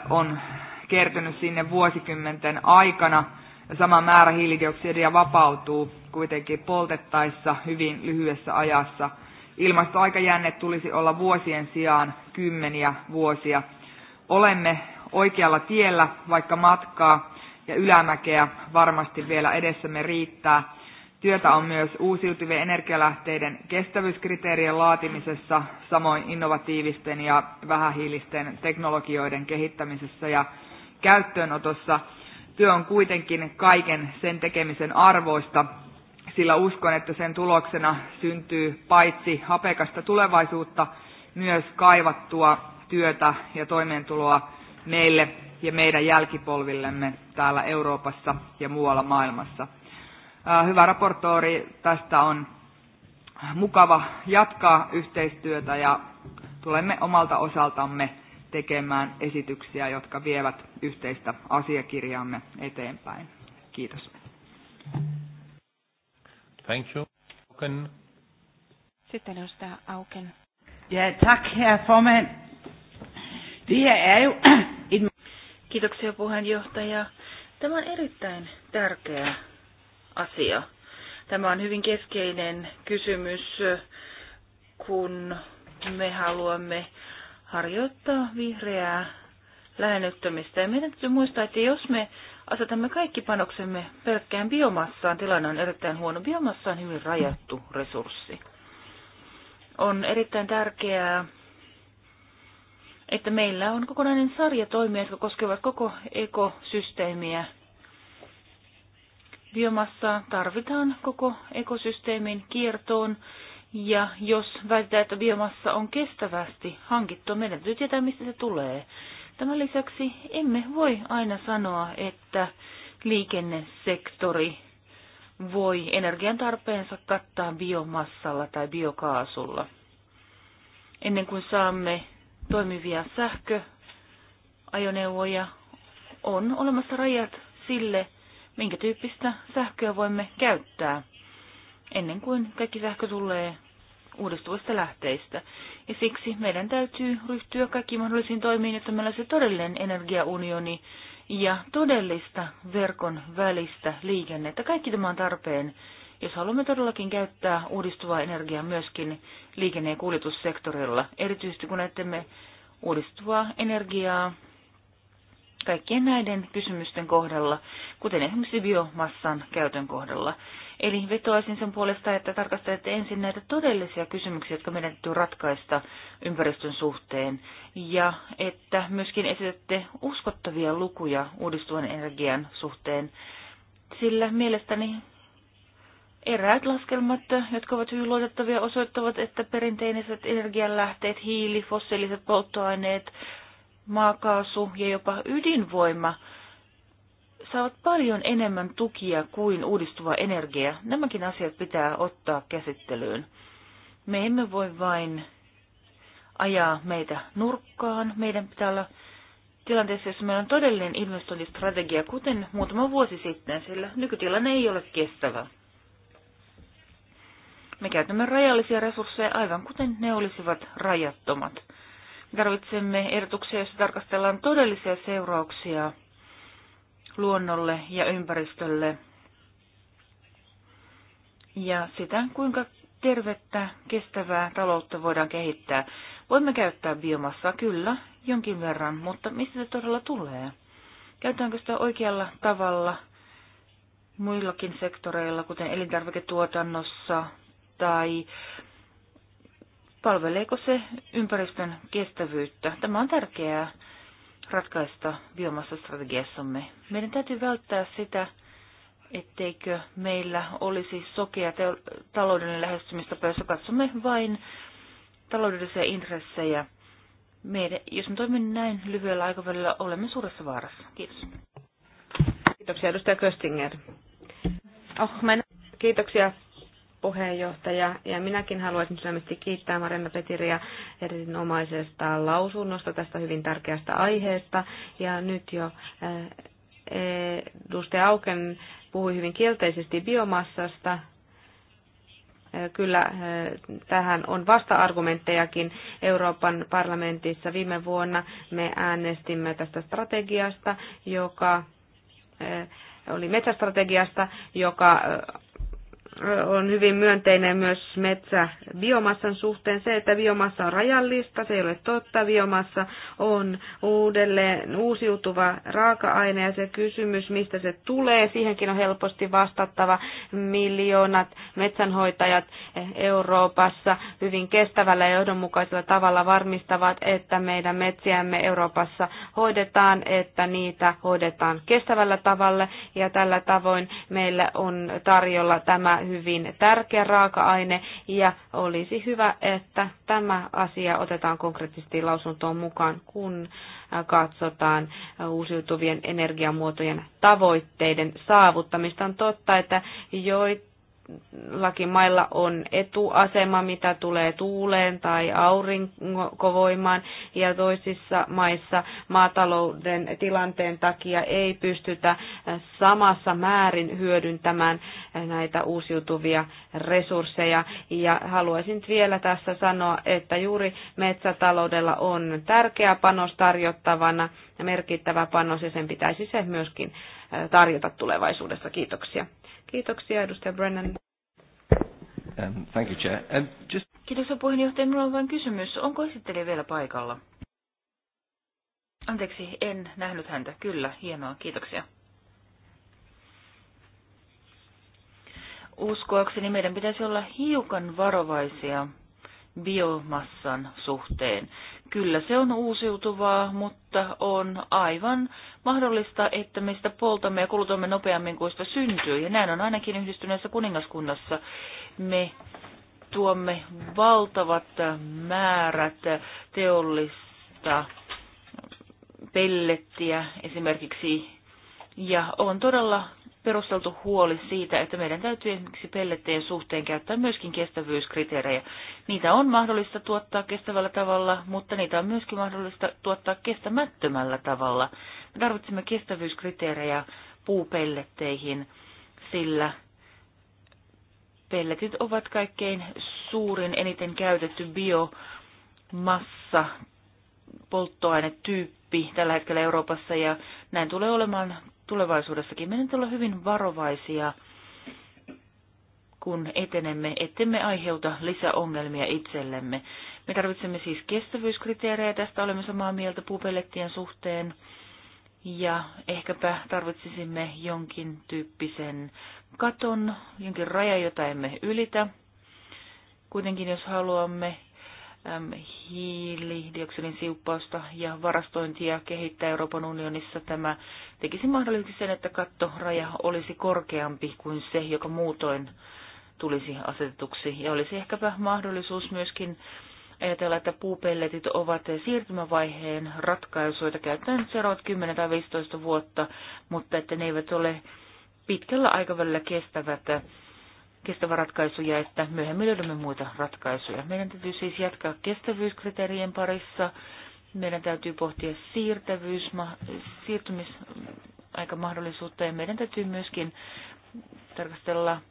on kertynyt sinne vuosikymmenten aikana, ja sama määrä hiilidioksidia vapautuu kuitenkin poltettaessa hyvin lyhyessä ajassa. Ilmastoaikajänne tulisi olla vuosien sijaan kymmeniä vuosia. Olemme oikealla tiellä, vaikka matkaa ja ylämäkeä varmasti vielä edessämme riittää. Työtä on myös uusiutuvien energialähteiden kestävyyskriteerien laatimisessa, samoin innovatiivisten ja vähähiilisten teknologioiden kehittämisessä ja käyttöönotossa. Työ on kuitenkin kaiken sen tekemisen arvoista, sillä uskon, että sen tuloksena syntyy paitsi hapekasta tulevaisuutta, myös kaivattua työtä ja toimeentuloa meille ja meidän jälkipolvillemme täällä Euroopassa ja muualla maailmassa. Hyvä raportoori, tästä on mukava jatkaa yhteistyötä ja tulemme omalta osaltamme tekemään esityksiä, jotka vievät yhteistä asiakirjaamme eteenpäin. Kiitos. Thank you. Auken. Sitten edustaja Auken. Ja, tack herr Fomen. Er Kiitoksia puheenjohtaja. Tämä on erittäin tärkeä asia. Tämä on hyvin keskeinen kysymys, kun me haluamme harjoittaa vihreää lähennyttämistä. Ja meidän täytyy muistaa, että jos me asetamme kaikki panoksemme pelkkään biomassaan, tilanne on erittäin huono. Biomassa on hyvin rajattu resurssi. On erittäin tärkeää, että meillä on kokonainen sarja toimia, jotka koskevat koko ekosysteemiä. Biomassaa tarvitaan koko ekosysteemin kiertoon ja jos väitetään, että biomassa on kestävästi hankittu, meidän täytyy tietää, mistä se tulee. Tämän lisäksi emme voi aina sanoa, että liikennesektori voi energian tarpeensa kattaa biomassalla tai biokaasulla. Ennen kuin saamme toimivia sähköajoneuvoja, on olemassa rajat sille, minkä tyyppistä sähköä voimme käyttää ennen kuin kaikki sähkö tulee uudistuvista lähteistä. Ja siksi meidän täytyy ryhtyä kaikkiin mahdollisiin toimiin, että meillä se todellinen energiaunioni ja todellista verkon välistä liikennettä. Kaikki tämä on tarpeen, jos haluamme todellakin käyttää uudistuvaa energiaa myöskin liikenne- ja kuljetussektorilla, erityisesti kun näettemme uudistuvaa energiaa kaikkien näiden kysymysten kohdalla, kuten esimerkiksi biomassan käytön kohdalla. Eli vetoaisin sen puolesta, että tarkastelette ensin näitä todellisia kysymyksiä, jotka meidän täytyy ratkaista ympäristön suhteen, ja että myöskin esitätte uskottavia lukuja uudistuvan energian suhteen, sillä mielestäni Eräät laskelmat, jotka ovat hyvin luotettavia, osoittavat, että perinteiset energianlähteet, hiili, fossiiliset polttoaineet, maakaasu ja jopa ydinvoima saavat paljon enemmän tukia kuin uudistuva energia. Nämäkin asiat pitää ottaa käsittelyyn. Me emme voi vain ajaa meitä nurkkaan. Meidän pitää olla tilanteessa, jossa meillä on todellinen investointistrategia, kuten muutama vuosi sitten, sillä nykytilanne ei ole kestävä. Me käytämme rajallisia resursseja aivan kuten ne olisivat rajattomat. Tarvitsemme ehdotuksia, joissa tarkastellaan todellisia seurauksia luonnolle ja ympäristölle ja sitä, kuinka tervettä, kestävää taloutta voidaan kehittää. Voimme käyttää biomassaa kyllä, jonkin verran, mutta mistä se todella tulee? Käytetäänkö sitä oikealla tavalla muillakin sektoreilla, kuten elintarviketuotannossa, tai palveleeko se ympäristön kestävyyttä? Tämä on tärkeää ratkaista biomassastrategiassamme. Meidän täytyy välttää sitä, etteikö meillä olisi sokea taloudellinen lähestymistapa, jossa katsomme vain taloudellisia intressejä. Meidän, jos me toimimme näin lyhyellä aikavälillä, olemme suuressa vaarassa. Kiitos. Kiitoksia, edustaja Köstinger. Oh, Kiitoksia puheenjohtaja, ja minäkin haluaisin sydämesti kiittää Marina Petiriä erinomaisesta lausunnosta tästä hyvin tärkeästä aiheesta. Ja nyt jo eh, edustaja Auken puhui hyvin kielteisesti biomassasta. Eh, kyllä eh, tähän on vasta-argumenttejakin Euroopan parlamentissa. Viime vuonna me äänestimme tästä strategiasta, joka oli metsästrategiasta, joka on hyvin myönteinen myös metsä biomassan suhteen. Se, että biomassa on rajallista, se ei ole totta. Biomassa on uudelleen uusiutuva raaka-aine ja se kysymys, mistä se tulee, siihenkin on helposti vastattava. Miljoonat metsänhoitajat Euroopassa hyvin kestävällä ja johdonmukaisella tavalla varmistavat, että meidän metsiämme Euroopassa hoidetaan, että niitä hoidetaan kestävällä tavalla ja tällä tavoin meillä on tarjolla tämä hyvin tärkeä raaka-aine ja olisi hyvä, että tämä asia otetaan konkreettisesti lausuntoon mukaan, kun katsotaan uusiutuvien energiamuotojen tavoitteiden saavuttamista. On totta, että joit lakimailla mailla on etuasema, mitä tulee tuuleen tai aurinkovoimaan, ja toisissa maissa maatalouden tilanteen takia ei pystytä samassa määrin hyödyntämään näitä uusiutuvia resursseja. Ja haluaisin vielä tässä sanoa, että juuri metsätaloudella on tärkeä panos tarjottavana ja merkittävä panos, ja sen pitäisi se myöskin tarjota tulevaisuudessa. Kiitoksia. Kiitoksia, edustaja Brennan. Um, thank you, Chair. Um, just... Kiitos puheenjohtaja. Minulla on vain kysymys. Onko esittelijä vielä paikalla? Anteeksi, en nähnyt häntä. Kyllä, hienoa. Kiitoksia. Uskoakseni meidän pitäisi olla hiukan varovaisia biomassan suhteen. Kyllä se on uusiutuvaa, mutta on aivan mahdollista, että me sitä poltamme ja kulutamme nopeammin kuin sitä syntyy. Ja näin on ainakin yhdistyneessä kuningaskunnassa. Me tuomme valtavat määrät teollista pellettiä esimerkiksi. Ja on todella perusteltu huoli siitä, että meidän täytyy esimerkiksi pellettien suhteen käyttää myöskin kestävyyskriteerejä. Niitä on mahdollista tuottaa kestävällä tavalla, mutta niitä on myöskin mahdollista tuottaa kestämättömällä tavalla. Me tarvitsemme kestävyyskriteerejä puupelletteihin, sillä pelletit ovat kaikkein suurin, eniten käytetty biomassa polttoainetyyppi tällä hetkellä Euroopassa ja näin tulee olemaan tulevaisuudessakin. Meidän tulee hyvin varovaisia, kun etenemme, ettemme aiheuta lisäongelmia itsellemme. Me tarvitsemme siis kestävyyskriteerejä, tästä olemme samaa mieltä pupelettien suhteen. Ja ehkäpä tarvitsisimme jonkin tyyppisen katon, jonkin rajan, jota emme ylitä. Kuitenkin jos haluamme hiilidioksidin siuppausta ja varastointia kehittää Euroopan unionissa, tämä tekisi mahdolliseksi sen, että kattoraja olisi korkeampi kuin se, joka muutoin tulisi asetetuksi. Ja olisi ehkäpä mahdollisuus myöskin ajatella, että puupelletit ovat siirtymävaiheen ratkaisuja käyttäen seuraavat 10 tai 15 vuotta, mutta että ne eivät ole pitkällä aikavälillä kestävät kestävä ratkaisu ja että myöhemmin löydämme muita ratkaisuja. Meidän täytyy siis jatkaa kestävyyskriteerien parissa. Meidän täytyy pohtia siirtävyys, siirtymisaikamahdollisuutta ja meidän täytyy myöskin tarkastella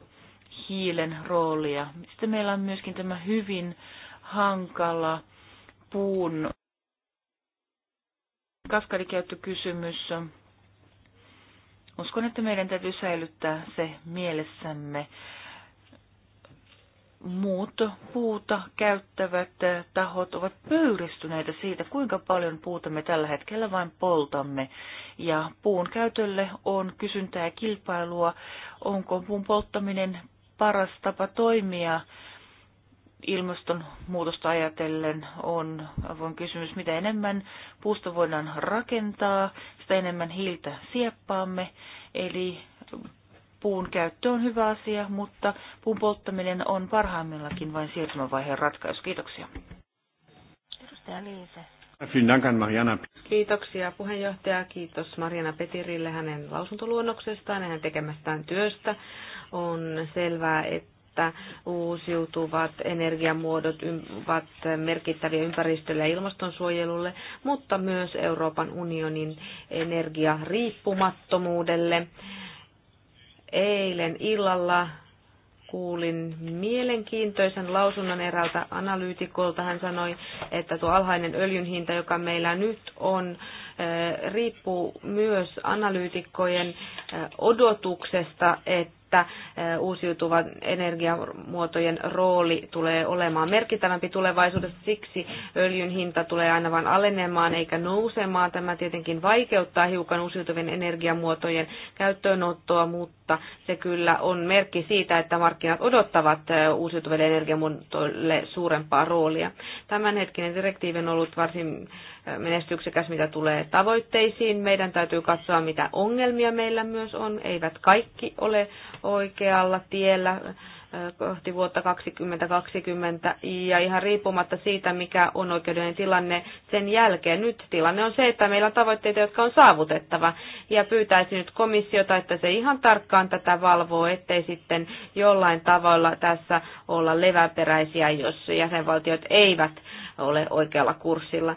hiilen roolia. Sitten meillä on myöskin tämä hyvin hankala puun kaskadikäyttökysymys. Uskon, että meidän täytyy säilyttää se mielessämme muut puuta käyttävät tahot ovat pöyristyneitä siitä, kuinka paljon puuta me tällä hetkellä vain poltamme. Ja puun käytölle on kysyntää ja kilpailua. Onko puun polttaminen paras tapa toimia? Ilmastonmuutosta ajatellen on avoin kysymys, mitä enemmän puusta voidaan rakentaa, sitä enemmän hiiltä sieppaamme. Eli puun käyttö on hyvä asia, mutta puun polttaminen on parhaimmillakin vain siirtymävaiheen ratkaisu. Kiitoksia. Edustaja Liise. Kiitoksia puheenjohtaja. Kiitos Mariana Petirille hänen lausuntoluonnoksestaan ja hänen tekemästään työstä. On selvää, että uusiutuvat energiamuodot ovat merkittäviä ympäristölle ja ilmastonsuojelulle, mutta myös Euroopan unionin energiariippumattomuudelle. riippumattomuudelle Eilen illalla kuulin mielenkiintoisen lausunnon eräältä analyytikolta. Hän sanoi, että tuo alhainen öljyn hinta, joka meillä nyt on, eh, riippuu myös analyytikkojen eh, odotuksesta, että eh, uusiutuvan energiamuotojen rooli tulee olemaan merkittävämpi tulevaisuudessa. Siksi öljyn hinta tulee aina vain alenemaan eikä nousemaan. Tämä tietenkin vaikeuttaa hiukan uusiutuvien energiamuotojen käyttöönottoa, mutta mutta se kyllä on merkki siitä, että markkinat odottavat uusiutuville energiamuotoille suurempaa roolia. Tämänhetkinen direktiivi on ollut varsin menestyksekäs, mitä tulee tavoitteisiin. Meidän täytyy katsoa, mitä ongelmia meillä myös on. Eivät kaikki ole oikealla tiellä kohti vuotta 2020 ja ihan riippumatta siitä, mikä on oikeudellinen tilanne sen jälkeen. Nyt tilanne on se, että meillä on tavoitteita, jotka on saavutettava ja pyytäisi nyt komissiota, että se ihan tarkkaan tätä valvoo, ettei sitten jollain tavalla tässä olla leväperäisiä, jos jäsenvaltiot eivät ole oikealla kurssilla.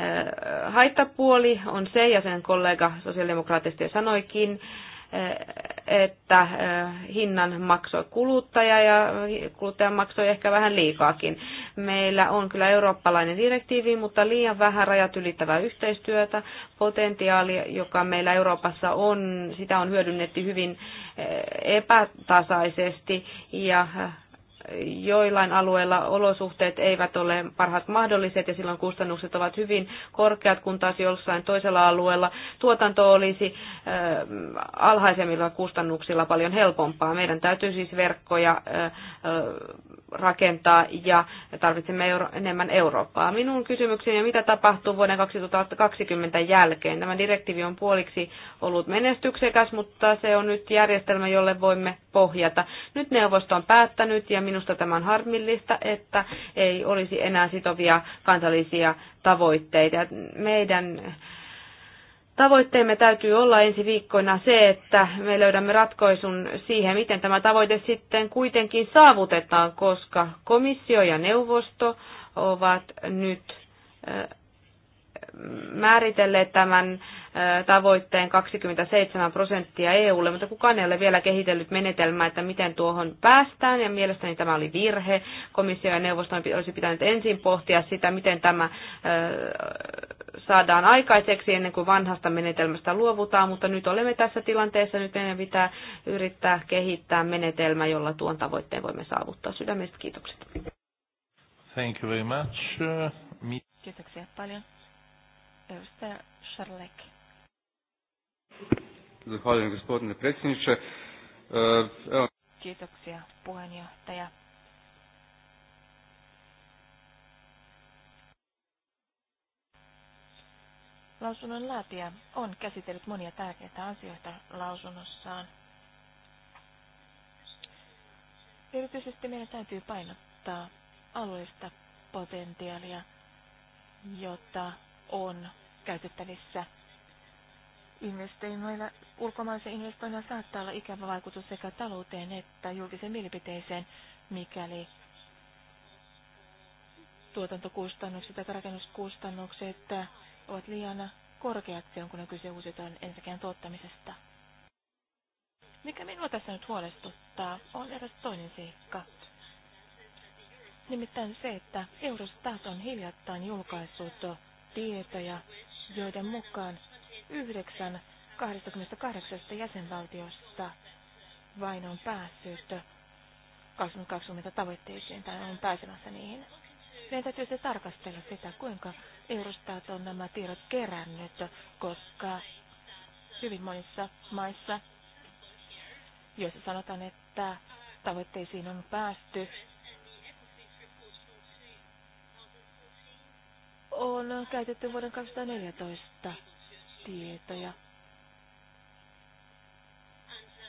Äh, haittapuoli on se, ja sen kollega sosiaalidemokraattisesti jo sanoikin, että äh, hinnan maksoi kuluttaja ja kuluttaja maksoi ehkä vähän liikaakin. Meillä on kyllä eurooppalainen direktiivi, mutta liian vähän rajat ylittävää yhteistyötä. Potentiaali, joka meillä Euroopassa on, sitä on hyödynnetty hyvin äh, epätasaisesti ja äh, joillain alueilla olosuhteet eivät ole parhaat mahdolliset ja silloin kustannukset ovat hyvin korkeat, kun taas jossain toisella alueella tuotanto olisi alhaisemmilla kustannuksilla paljon helpompaa. Meidän täytyy siis verkkoja rakentaa ja tarvitsemme euro- enemmän Eurooppaa. Minun kysymykseni on, mitä tapahtuu vuoden 2020 jälkeen? Tämä direktiivi on puoliksi ollut menestyksekäs, mutta se on nyt järjestelmä, jolle voimme pohjata. Nyt neuvosto on päättänyt ja minun Minusta tämä on harmillista, että ei olisi enää sitovia kansallisia tavoitteita. Meidän tavoitteemme täytyy olla ensi viikkoina se, että me löydämme ratkaisun siihen, miten tämä tavoite sitten kuitenkin saavutetaan, koska komissio ja neuvosto ovat nyt määritelleet tämän tavoitteen 27 prosenttia EUlle, mutta kukaan ei ole vielä kehitellyt menetelmää, että miten tuohon päästään, ja mielestäni tämä oli virhe. Komissio ja neuvosto olisi pitänyt ensin pohtia sitä, miten tämä saadaan aikaiseksi ennen kuin vanhasta menetelmästä luovutaan, mutta nyt olemme tässä tilanteessa, nyt meidän pitää yrittää kehittää menetelmä, jolla tuon tavoitteen voimme saavuttaa. Sydämestä kiitokset. Thank you very much. Kiitoksia paljon. Edustaja Šarlek. Zahvaljujem gospodine predsjedniče. E, Kiitoksia puheenjohtaja. Lausunnon laatija on käsitellyt monia tärkeitä asioita lausunnossaan. Erityisesti meidän täytyy painottaa alueellista potentiaalia, jota on käytettävissä. Investoinnoilla, ulkomaisen investoinnilla saattaa olla ikävä vaikutus sekä talouteen että julkisen mielipiteeseen, mikäli tuotantokustannukset tai rakennuskustannukset ovat liian korkeat silloin, kun on kyse uusiutuvan ensikään tuottamisesta. Mikä minua tässä nyt huolestuttaa, on eräs toinen seikka. Nimittäin se, että Eurostat on hiljattain julkaissut tietoja, joiden mukaan 9 28 jäsenvaltiosta vain on päässyt 2020 tavoitteisiin tai on pääsemässä niihin. Meidän täytyy se tarkastella sitä, kuinka Eurostat on nämä tiedot kerännyt, koska hyvin monissa maissa, joissa sanotaan, että tavoitteisiin on päästy, on käytetty vuoden 2014 tietoja.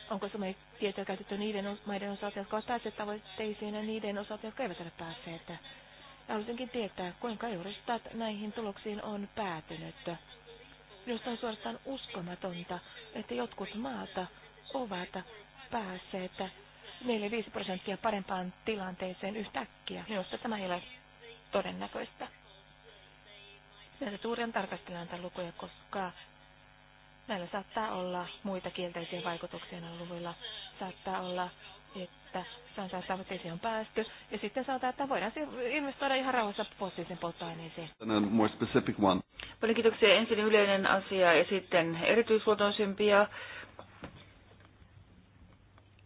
Onko samoja tietoja käytetty niiden maiden osalta, jotka ovat päässeet tavoitteisiin ja niiden osalta, jotka eivät ole päässeet? Ja haluaisinkin tietää, kuinka juristat näihin tuloksiin on päätynyt. Minusta on suorastaan uskomatonta, että jotkut maata ovat päässeet 4-5 prosenttia parempaan tilanteeseen yhtäkkiä. Minusta tämä ei ole todennäköistä. Näitä suuren tarkastellaan näitä lukuja, koska näillä saattaa olla muita kielteisiä vaikutuksia näillä luvuilla. Saattaa olla, että sanotaan, että tavoitteisiin on päästy, ja sitten sanotaan, että voidaan investoida ihan rauhassa fossiilisen polttoaineisiin. Paljon kiitoksia. Ensin yleinen asia ja sitten erityisluontoisempia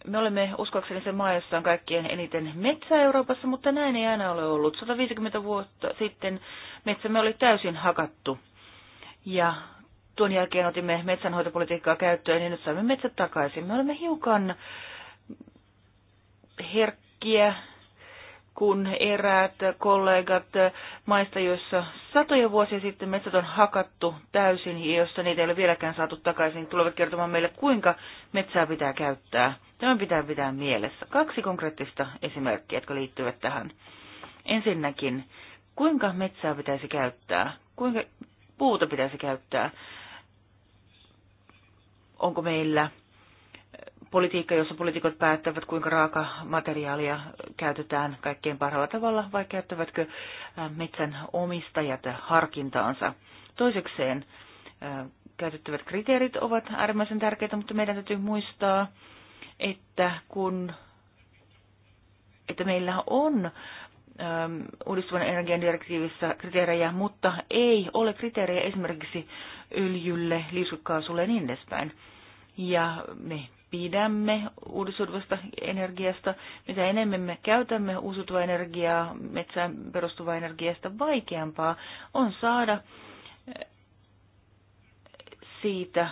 me olemme uskoakseni se maa, jossa on kaikkien eniten metsää Euroopassa, mutta näin ei aina ole ollut. 150 vuotta sitten metsämme oli täysin hakattu. Ja tuon jälkeen otimme metsänhoitopolitiikkaa käyttöön, niin nyt saamme metsät takaisin. Me olemme hiukan herkkiä kun eräät kollegat maista, joissa satoja vuosia sitten metsät on hakattu täysin ja joissa niitä ei ole vieläkään saatu takaisin, tulevat kertomaan meille, kuinka metsää pitää käyttää. Tämä pitää pitää mielessä. Kaksi konkreettista esimerkkiä, jotka liittyvät tähän. Ensinnäkin, kuinka metsää pitäisi käyttää? Kuinka puuta pitäisi käyttää? Onko meillä politiikka, jossa poliitikot päättävät, kuinka raaka materiaalia käytetään kaikkein parhaalla tavalla, vai käyttävätkö äh, metsän omistajat harkintaansa. Toisekseen äh, käytettävät kriteerit ovat äärimmäisen tärkeitä, mutta meidän täytyy muistaa, että kun että meillä on äm, uudistuvan energian direktiivissä kriteerejä, mutta ei ole kriteerejä esimerkiksi öljylle, liuskekaasulle ja niin edespäin. Ja me pidämme uudistuvasta energiasta, mitä enemmän me käytämme uusiutuvaa energiaa, metsään perustuvaa energiasta, vaikeampaa on saada eh, siitä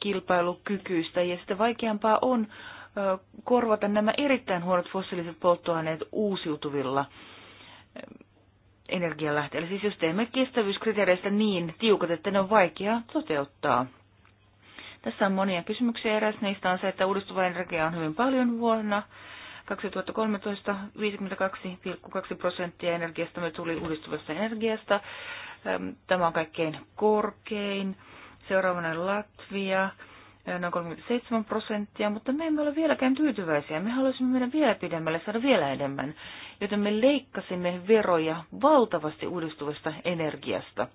kilpailukykyistä ja sitä vaikeampaa on eh, korvata nämä erittäin huonot fossiiliset polttoaineet uusiutuvilla eh, energialähteillä. Siis jos teemme kestävyyskriteereistä niin tiukat, että ne on vaikea toteuttaa. Tässä on monia kysymyksiä. Eräs niistä on se, että uudistuva energia on hyvin paljon vuonna. 2013 52,2 prosenttia energiasta me tuli uudistuvasta energiasta. Tämä on kaikkein korkein. Seuraavana Latvia, noin 37 prosenttia, mutta me emme ole vieläkään tyytyväisiä. Me haluaisimme mennä vielä pidemmälle, saada vielä enemmän, joten me leikkasimme veroja valtavasti uudistuvasta energiasta.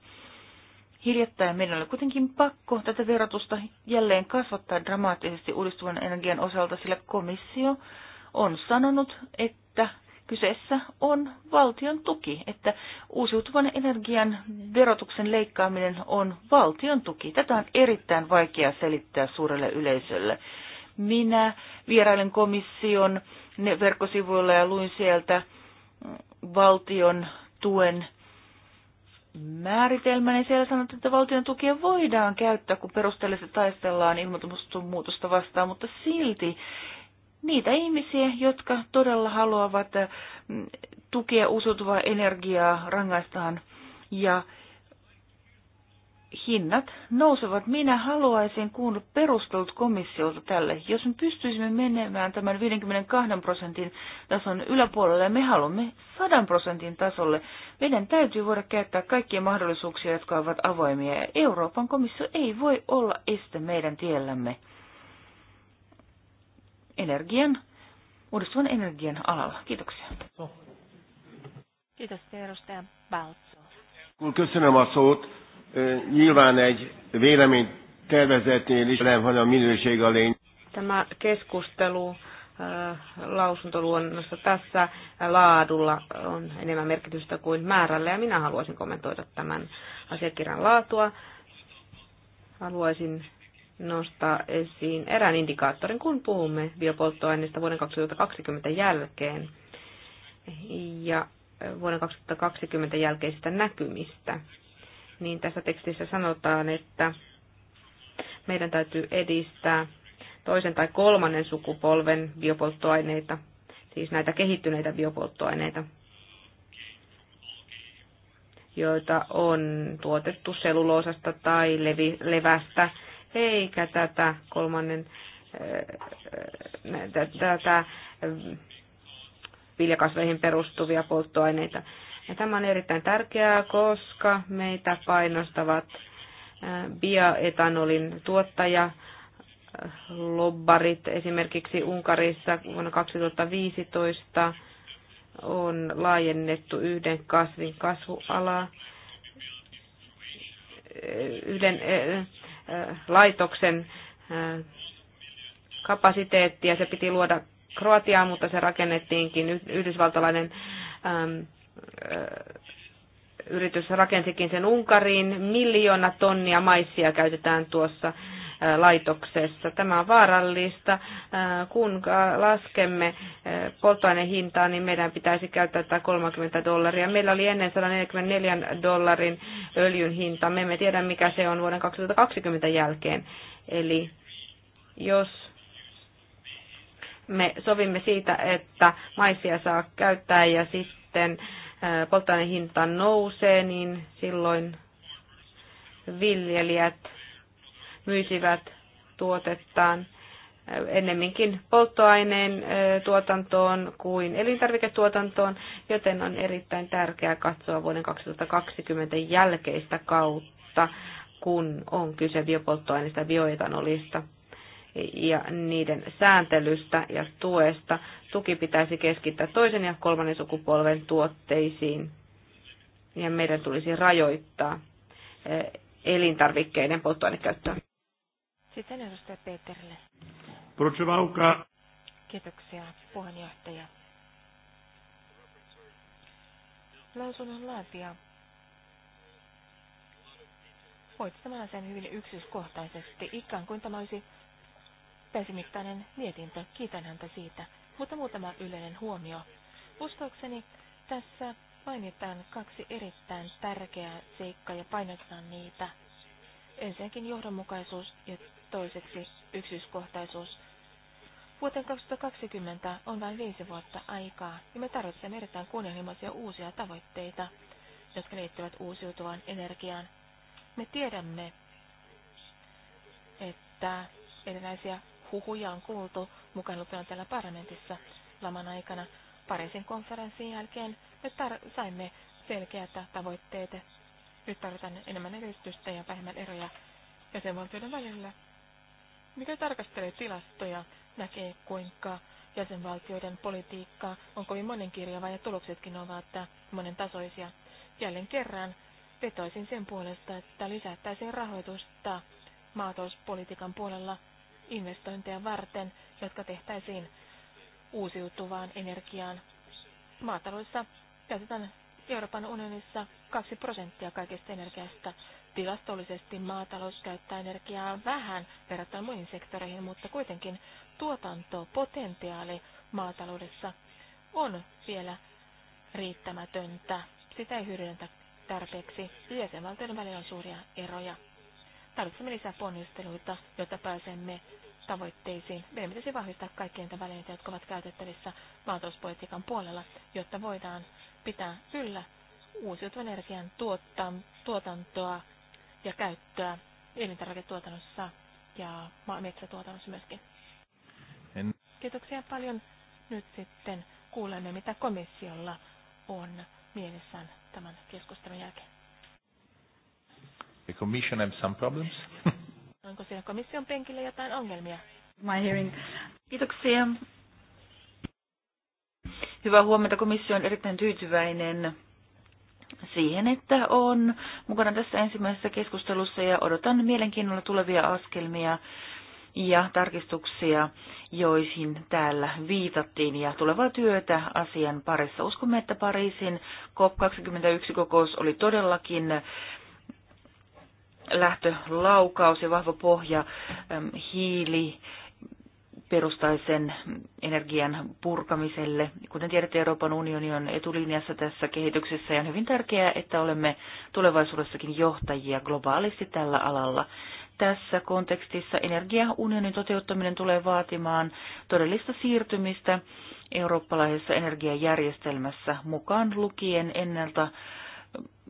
Hiljattain meidän oli kuitenkin pakko tätä verotusta jälleen kasvattaa dramaattisesti uudistuvan energian osalta, sillä komissio on sanonut, että kyseessä on valtion tuki, että uusiutuvan energian verotuksen leikkaaminen on valtion tuki. Tätä on erittäin vaikea selittää suurelle yleisölle. Minä vierailen komission verkkosivuilla ja luin sieltä valtion tuen määritelmä, niin siellä sanotaan, että valtion tukia voidaan käyttää, kun perusteellisesti taistellaan muutosta vastaan, mutta silti niitä ihmisiä, jotka todella haluavat mm, tukea uusiutuvaa energiaa, rangaistaan ja hinnat nousevat. Minä haluaisin kuulla perustelut komissiolta tälle. Jos me pystyisimme menemään tämän 52 prosentin tason yläpuolelle ja me haluamme 100 prosentin tasolle, meidän täytyy voida käyttää kaikkia mahdollisuuksia, jotka ovat avoimia. Ja Euroopan komissio ei voi olla este meidän tiellämme energian, uudistuvan energian alalla. Kiitoksia. Kiitos, edustaja Baltso. Köszönöm a Nyilván egy vélemény tervezetnél is nem, hanem minőség a lény. Tämä keskustelu lausuntoluonnossa tässä laadulla on enemmän merkitystä kuin määrällä ja minä haluaisin kommentoida tämän asiakirjan laatua. Haluaisin nostaa esiin erään indikaattorin, kun puhumme biopolttoaineista vuoden 2020 jälkeen ja vuoden 2020 jälkeisistä näkymistä niin tässä tekstissä sanotaan, että meidän täytyy edistää toisen tai kolmannen sukupolven biopolttoaineita, siis näitä kehittyneitä biopolttoaineita, joita on tuotettu seluloosasta tai levi, levästä, eikä tätä kolmannen äh, äh, tätä äh, viljakasveihin perustuvia polttoaineita. Ja tämä on erittäin tärkeää, koska meitä painostavat äh, bioetanolin tuottaja äh, lobbarit esimerkiksi Unkarissa vuonna 2015 on laajennettu yhden kasvin kasvuala, äh, yhden laitoksen kapasiteettia. Se piti luoda Kroatiaan, mutta se rakennettiinkin yhdysvaltalainen ähm, yritys rakensikin sen Unkariin. Miljoona tonnia maissia käytetään tuossa laitoksessa. Tämä on vaarallista. Kun laskemme polttoainehintaa, niin meidän pitäisi käyttää tätä 30 dollaria. Meillä oli ennen 144 dollarin öljyn hinta. Me emme tiedä, mikä se on vuoden 2020 jälkeen. Eli jos me sovimme siitä, että maisia saa käyttää ja sitten äh, polttoaineen hinta nousee, niin silloin viljelijät myisivät tuotettaan ennemminkin polttoaineen tuotantoon kuin elintarviketuotantoon, joten on erittäin tärkeää katsoa vuoden 2020 jälkeistä kautta, kun on kyse biopolttoaineista ja bioetanolista ja niiden sääntelystä ja tuesta. Tuki pitäisi keskittää toisen ja kolmannen sukupolven tuotteisiin ja meidän tulisi rajoittaa eh, elintarvikkeiden polttoainekäyttöä. Sitten edustaja Peterille. Prutsivauka. Kiitoksia puheenjohtaja. Lausunnon laatia Voit tämän sen hyvin yksityiskohtaisesti, ikään kuin tämä olisi pesimittainen mietintö. Kiitän häntä siitä. Mutta muutama yleinen huomio. Uskoakseni tässä mainitaan kaksi erittäin tärkeää seikkaa ja painotetaan niitä. Ensinnäkin johdonmukaisuus ja toiseksi yksityiskohtaisuus. Vuoteen 2020 on vain viisi vuotta aikaa, ja me tarvitsemme erittäin kunnianhimoisia uusia tavoitteita, jotka liittyvät uusiutuvaan energiaan. Me tiedämme, että erilaisia huhuja on kuultu mukaan lukien täällä parlamentissa laman aikana. Pariisin konferenssin jälkeen me tar- saimme selkeät tavoitteet. Nyt tarvitaan enemmän edistystä ja vähemmän eroja jäsenvaltioiden välillä. Mikä tarkastelee tilastoja, näkee kuinka jäsenvaltioiden politiikka on kovin monenkirjava ja tuloksetkin ovat monen tasoisia. Jälleen kerran vetoisin sen puolesta, että lisättäisiin rahoitusta maatalouspolitiikan puolella investointeja varten, jotka tehtäisiin uusiutuvaan energiaan. Maataloissa käytetään Euroopan unionissa 2 prosenttia kaikesta energiasta. Tilastollisesti maatalous käyttää energiaa vähän verrattuna muihin sektoreihin, mutta kuitenkin tuotantopotentiaali maataloudessa on vielä riittämätöntä. Sitä ei hyödynnetä tarpeeksi. Jäsenvaltioiden välillä on suuria eroja. Tarvitsemme lisää ponnisteluita, jotta pääsemme tavoitteisiin. Meidän pitäisi vahvistaa kaikkien niitä välineitä, jotka ovat käytettävissä maatalouspolitiikan puolella, jotta voidaan pitää yllä uusiutuvan energian tuotantoa ja käyttöä elintarviketuotannossa ja metsätuotannossa myöskin. En... Kiitoksia paljon. Nyt sitten kuulemme, mitä komissiolla on mielessään tämän keskustelun jälkeen. The commission have some problems? Onko siellä komission penkillä jotain ongelmia? My hearing. Kiitoksia. Hyvää huomenta. Komissio on erittäin tyytyväinen siihen, että on mukana tässä ensimmäisessä keskustelussa ja odotan mielenkiinnolla tulevia askelmia ja tarkistuksia, joihin täällä viitattiin ja tulevaa työtä asian parissa. Uskomme, että Pariisin COP21-kokous oli todellakin lähtölaukaus ja vahva pohja hiili perustaisen energian purkamiselle. Kuten tiedätte, Euroopan unioni on etulinjassa tässä kehityksessä ja on hyvin tärkeää, että olemme tulevaisuudessakin johtajia globaalisti tällä alalla. Tässä kontekstissa energiaunionin toteuttaminen tulee vaatimaan todellista siirtymistä eurooppalaisessa energiajärjestelmässä mukaan lukien ennalta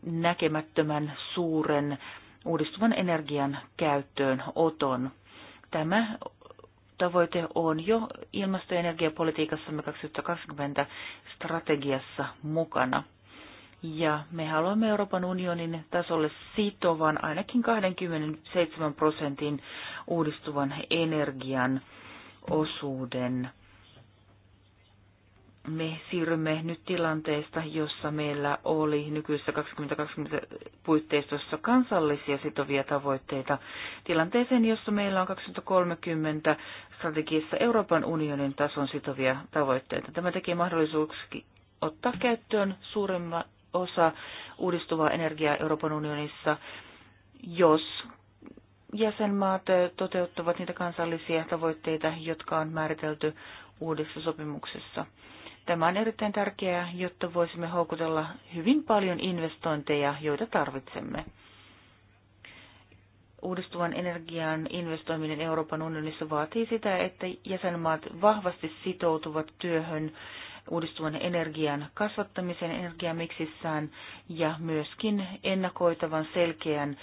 näkemättömän suuren uudistuvan energian käyttöön oton. Tämä tavoite on jo ilmasto- ja energiapolitiikassamme 2020 strategiassa mukana. Ja me haluamme Euroopan unionin tasolle sitovan ainakin 27 prosentin uudistuvan energian osuuden me siirrymme nyt tilanteesta, jossa meillä oli nykyisessä 2020 puitteistossa kansallisia sitovia tavoitteita, tilanteeseen, jossa meillä on 2030 strategiassa Euroopan unionin tason sitovia tavoitteita. Tämä tekee mahdollisuuksia ottaa käyttöön suuremman osa uudistuvaa energiaa Euroopan unionissa, jos jäsenmaat toteuttavat niitä kansallisia tavoitteita, jotka on määritelty uudessa sopimuksessa. Tämä on erittäin tärkeää, jotta voisimme houkutella hyvin paljon investointeja, joita tarvitsemme. Uudistuvan energian investoiminen Euroopan unionissa vaatii sitä, että jäsenmaat vahvasti sitoutuvat työhön uudistuvan energian kasvattamisen energiamiksissään ja myöskin ennakoitavan selkeän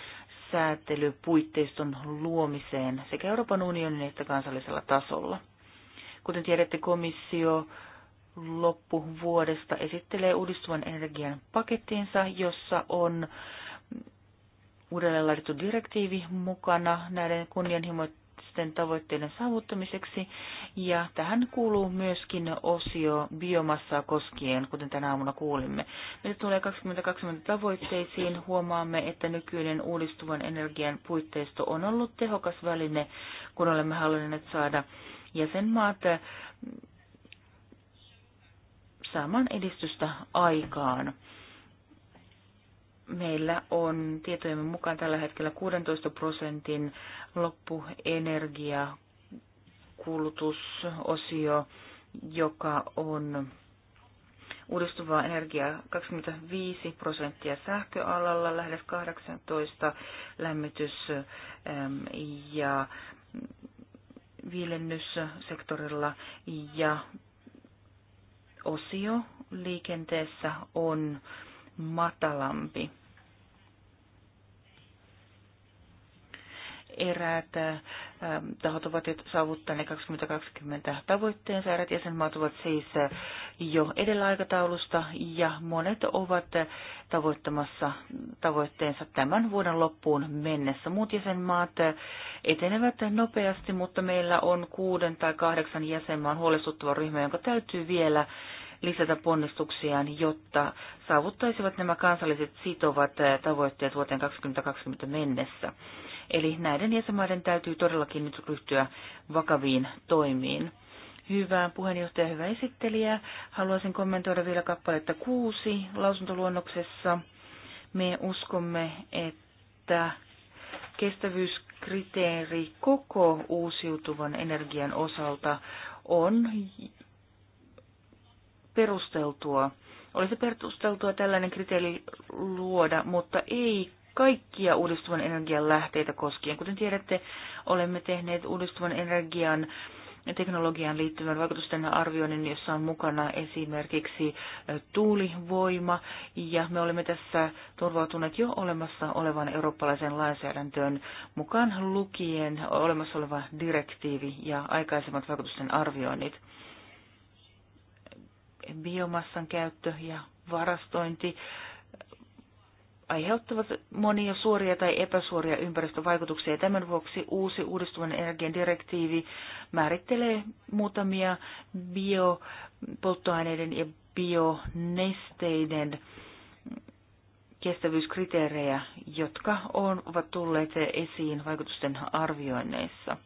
säätelypuitteiston luomiseen sekä Euroopan unionin että kansallisella tasolla. Kuten tiedätte, komissio loppuvuodesta esittelee uudistuvan energian pakettinsa, jossa on uudelleen laadittu direktiivi mukana näiden kunnianhimoisten tavoitteiden saavuttamiseksi. Ja tähän kuuluu myöskin osio biomassaa koskien, kuten tänä aamuna kuulimme. Mitä tulee 2020 tavoitteisiin, huomaamme, että nykyinen uudistuvan energian puitteisto on ollut tehokas väline, kun olemme halunneet saada jäsenmaat saamaan edistystä aikaan. Meillä on tietojemme mukaan tällä hetkellä 16 prosentin loppuenergiakulutusosio, joka on uudistuvaa energiaa 25 prosenttia sähköalalla, lähes 18 lämmitys- ja viilennyssektorilla ja osio liikenteessä on matalampi. Eräät Ähm, tahot ovat saavuttaneet 2020 tavoitteensa. Eräät jäsenmaat ovat siis äh, jo edellä aikataulusta ja monet ovat äh, tavoittamassa tavoitteensa tämän vuoden loppuun mennessä. Muut jäsenmaat äh, etenevät nopeasti, mutta meillä on kuuden tai kahdeksan jäsenmaan huolestuttava ryhmä, jonka täytyy vielä lisätä ponnistuksiaan, jotta saavuttaisivat nämä kansalliset sitovat tavoitteet vuoteen 2020 mennessä. Eli näiden jäsenmaiden täytyy todellakin nyt ryhtyä vakaviin toimiin. Hyvää puheenjohtaja, hyvä esittelijä. Haluaisin kommentoida vielä kappaletta kuusi lausuntoluonnoksessa. Me uskomme, että kestävyyskriteeri koko uusiutuvan energian osalta on perusteltua. Olisi perusteltua tällainen kriteeri luoda, mutta ei kaikkia uudistuvan energian lähteitä koskien. Kuten tiedätte, olemme tehneet uudistuvan energian teknologiaan liittyvän vaikutusten arvioinnin, jossa on mukana esimerkiksi tuulivoima, ja me olemme tässä turvautuneet jo olemassa olevan eurooppalaisen lainsäädäntöön mukaan lukien olemassa oleva direktiivi ja aikaisemmat vaikutusten arvioinnit. Biomassan käyttö ja varastointi aiheuttavat monia suoria tai epäsuoria ympäristövaikutuksia. Tämän vuoksi uusi uudistuvan energian direktiivi määrittelee muutamia biopolttoaineiden ja bionesteiden kestävyyskriteerejä, jotka ovat tulleet esiin vaikutusten arvioinneissa.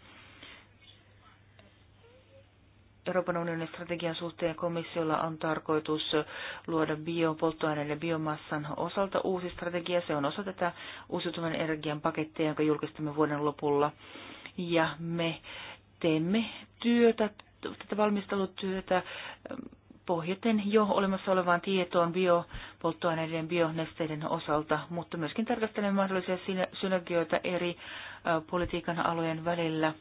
Euroopan unionin strategian suhteen komissiolla on tarkoitus luoda biopolttoaineiden biomassan osalta uusi strategia. Se on osa tätä uusiutuvan energian pakettia, jonka julkistamme vuoden lopulla. Ja me teemme työtä, tätä valmistelutyötä ähm, pohjaten jo olemassa olevaan tietoon biopolttoaineiden bionesteiden osalta, mutta myöskin tarkastelemme mahdollisia synergioita eri äh, politiikan alojen välillä –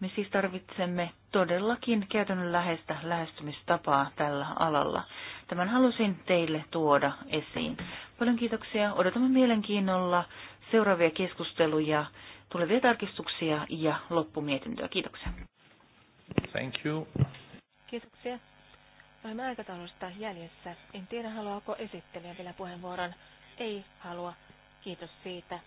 me siis tarvitsemme todellakin käytännönläheistä lähestymistapaa tällä alalla. Tämän halusin teille tuoda esiin. Paljon kiitoksia. Odotamme mielenkiinnolla seuraavia keskusteluja, tulevia tarkistuksia ja loppumietintöä. Kiitoksia. Thank you. Kiitoksia. Olemme aikataulusta jäljessä. En tiedä, haluaako esittelijä vielä puheenvuoron. Ei halua. Kiitos siitä.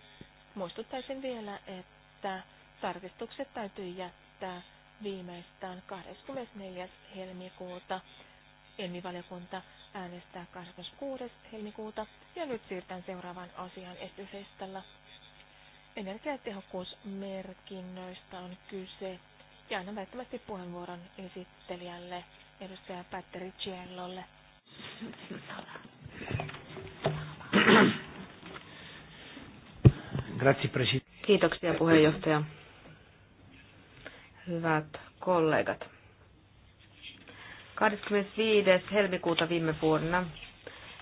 Muistuttaisin vielä, että tarkistukset täytyy jättää äänestää viimeistään 24. helmikuuta. Elmivaliokunta äänestää 26. helmikuuta ja nyt siirrytään seuraavaan asian esityslistalla. Energiatehokkuusmerkinnöistä on kyse ja annan välttämättä puheenvuoron esittelijälle, edustaja Patteri Ciellolle. Kiitoksia puheenjohtaja. Hyvät kollegat. 25. helmikuuta viime vuonna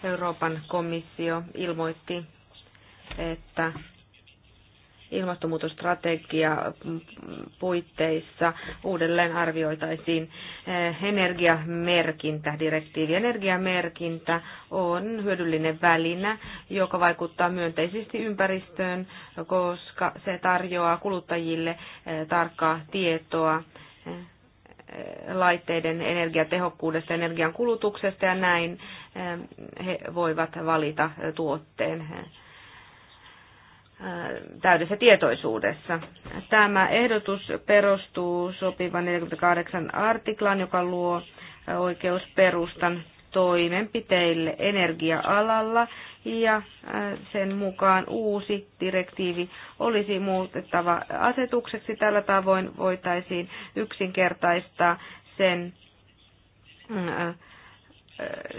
Euroopan komissio ilmoitti, että ilmastonmuutosstrategia puitteissa uudelleen arvioitaisiin eh, energiamerkintä, direktiivi. Energiamerkintä on hyödyllinen väline, joka vaikuttaa myönteisesti ympäristöön, koska se tarjoaa kuluttajille eh, tarkkaa tietoa eh, laitteiden energiatehokkuudesta, energian kulutuksesta ja näin he voivat valita tuotteen Äh, täydessä tietoisuudessa. Tämä ehdotus perustuu sopivan 48 artiklan, joka luo äh, oikeusperustan toimenpiteille energia-alalla ja äh, sen mukaan uusi direktiivi olisi muutettava asetukseksi. Tällä tavoin voitaisiin yksinkertaistaa sen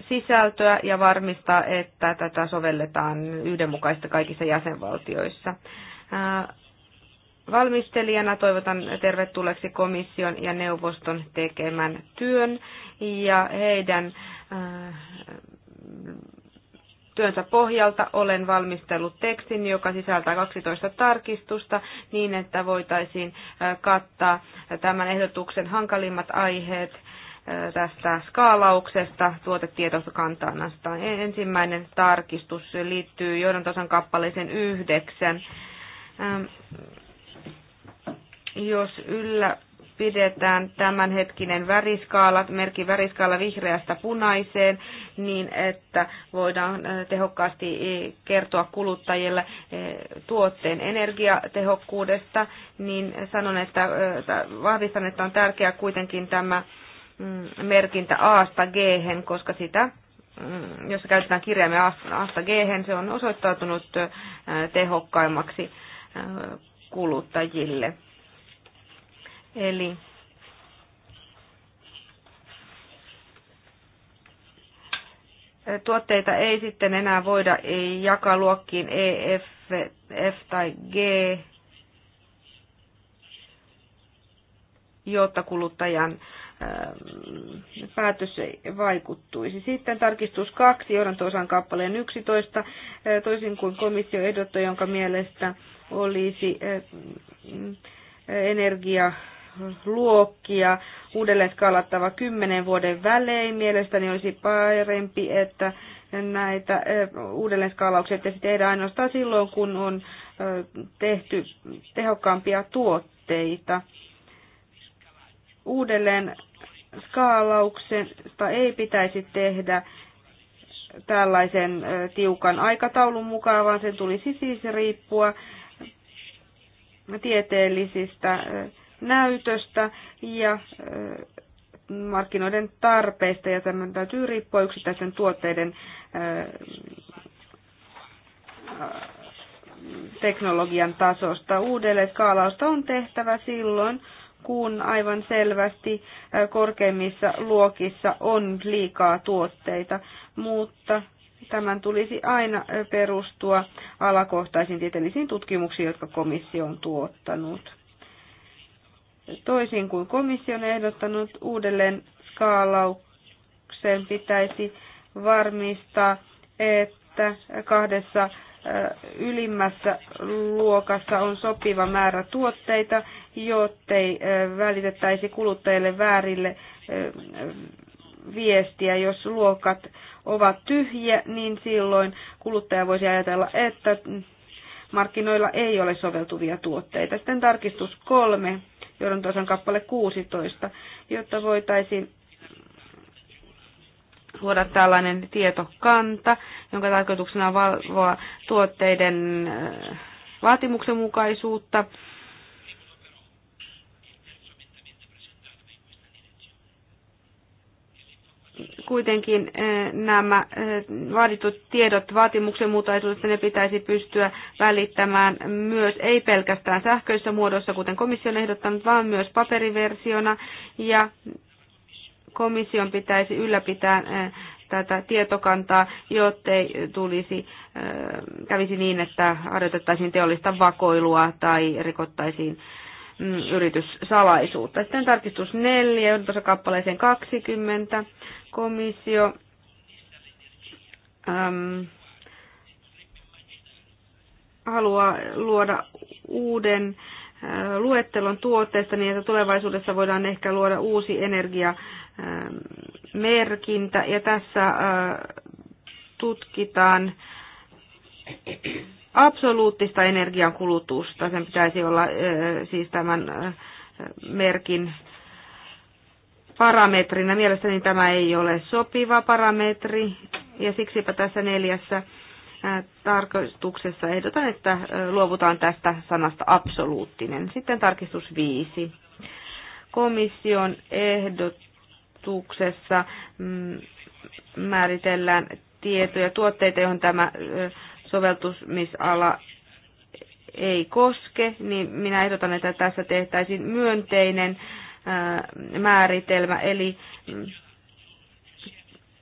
sisältöä ja varmistaa, että tätä sovelletaan yhdenmukaista kaikissa jäsenvaltioissa. Valmistelijana toivotan tervetulleeksi komission ja neuvoston tekemän työn ja heidän työnsä pohjalta olen valmistellut tekstin, joka sisältää 12 tarkistusta niin, että voitaisiin kattaa tämän ehdotuksen hankalimmat aiheet tästä skaalauksesta tuotetietokantanasta. E, ensimmäinen tarkistus liittyy tasan kappaleeseen yhdeksän. Jos yllä pidetään tämänhetkinen väriskaala, merkki väriskaala vihreästä punaiseen, niin että voidaan tehokkaasti e, kertoa kuluttajille e, tuotteen energiatehokkuudesta, niin sanon, että vahvistan, että on tärkeää kuitenkin tämä Mm, merkintä A-sta g koska sitä, mm, jos käytetään kirjaimia A-sta g se on osoittautunut tehokkaimmaksi kuluttajille. Eli tuotteita ei sitten enää voida jakaa luokkiin E, F, F tai G, jotta kuluttajan päätös vaikuttuisi. Sitten tarkistus 2, johdanto-osan kappaleen 11, toisin kuin komissio ehdottaa, jonka mielestä olisi energia luokkia uudelleen skaalattava kymmenen vuoden välein. Mielestäni olisi parempi, että näitä uudelleen skaalauksia tehdään ainoastaan silloin, kun on tehty tehokkaampia tuotteita. Uudelleen skaalauksesta ei pitäisi tehdä tällaisen tiukan aikataulun mukaan, vaan sen tulisi siis riippua tieteellisistä näytöstä ja markkinoiden tarpeista ja tämän täytyy riippua yksittäisten tuotteiden teknologian tasosta. Uudelle skaalausta on tehtävä silloin, kun aivan selvästi korkeimmissa luokissa on liikaa tuotteita, mutta tämän tulisi aina perustua alakohtaisiin tieteellisiin tutkimuksiin, jotka komissio on tuottanut. Toisin kuin komissio on ehdottanut, uudelleen skaalauksen pitäisi varmistaa, että kahdessa ylimmässä luokassa on sopiva määrä tuotteita jottei välitettäisi kuluttajille väärille viestiä, jos luokat ovat tyhjiä, niin silloin kuluttaja voisi ajatella, että markkinoilla ei ole soveltuvia tuotteita. Sitten tarkistus kolme, joudun tuossa kappale 16, jotta voitaisiin luoda tällainen tietokanta, jonka tarkoituksena on valvoa tuotteiden vaatimuksenmukaisuutta. kuitenkin eh, nämä eh, vaaditut tiedot vaatimuksen muutaisuudesta, ne pitäisi pystyä välittämään myös ei pelkästään sähköisessä muodossa, kuten komissio on ehdottanut, vaan myös paperiversiona ja komission pitäisi ylläpitää eh, tätä tietokantaa, jottei tulisi, kävisi niin, että harjoitettaisiin teollista vakoilua tai rikottaisiin Mm, yrityssalaisuutta. Sitten tarkistus 4, kappaleeseen 20, komissio. Äm, haluaa luoda uuden luettelon tuotteista niin, että tulevaisuudessa voidaan ehkä luoda uusi energiamerkintä. Ja tässä tutkitaan absoluuttista energiankulutusta. Sen pitäisi olla siis tämän merkin parametrina. Mielestäni tämä ei ole sopiva parametri ja siksipä tässä neljässä tarkoituksessa ehdotan, että luovutaan tästä sanasta absoluuttinen. Sitten tarkistus viisi. Komission ehdotuksessa mm, määritellään tietoja tuotteita, johon tämä soveltumisala ei koske, niin minä ehdotan, että tässä tehtäisiin myönteinen äh, määritelmä, eli mm,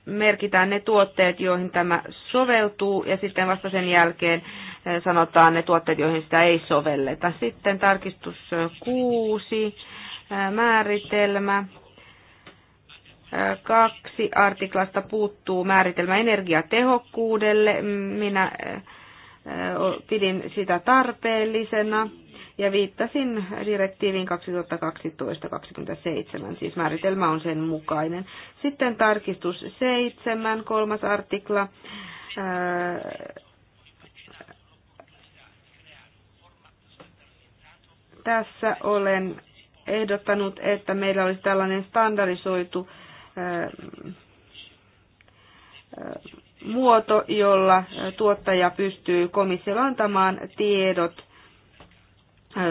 merkitään ne tuotteet, joihin tämä soveltuu, ja sitten vasta sen jälkeen äh, sanotaan ne tuotteet, joihin sitä ei sovelleta. Sitten tarkistus 6, äh, määritelmä. Kaksi artiklasta puuttuu määritelmä energiatehokkuudelle. Minä pidin sitä tarpeellisena ja viittasin direktiiviin 2012-27, siis määritelmä on sen mukainen. Sitten tarkistus 7, kolmas artikla. Tässä olen ehdottanut, että meillä olisi tällainen standardisoitu muoto, jolla tuottaja pystyy komissiolle antamaan tiedot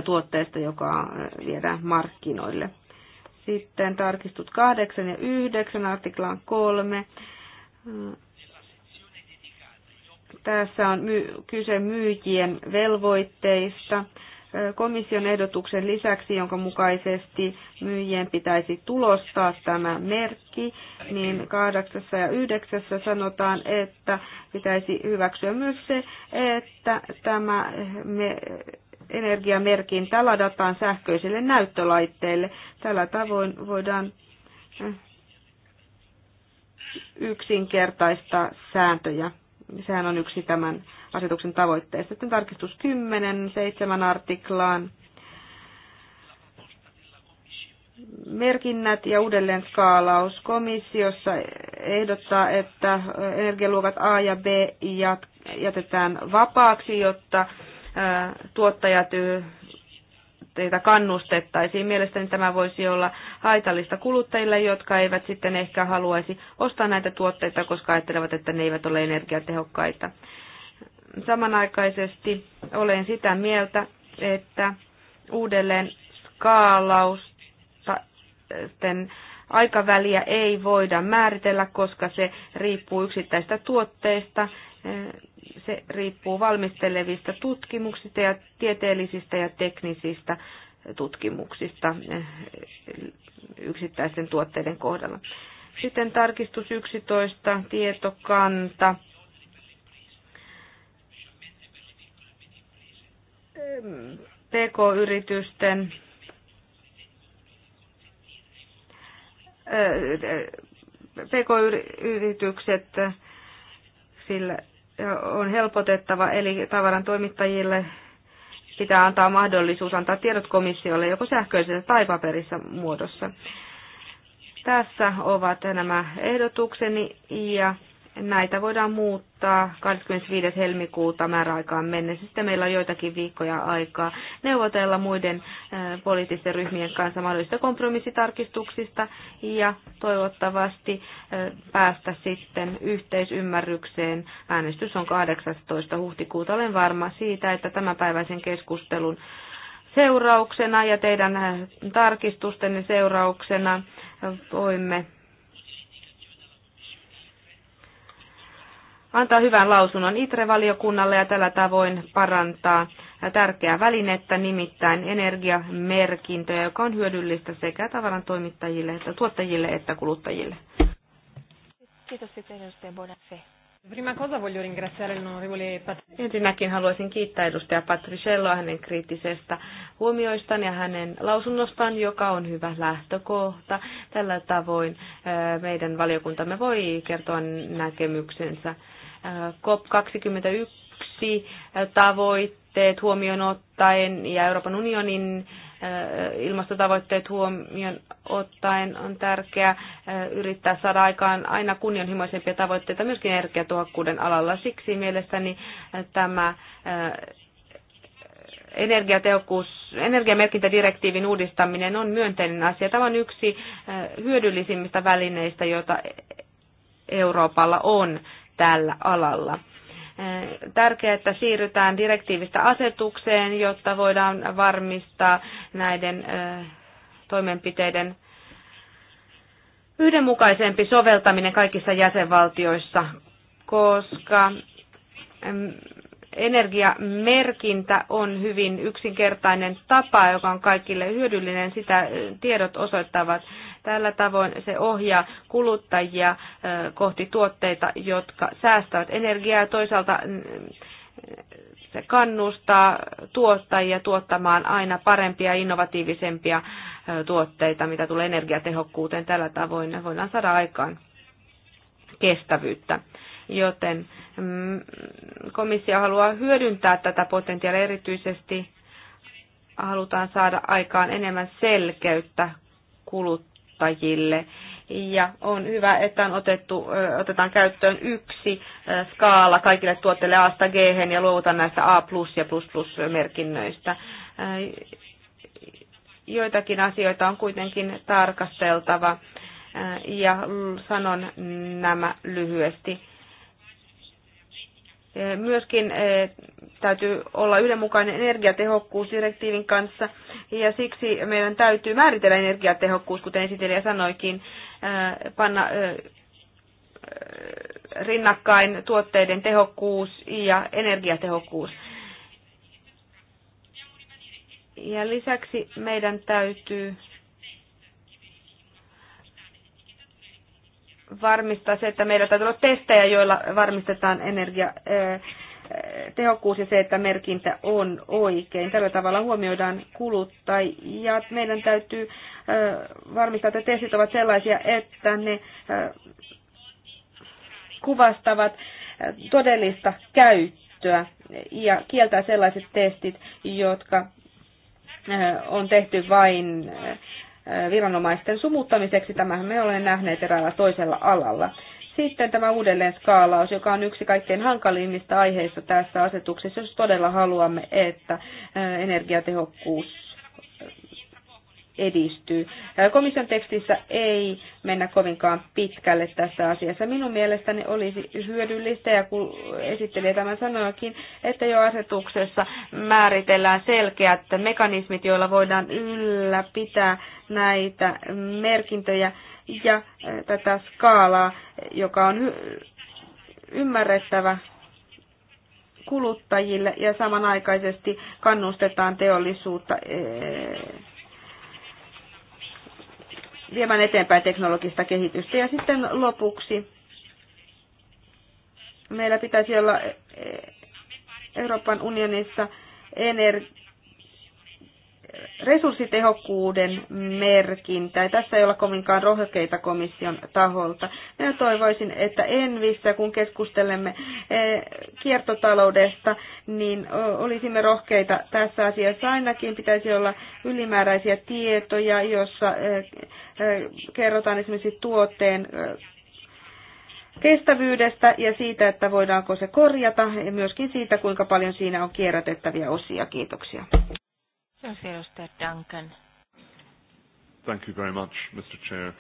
tuotteesta, joka viedään markkinoille. Sitten tarkistut 8 ja 9 artiklaan 3. Tässä on my- kyse myyjien velvoitteista komission ehdotuksen lisäksi, jonka mukaisesti myyjien pitäisi tulostaa tämä merkki, niin kahdeksassa ja yhdeksässä sanotaan, että pitäisi hyväksyä myös se, että tämä me, energiamerkintä ladataan sähköiselle näyttölaitteelle. Tällä tavoin voidaan eh, yksinkertaista sääntöjä sehän on yksi tämän asetuksen tavoitteista. Sitten tarkistus 10, 7 artiklaan. Merkinnät ja uudelleen skaalaus. Komissiossa ehdottaa, että energialuokat A ja B jätetään vapaaksi, jotta tuottajat teitä kannustettaisiin. Mielestäni tämä voisi olla haitallista kuluttajille, jotka eivät sitten ehkä haluaisi ostaa näitä tuotteita, koska ajattelevat, että ne eivät ole energiatehokkaita. Samanaikaisesti olen sitä mieltä, että uudelleen skaalausten aikaväliä ei voida määritellä, koska se riippuu yksittäistä tuotteista se riippuu valmistelevista tutkimuksista ja tieteellisistä ja teknisistä tutkimuksista eh, yksittäisten tuotteiden kohdalla. Sitten tarkistus 11, tietokanta. PK-yritysten eh, eh, PK-yritykset sillä on helpotettava, eli tavaran toimittajille pitää antaa mahdollisuus antaa tiedot komissiolle joko sähköisessä tai paperissa muodossa. Tässä ovat nämä ehdotukseni ja Näitä voidaan muuttaa 25. helmikuuta määräaikaan mennessä. Sitten meillä on joitakin viikkoja aikaa neuvotella muiden äh, poliittisten ryhmien kanssa mahdollisista kompromissitarkistuksista ja toivottavasti äh, päästä sitten yhteisymmärrykseen. Äänestys on 18. huhtikuuta. Olen varma siitä, että päiväisen keskustelun seurauksena ja teidän äh, tarkistusten seurauksena voimme antaa hyvän lausunnon ITRE-valiokunnalle ja tällä tavoin parantaa tärkeää välinettä, nimittäin energiamerkintöjä, joka on hyödyllistä sekä tavaran toimittajille, että tuottajille että kuluttajille. Kiitos sitten edustaja Bonafé. Prima cosa voglio ringraziare l'onorevole Ensinnäkin haluaisin kiittää edustaja Patriciello hänen kriittisestä huomioistaan ja hänen lausunnostaan, joka on hyvä lähtökohta. Tällä tavoin meidän valiokuntamme voi kertoa näkemyksensä COP21 tavoitteet huomioon ottaen ja Euroopan unionin eh, ilmastotavoitteet huomioon ottaen on tärkeää eh, yrittää saada aikaan aina kunnianhimoisempia tavoitteita myöskin energiatuokkuuden alalla. Siksi mielestäni eh, tämä energiatehokkuus, energiamerkintädirektiivin uudistaminen on myönteinen asia. Tämä on yksi hyödyllisimmistä välineistä, joita Euroopalla on tällä alalla. Tärkeää, että siirrytään direktiivistä asetukseen, jotta voidaan varmistaa näiden toimenpiteiden yhdenmukaisempi soveltaminen kaikissa jäsenvaltioissa, koska energiamerkintä on hyvin yksinkertainen tapa, joka on kaikille hyödyllinen. Sitä tiedot osoittavat. Tällä tavoin se ohjaa kuluttajia kohti tuotteita, jotka säästävät energiaa ja toisaalta se kannustaa tuottajia tuottamaan aina parempia ja innovatiivisempia tuotteita, mitä tulee energiatehokkuuteen. Tällä tavoin voidaan saada aikaan kestävyyttä. Joten mm, komissio haluaa hyödyntää tätä potentiaalia erityisesti halutaan saada aikaan enemmän selkeyttä kuluttajille kuluttajille. Ja on hyvä, että on otettu, otetaan käyttöön yksi skaala kaikille tuotteille A-sta g ja luovutaan näistä A- ja merkinnöistä. Joitakin asioita on kuitenkin tarkasteltava ja sanon nämä lyhyesti Myöskin täytyy olla yhdenmukainen energiatehokkuusdirektiivin kanssa ja siksi meidän täytyy määritellä energiatehokkuus, kuten esittelijä sanoikin, panna rinnakkain tuotteiden tehokkuus ja energiatehokkuus. Ja lisäksi meidän täytyy varmistaa se, että meillä täytyy olla testejä, joilla varmistetaan energia, tehokkuus ja se, että merkintä on oikein. Tällä tavalla huomioidaan kuluttajat. Meidän täytyy varmistaa, että testit ovat sellaisia, että ne kuvastavat todellista käyttöä ja kieltää sellaiset testit, jotka on tehty vain Äh, viranomaisten sumuttamiseksi. Tämähän me olemme nähneet eräällä toisella alalla. Sitten tämä uudelleen skaalaus, joka on yksi kaikkein hankalimmista aiheista tässä asetuksessa, jos todella haluamme, että äh, energiatehokkuus edistyy. Komission tekstissä ei mennä kovinkaan pitkälle tässä asiassa. Minun mielestäni olisi hyödyllistä, ja kun esittelijä tämän sanoikin, että jo asetuksessa määritellään selkeät mekanismit, joilla voidaan ylläpitää näitä merkintöjä ja tätä skaalaa, joka on ymmärrettävä kuluttajille ja samanaikaisesti kannustetaan teollisuutta viemään eteenpäin teknologista kehitystä. Ja sitten lopuksi meillä pitäisi olla eh, Euroopan unionissa energia resurssitehokkuuden merkintä. Ja tässä ei olla kovinkaan rohkeita komission taholta. Minä toivoisin, että Envissä, kun keskustelemme eh, kiertotaloudesta, niin olisimme rohkeita tässä asiassa. Ainakin pitäisi olla ylimääräisiä tietoja, jossa eh, eh, kerrotaan esimerkiksi tuotteen kestävyydestä ja siitä, että voidaanko se korjata ja myöskin siitä, kuinka paljon siinä on kierrätettäviä osia. Kiitoksia edustaja Duncan. Thank you very much, Mr. Chair.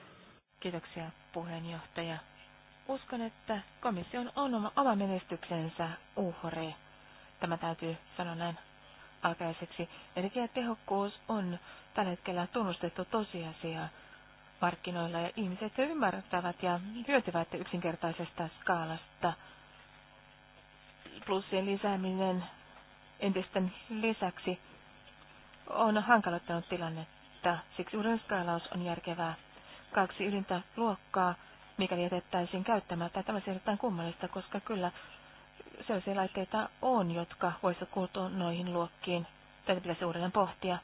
Kiitoksia, puheenjohtaja. Uskon, että komission on oma, menestyksensä uhri. Tämä täytyy sanoa näin alkaiseksi. Energiatehokkuus on tällä hetkellä tunnustettu tosiasia markkinoilla ja ihmiset ymmärtävät ja hyötyvät yksinkertaisesta skaalasta. Plussien lisääminen entisten lisäksi on hankaloittanut tilannetta. Siksi uudelleenskaalaus on järkevää. Kaksi ylintä luokkaa, mikäli jätettäisiin käyttämättä. Tämä on kummallista, koska kyllä sellaisia laitteita on, jotka voisivat kuulua noihin luokkiin. Tätä pitäisi uudelleen pohtia.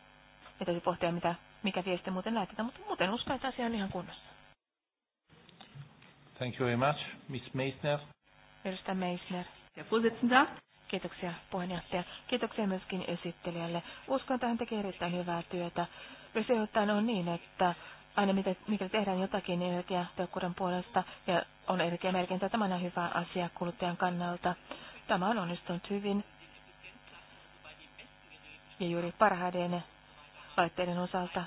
Ja täytyy pohtia, mitä, mikä viesti muuten lähetetään, mutta muuten uskon, että asia on ihan kunnossa. Thank you very much. Miss Meisner. Edustaja Meisner. Herr Vorsitzender. Kiitoksia puheenjohtaja. Kiitoksia myöskin esittelijälle. Uskon, että hän tekee erittäin hyvää työtä. Yleisesti on niin, että aina mitä, mikä tehdään jotakin energiatehokkuuden puolesta ja on energiamerkintä, tämä on hyvä asia kuluttajan kannalta. Tämä on onnistunut hyvin ja juuri parhaiden laitteiden osalta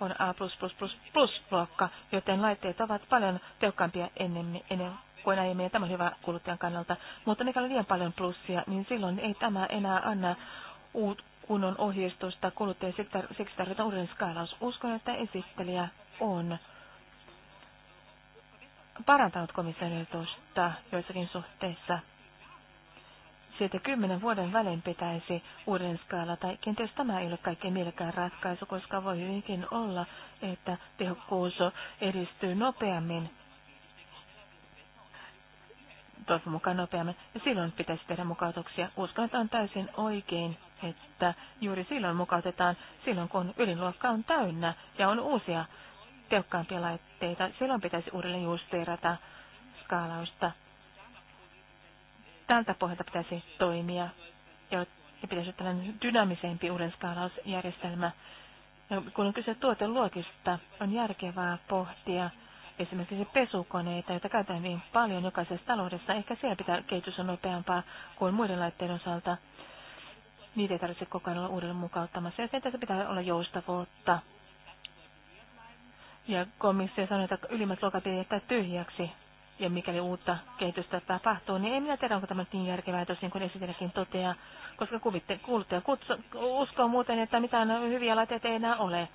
on A++++-luokka, joten laitteet ovat paljon tehokkaampia ennen, ennen kuin aiemmin, ja tämä on hyvä kuluttajan kannalta. Mutta mikä oli liian paljon plussia, niin silloin ei tämä enää anna uut kunnon ohjeistusta kuluttajan siksi tarvitaan uuden skaalaus. Uskon, että esittelijä on parantanut komission ehdotusta joissakin suhteissa. Siitä kymmenen vuoden välein pitäisi uuden skaala, tai kenties tämä ei ole kaikkein mielekään ratkaisu, koska voi hyvinkin olla, että tehokkuus edistyy nopeammin toivon mukaan nopeammin, ja silloin pitäisi tehdä mukautuksia. Uskon, että on täysin oikein, että juuri silloin mukautetaan, silloin kun yliluokka on täynnä ja on uusia tehokkaampia laitteita, silloin pitäisi uudelleen justeerata skaalausta. Tältä pohjalta pitäisi toimia, ja pitäisi olla tällainen dynaamisempi uuden skaalausjärjestelmä. Ja kun on kyse tuoteluokista, on järkevää pohtia, esimerkiksi pesukoneita, joita käytetään niin paljon jokaisessa taloudessa. Ehkä siellä pitää kehitys on nopeampaa kuin muiden laitteiden osalta. Niitä ei tarvitse koko ajan olla uudelleen mukauttamassa. sen tässä pitää olla joustavuutta. Ja komissio sanoi, että ylimmät luokat jättää tyhjäksi. Ja mikäli uutta kehitystä tapahtuu, niin ei minä tiedä, onko tämä niin järkevää, tosin niin kuin esitelläkin toteaa, koska kuvitte, kuluttaja uskoo muuten, että mitään hyviä laitteita ei enää ole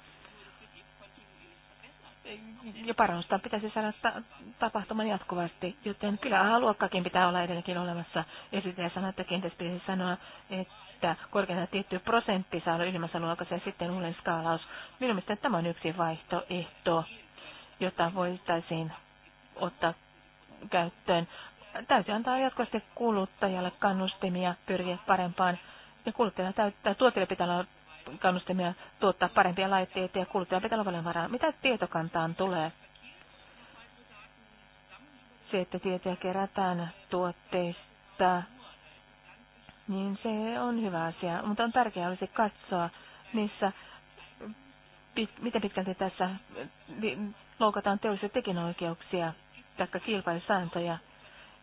ja parannusta pitäisi saada ta- tapahtumaan jatkuvasti, joten kyllä haluakkakin pitää olla edelleenkin olemassa. Esittäjä sanoi, että kenties pitäisi sanoa, että korkeintaan tietty prosentti saa olla ylimmässä luokassa ja sitten uuden skaalaus. Minun mielestä tämä on yksi vaihtoehto, jota voitaisiin ottaa käyttöön. Täytyy antaa jatkuvasti kuluttajalle kannustimia pyrkiä parempaan ja kuluttajalla täyttää, tuotteella pitää olla kannustimia tuottaa parempia laitteita ja kuluttajan pitää olla varaa. Mitä tietokantaan tulee? Se, että tietoja kerätään tuotteista, niin se on hyvä asia. Mutta on tärkeää olisi katsoa, missä, pit, miten pitkälti tässä niin loukataan teollisia tekinoikeuksia tai kilpailusääntöjä.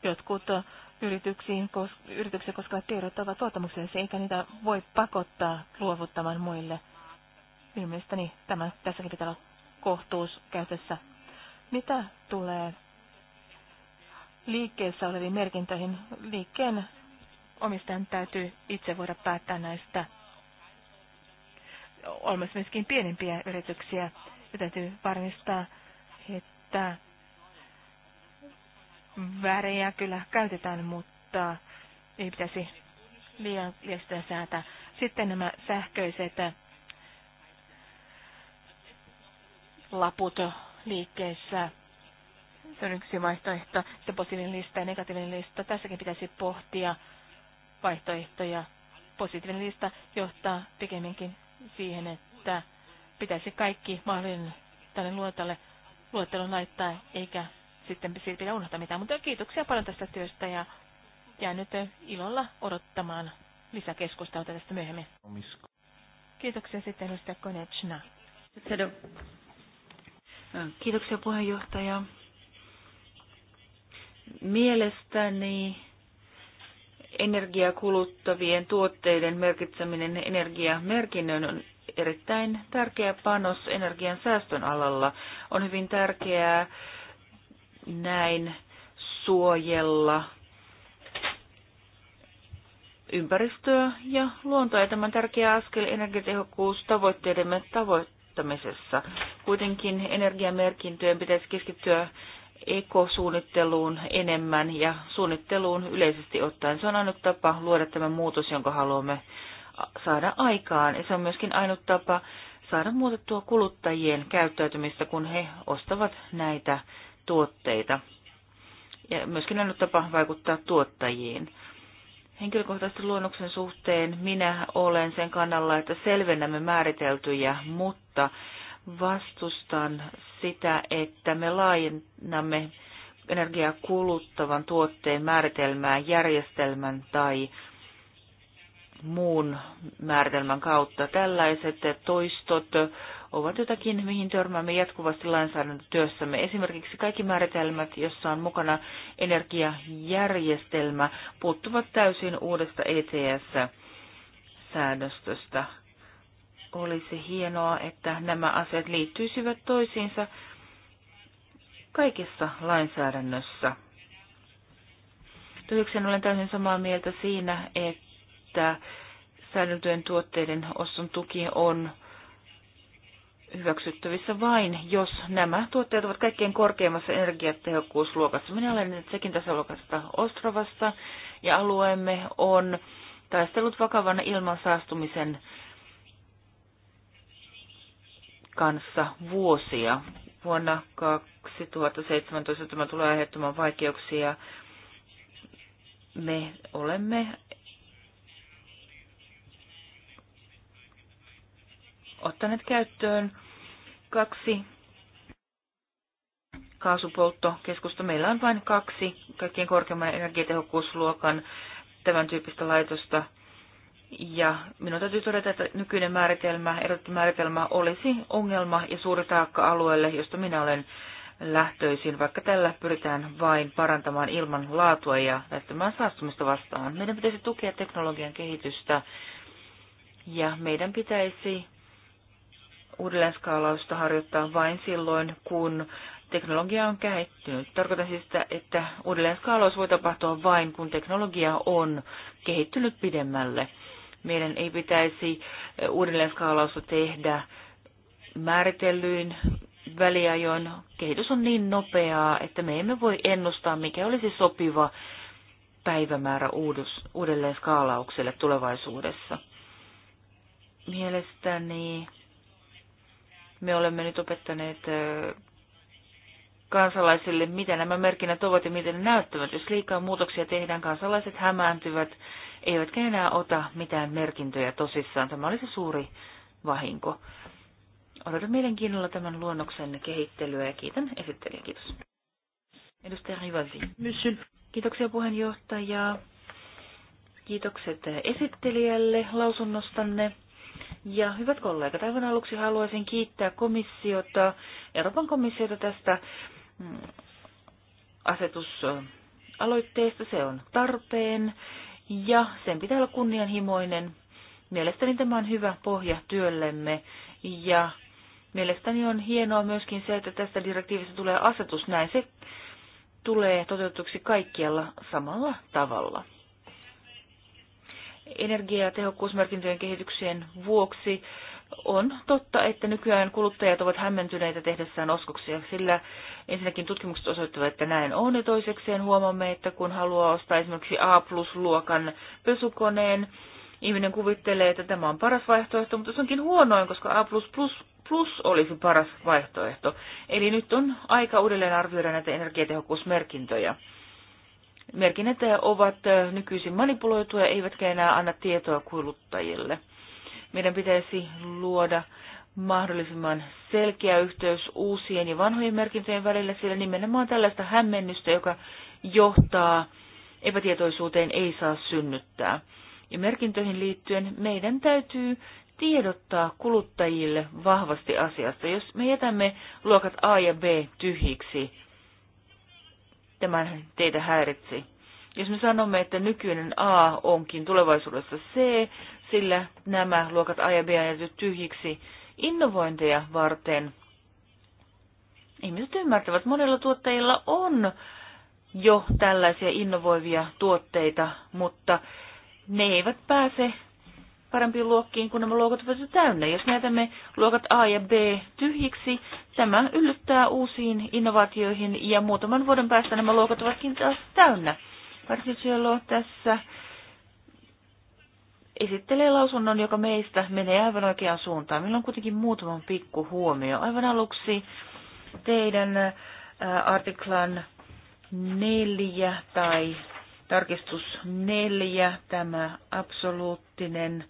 Jotkut yrityksiin, yrityksiä koskevat tiedot ovat luottamuksellisia, eikä niitä voi pakottaa luovuttamaan muille. Minun mielestäni tämä, tässäkin pitää olla kohtuus käytössä. Mitä tulee liikkeessä oleviin merkintöihin, liikkeen omistajan täytyy itse voida päättää näistä. Olemassa myöskin pienempiä yrityksiä, ja täytyy varmistaa, että värejä kyllä käytetään, mutta ei pitäisi liian liiasta säätää. Sitten nämä sähköiset äh, laput liikkeessä. Se on yksi vaihtoehto. se positiivinen lista ja negatiivinen lista. Tässäkin pitäisi pohtia vaihtoehtoja. Positiivinen lista johtaa pikemminkin siihen, että pitäisi kaikki mahdollinen tälle luotalle luettelon laittaa, eikä sitten siitä pidä unohtaa mitään. Mutta kiitoksia paljon tästä työstä ja jään nyt ilolla odottamaan lisäkeskustelua tästä myöhemmin. Kiitoksia sitten edustaja Konechna. Kiitoksia puheenjohtaja. Mielestäni energiakuluttavien kuluttavien tuotteiden merkitseminen energiamerkinnön on erittäin tärkeä panos energian säästön alalla. On hyvin tärkeää näin suojella ympäristöä ja luontoa. Ja tämä on tärkeä askel energiatehokkuustavoitteidemme tavoittamisessa. Kuitenkin energiamerkintöjen pitäisi keskittyä ekosuunnitteluun enemmän ja suunnitteluun yleisesti ottaen. Se on ainut tapa luoda tämä muutos, jonka haluamme saada aikaan. Ja se on myöskin ainut tapa saada muutettua kuluttajien käyttäytymistä, kun he ostavat näitä tuotteita. Ja myöskin on tapa vaikuttaa tuottajiin. Henkilökohtaisesti luonnoksen suhteen minä olen sen kannalla, että selvennämme määriteltyjä, mutta vastustan sitä, että me laajennamme energiaa kuluttavan tuotteen määritelmää järjestelmän tai muun määritelmän kautta. Tällaiset toistot ovat jotakin, mihin törmäämme jatkuvasti lainsäädäntötyössämme. Esimerkiksi kaikki määritelmät, jossa on mukana energiajärjestelmä, puuttuvat täysin uudesta ETS-säädöstöstä. Olisi hienoa, että nämä asiat liittyisivät toisiinsa kaikessa lainsäädännössä. Toisekseen olen täysin samaa mieltä siinä, että säädeltyjen tuotteiden oston tuki on hyväksyttävissä vain, jos nämä tuotteet ovat kaikkein korkeimmassa energiatehokkuusluokassa. Minä olen nyt sekin tasoluokasta Ostrovasta ja alueemme on taistellut vakavan ilmansaastumisen kanssa vuosia. Vuonna 2017 tämä tulee aiheuttamaan vaikeuksia. Me olemme ottaneet käyttöön kaksi kaasupolttokeskusta. Meillä on vain kaksi kaikkein korkeimman energiatehokkuusluokan tämän tyyppistä laitosta. Ja minun täytyy todeta, että nykyinen määritelmä, erotettu määritelmä olisi ongelma ja suuri taakka alueelle, josta minä olen lähtöisin, vaikka tällä pyritään vain parantamaan ilman laatua ja lähtemään saastumista vastaan. Meidän pitäisi tukea teknologian kehitystä ja meidän pitäisi uudelleenskaalausta harjoittaa vain silloin, kun teknologia on kehittynyt. Tarkoitan siis sitä, että uudelleenskaalaus voi tapahtua vain, kun teknologia on kehittynyt pidemmälle. Meidän ei pitäisi eh, uudelleenskaalausta tehdä määritellyin väliajoin. Kehitys on niin nopeaa, että me emme voi ennustaa, mikä olisi sopiva päivämäärä uudelleenskaalaukselle tulevaisuudessa. Mielestäni me olemme nyt opettaneet kansalaisille, mitä nämä merkinnät ovat ja miten ne näyttävät. Jos liikaa muutoksia tehdään, kansalaiset hämääntyvät, eivätkä enää ota mitään merkintöjä tosissaan. Tämä oli se suuri vahinko. Odotan mielenkiinnolla tämän luonnoksen kehittelyä ja kiitän esittelijä. Kiitos. Edustaja Rivaldi. Monsieur. Kiitoksia puheenjohtaja. Kiitokset esittelijälle lausunnostanne. Ja hyvät kollegat, aivan aluksi haluaisin kiittää komissiota, Euroopan komissiota tästä mm, asetusaloitteesta. Se on tarpeen ja sen pitää olla kunnianhimoinen. Mielestäni tämä on hyvä pohja työllemme ja mielestäni on hienoa myöskin se, että tästä direktiivistä tulee asetus. Näin se tulee toteutuksi kaikkialla samalla tavalla energiatehokkuusmerkintöjen kehityksien vuoksi on totta, että nykyään kuluttajat ovat hämmentyneitä tehdessään ostoksia, sillä ensinnäkin tutkimukset osoittavat, että näin on, ja toisekseen huomaamme, että kun haluaa ostaa esimerkiksi A-plus-luokan pesukoneen, ihminen kuvittelee, että tämä on paras vaihtoehto, mutta se onkin huonoin, koska A++ plus olisi paras vaihtoehto. Eli nyt on aika uudelleen arvioida näitä energiatehokkuusmerkintöjä merkinnät ovat nykyisin manipuloituja, eivätkä enää anna tietoa kuluttajille. Meidän pitäisi luoda mahdollisimman selkeä yhteys uusien ja vanhojen merkintöjen välillä, sillä nimenomaan tällaista hämmennystä, joka johtaa epätietoisuuteen, ei saa synnyttää. Ja merkintöihin liittyen meidän täytyy tiedottaa kuluttajille vahvasti asiasta. Jos me jätämme luokat A ja B tyhjiksi, tämä teitä häiritsi. Jos me sanomme, että nykyinen A onkin tulevaisuudessa C, sillä nämä luokat A ja B on jätetty tyhjiksi innovointeja varten, ihmiset ymmärtävät, monilla tuottajilla on jo tällaisia innovoivia tuotteita, mutta ne eivät pääse parempiin luokkiin, kun nämä luokat ovat täynnä. Jos näytämme luokat A ja B tyhjiksi, tämä yllyttää uusiin innovaatioihin ja muutaman vuoden päästä nämä luokat ovatkin taas täynnä. Parsiciello tässä esittelee lausunnon, joka meistä menee aivan oikeaan suuntaan. Meillä on kuitenkin muutaman pikku huomio. Aivan aluksi teidän äh, artiklan neljä tai tarkistus neljä, tämä absoluuttinen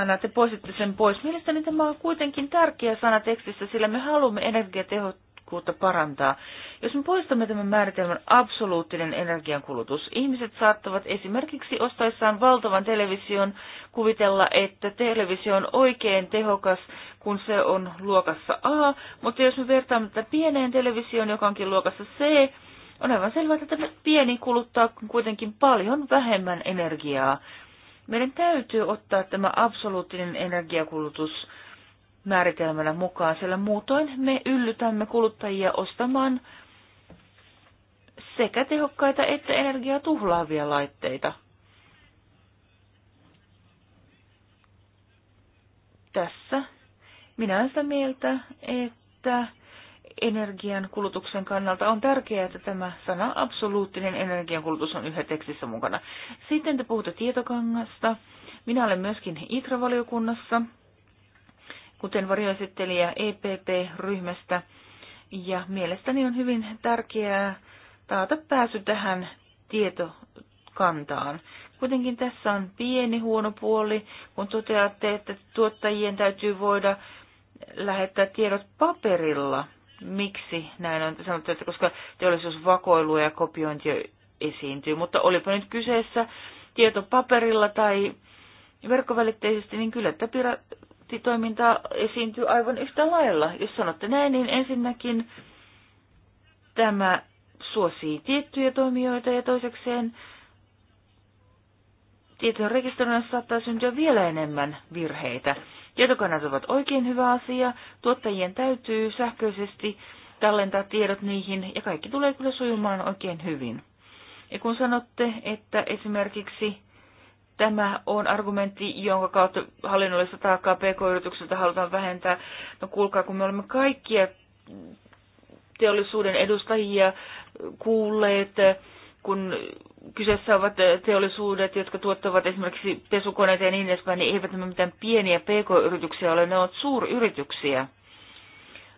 sana, te poistitte sen pois. Mielestäni tämä on kuitenkin tärkeä sana tekstissä, sillä me haluamme energiatehokkuutta parantaa. Jos me poistamme tämän määritelmän absoluuttinen energiankulutus, ihmiset saattavat esimerkiksi ostaessaan valtavan television kuvitella, että televisio on oikein tehokas, kun se on luokassa A, mutta jos me vertaamme tätä pieneen televisioon, joka onkin luokassa C, on aivan selvää, että tämä pieni kuluttaa kuitenkin paljon vähemmän energiaa meidän täytyy ottaa tämä absoluuttinen energiakulutus määritelmänä mukaan, sillä muutoin me yllytämme kuluttajia ostamaan sekä tehokkaita että energiaa tuhlaavia laitteita. Tässä minä olen sitä mieltä, että energian kulutuksen kannalta on tärkeää, että tämä sana absoluuttinen energiankulutus on yhä tekstissä mukana. Sitten te puhutte tietokangasta. Minä olen myöskin ITRA-valiokunnassa, kuten varjoesittelijä EPP-ryhmästä. Ja mielestäni on hyvin tärkeää taata pääsy tähän tietokantaan. Kuitenkin tässä on pieni huono puoli, kun toteatte, että tuottajien täytyy voida lähettää tiedot paperilla – miksi näin on sanottu, että koska teollisuusvakoilua ja kopiointia esiintyy, mutta olipa nyt kyseessä tietopaperilla tai verkkovälitteisesti, niin kyllä tämä piratitoiminta esiintyy aivan yhtä lailla. Jos sanotte näin, niin ensinnäkin tämä suosii tiettyjä toimijoita ja toisekseen tietojen rekisteröinnissä saattaa syntyä vielä enemmän virheitä. Tietokannat ovat oikein hyvä asia. Tuottajien täytyy sähköisesti tallentaa tiedot niihin ja kaikki tulee kyllä sujumaan oikein hyvin. Ja kun sanotte, että esimerkiksi tämä on argumentti, jonka kautta hallinnollista taakkaa pk-yrityksiltä halutaan vähentää, no kuulkaa, kun me olemme kaikkia teollisuuden edustajia kuulleet, kun kyseessä ovat eh, teollisuudet, jotka tuottavat esimerkiksi pesukoneita ja niin edespäin, niin eivät nämä mitään pieniä pk-yrityksiä ole, ne ovat suuryrityksiä.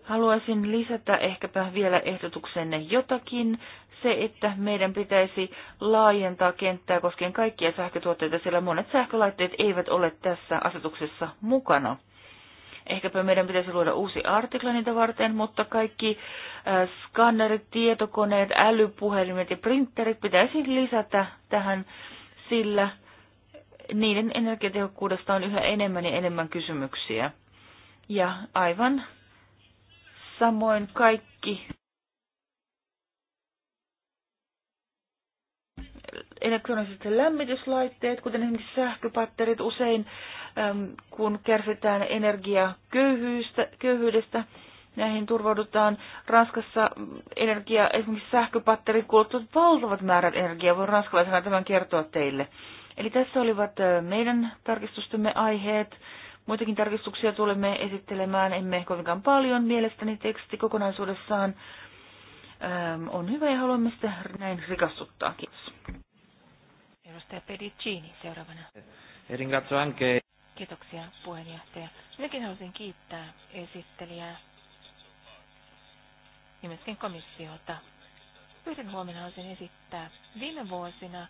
Haluaisin lisätä ehkäpä vielä ehdotuksenne jotakin. Se, että meidän pitäisi laajentaa kenttää koskien kaikkia sähkötuotteita, sillä monet sähkölaitteet eivät ole tässä asetuksessa mukana. Ehkäpä meidän pitäisi luoda uusi artikla niitä varten, mutta kaikki äh, skannerit, tietokoneet, älypuhelimet ja printerit pitäisi lisätä tähän, sillä niiden energiatehokkuudesta on yhä enemmän ja enemmän kysymyksiä. Ja aivan samoin kaikki elektroniset lämmityslaitteet, kuten esimerkiksi sähköpatterit, usein kun kärsitään energiaköyhyydestä, näihin turvaudutaan. Ranskassa energia, esimerkiksi sähköpatterit kuluttavat valtavat määrät energiaa, voin ranskalaisena tämän kertoa teille. Eli tässä olivat meidän tarkistustemme aiheet. Muitakin tarkistuksia tulemme esittelemään, emme kovinkaan paljon. Mielestäni teksti kokonaisuudessaan on hyvä ja haluamme sitä näin rikastuttaa. Kiitos. Edustaja Pedicini seuraavana. Ringrazio anche. Kiitoksia puheenjohtaja. Minäkin haluaisin kiittää esittelijää ja myöskin komissiota. Yhden huomenna haluaisin esittää. Viime vuosina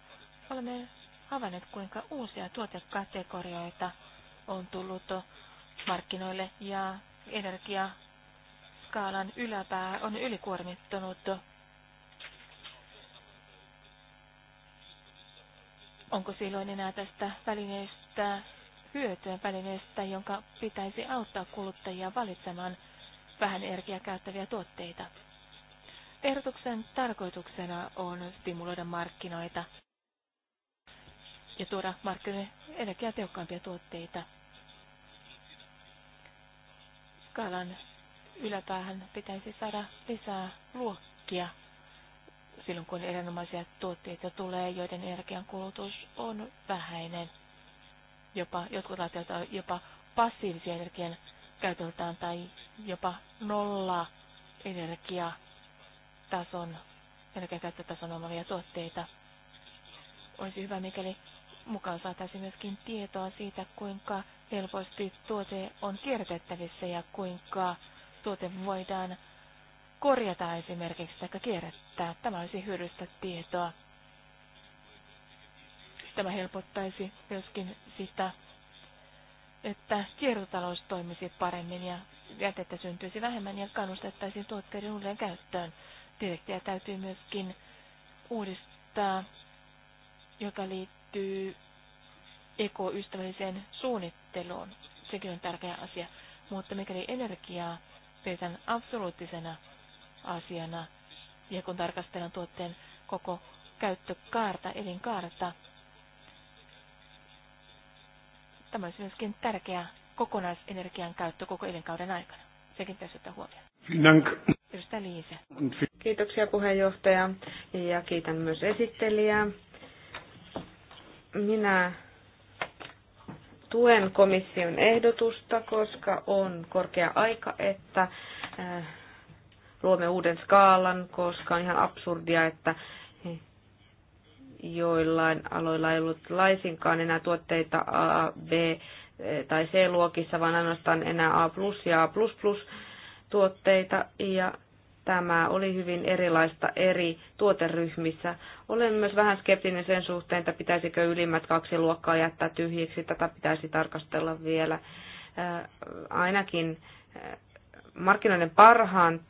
olemme havainneet, kuinka uusia tuotekategorioita on tullut markkinoille ja energia skaalan yläpää on ylikuormittunut. Onko silloin enää tästä välineestä hyötyä välineestä, jonka pitäisi auttaa kuluttajia valitsemaan vähän energiaa käyttäviä tuotteita? Ehdotuksen tarkoituksena on stimuloida markkinoita ja tuoda markkinoille energiatehokkaampia tuotteita. Skaalan yläpäähän pitäisi saada lisää luokkia silloin, kun erinomaisia tuotteita tulee, joiden energiankulutus on vähäinen. Jopa, jotkut asiat ovat jopa passiivisia energian käytöltään tai jopa nolla energiatason, energiakäyttötason omavia tuotteita. Olisi hyvä, mikäli mukaan saataisiin myöskin tietoa siitä, kuinka helposti tuote on kierrätettävissä ja kuinka tuote voidaan korjata esimerkiksi tai kierrättää. Tämä olisi hyödyllistä tietoa. Tämä helpottaisi myöskin sitä, että kiertotalous toimisi paremmin ja jätettä syntyisi vähemmän ja kannustettaisiin tuotteiden uudelleen käyttöön. Direktiä täytyy myöskin uudistaa, joka liittyy ekoystävälliseen suunnitteluun. Sekin on tärkeä asia. Mutta mikäli energiaa pidetään absoluuttisena asiana. Ja kun tarkastellaan tuotteen koko käyttökaarta, elinkaarta, tämä olisi myöskin tärkeä kokonaisenergian käyttö koko elinkauden aikana. Sekin pitäisi ottaa huomioon. Liise. Kiitoksia puheenjohtaja ja kiitän myös esittelijää. Minä tuen komission ehdotusta, koska on korkea aika, että äh, luomme uuden skaalan, koska on ihan absurdia, että joillain aloilla ei ollut laisinkaan enää tuotteita A, B äh, tai C-luokissa, vaan ainoastaan enää A+, ja A++ plus plus tuotteita, ja tämä oli hyvin erilaista eri tuoteryhmissä. Olen myös vähän skeptinen sen suhteen, että pitäisikö ylimmät kaksi luokkaa jättää tyhjiksi. Tätä pitäisi tarkastella vielä. Äh, ainakin äh, markkinoiden parhaan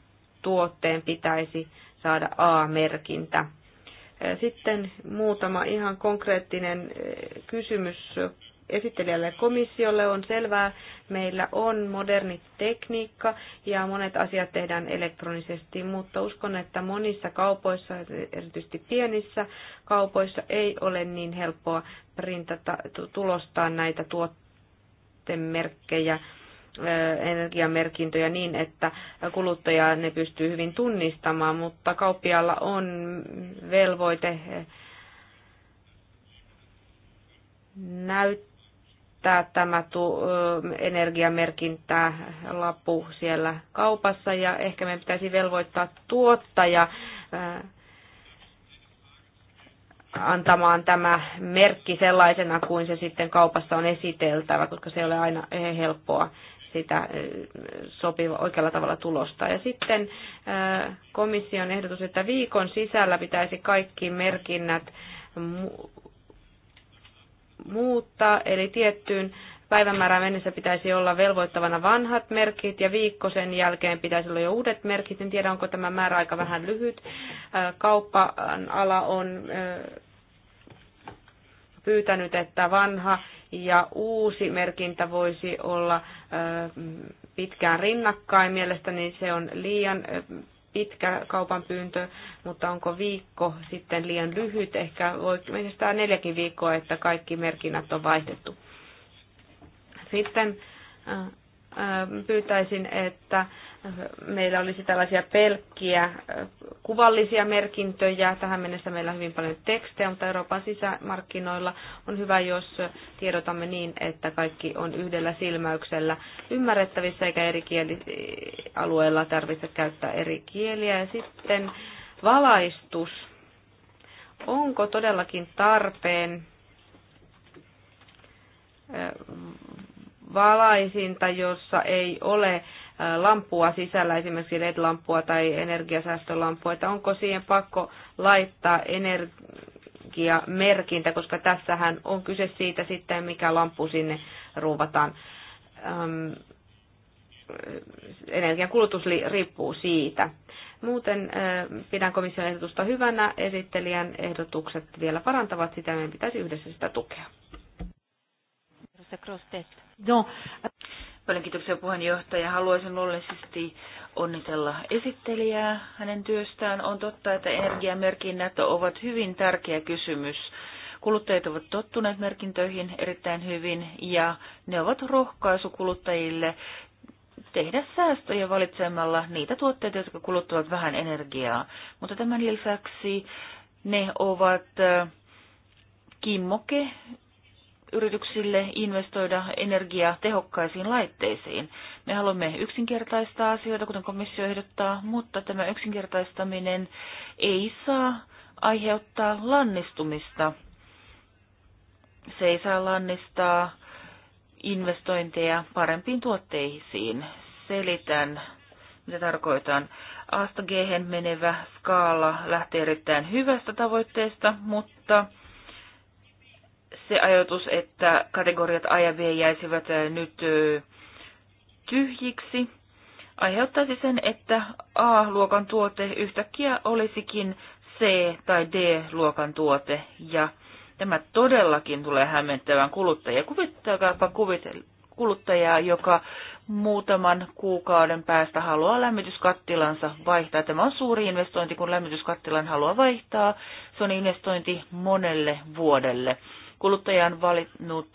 tuotteen pitäisi saada A-merkintä. Äh, sitten muutama ihan konkreettinen kysymys esittelijälle komissiolle on selvää. Meillä on moderni tekniikka ja monet asiat tehdään elektronisesti, mutta uskon, että monissa kaupoissa, erityisesti pienissä kaupoissa, ei ole niin helppoa printata, tulostaa näitä tuottemerkkejä energiamerkintöjä niin, että kuluttaja ne pystyy hyvin tunnistamaan, mutta kauppialla on velvoite näyttää täyttää tämä tu- energiamerkintä lappu siellä kaupassa ja ehkä meidän pitäisi velvoittaa tuottaja antamaan tämä merkki sellaisena kuin se sitten kaupassa on esiteltävä, koska se ei ole aina helppoa sitä sopiva, oikealla tavalla tulosta. Ja sitten komission ehdotus, että viikon sisällä pitäisi kaikki merkinnät muuttaa, eli tiettyyn päivämäärään mennessä pitäisi olla velvoittavana vanhat merkit ja viikko sen jälkeen pitäisi olla jo uudet merkit. En tiedä, onko tämä määräaika vähän lyhyt. Kauppan ala on pyytänyt, että vanha ja uusi merkintä voisi olla pitkään rinnakkain. Mielestäni se on liian pitkä kaupan pyyntö, mutta onko viikko sitten liian lyhyt? Ehkä voi mennä neljäkin viikkoa, että kaikki merkinnät on vaihdettu. Sitten äh, äh, pyytäisin, että meillä olisi tällaisia pelkkiä kuvallisia merkintöjä. Tähän mennessä meillä on hyvin paljon tekstejä, mutta Euroopan sisämarkkinoilla on hyvä, jos tiedotamme niin, että kaikki on yhdellä silmäyksellä ymmärrettävissä eikä eri kielialueilla tarvitse käyttää eri kieliä. Ja sitten valaistus. Onko todellakin tarpeen valaisinta, jossa ei ole lampua sisällä, esimerkiksi LED-lampua tai energiasäästölampua, että onko siihen pakko laittaa energiamerkintä, koska tässähän on kyse siitä sitten, mikä lampu sinne ruuvataan. Energian kulutus riippuu siitä. Muuten pidän komission ehdotusta hyvänä. Esittelijän ehdotukset vielä parantavat sitä, meidän pitäisi yhdessä sitä tukea. Paljon kiitoksia puheenjohtaja. Haluaisin luonnollisesti onnitella esittelijää hänen työstään. On totta, että energiamerkinnät ovat hyvin tärkeä kysymys. Kuluttajat ovat tottuneet merkintöihin erittäin hyvin ja ne ovat rohkaisu kuluttajille tehdä säästöjä valitsemalla niitä tuotteita, jotka kuluttavat vähän energiaa. Mutta tämän lisäksi ne ovat äh, kimmoke yrityksille investoida energiatehokkaisiin laitteisiin. Me haluamme yksinkertaistaa asioita, kuten komissio ehdottaa, mutta tämä yksinkertaistaminen ei saa aiheuttaa lannistumista. Se ei saa lannistaa investointeja parempiin tuotteisiin. Selitän, mitä tarkoitan. Asta g menevä skaala lähtee erittäin hyvästä tavoitteesta, mutta se ajatus, että kategoriat A ja B jäisivät nyt tyhjiksi, aiheuttaisi sen, että A-luokan tuote yhtäkkiä olisikin C- tai D-luokan tuote, ja tämä todellakin tulee hämmentävän kuluttajia. Kuvittakaapa kuluttajaa, joka muutaman kuukauden päästä haluaa lämmityskattilansa vaihtaa. Tämä on suuri investointi, kun lämmityskattilan haluaa vaihtaa. Se on investointi monelle vuodelle kuluttaja on valinnut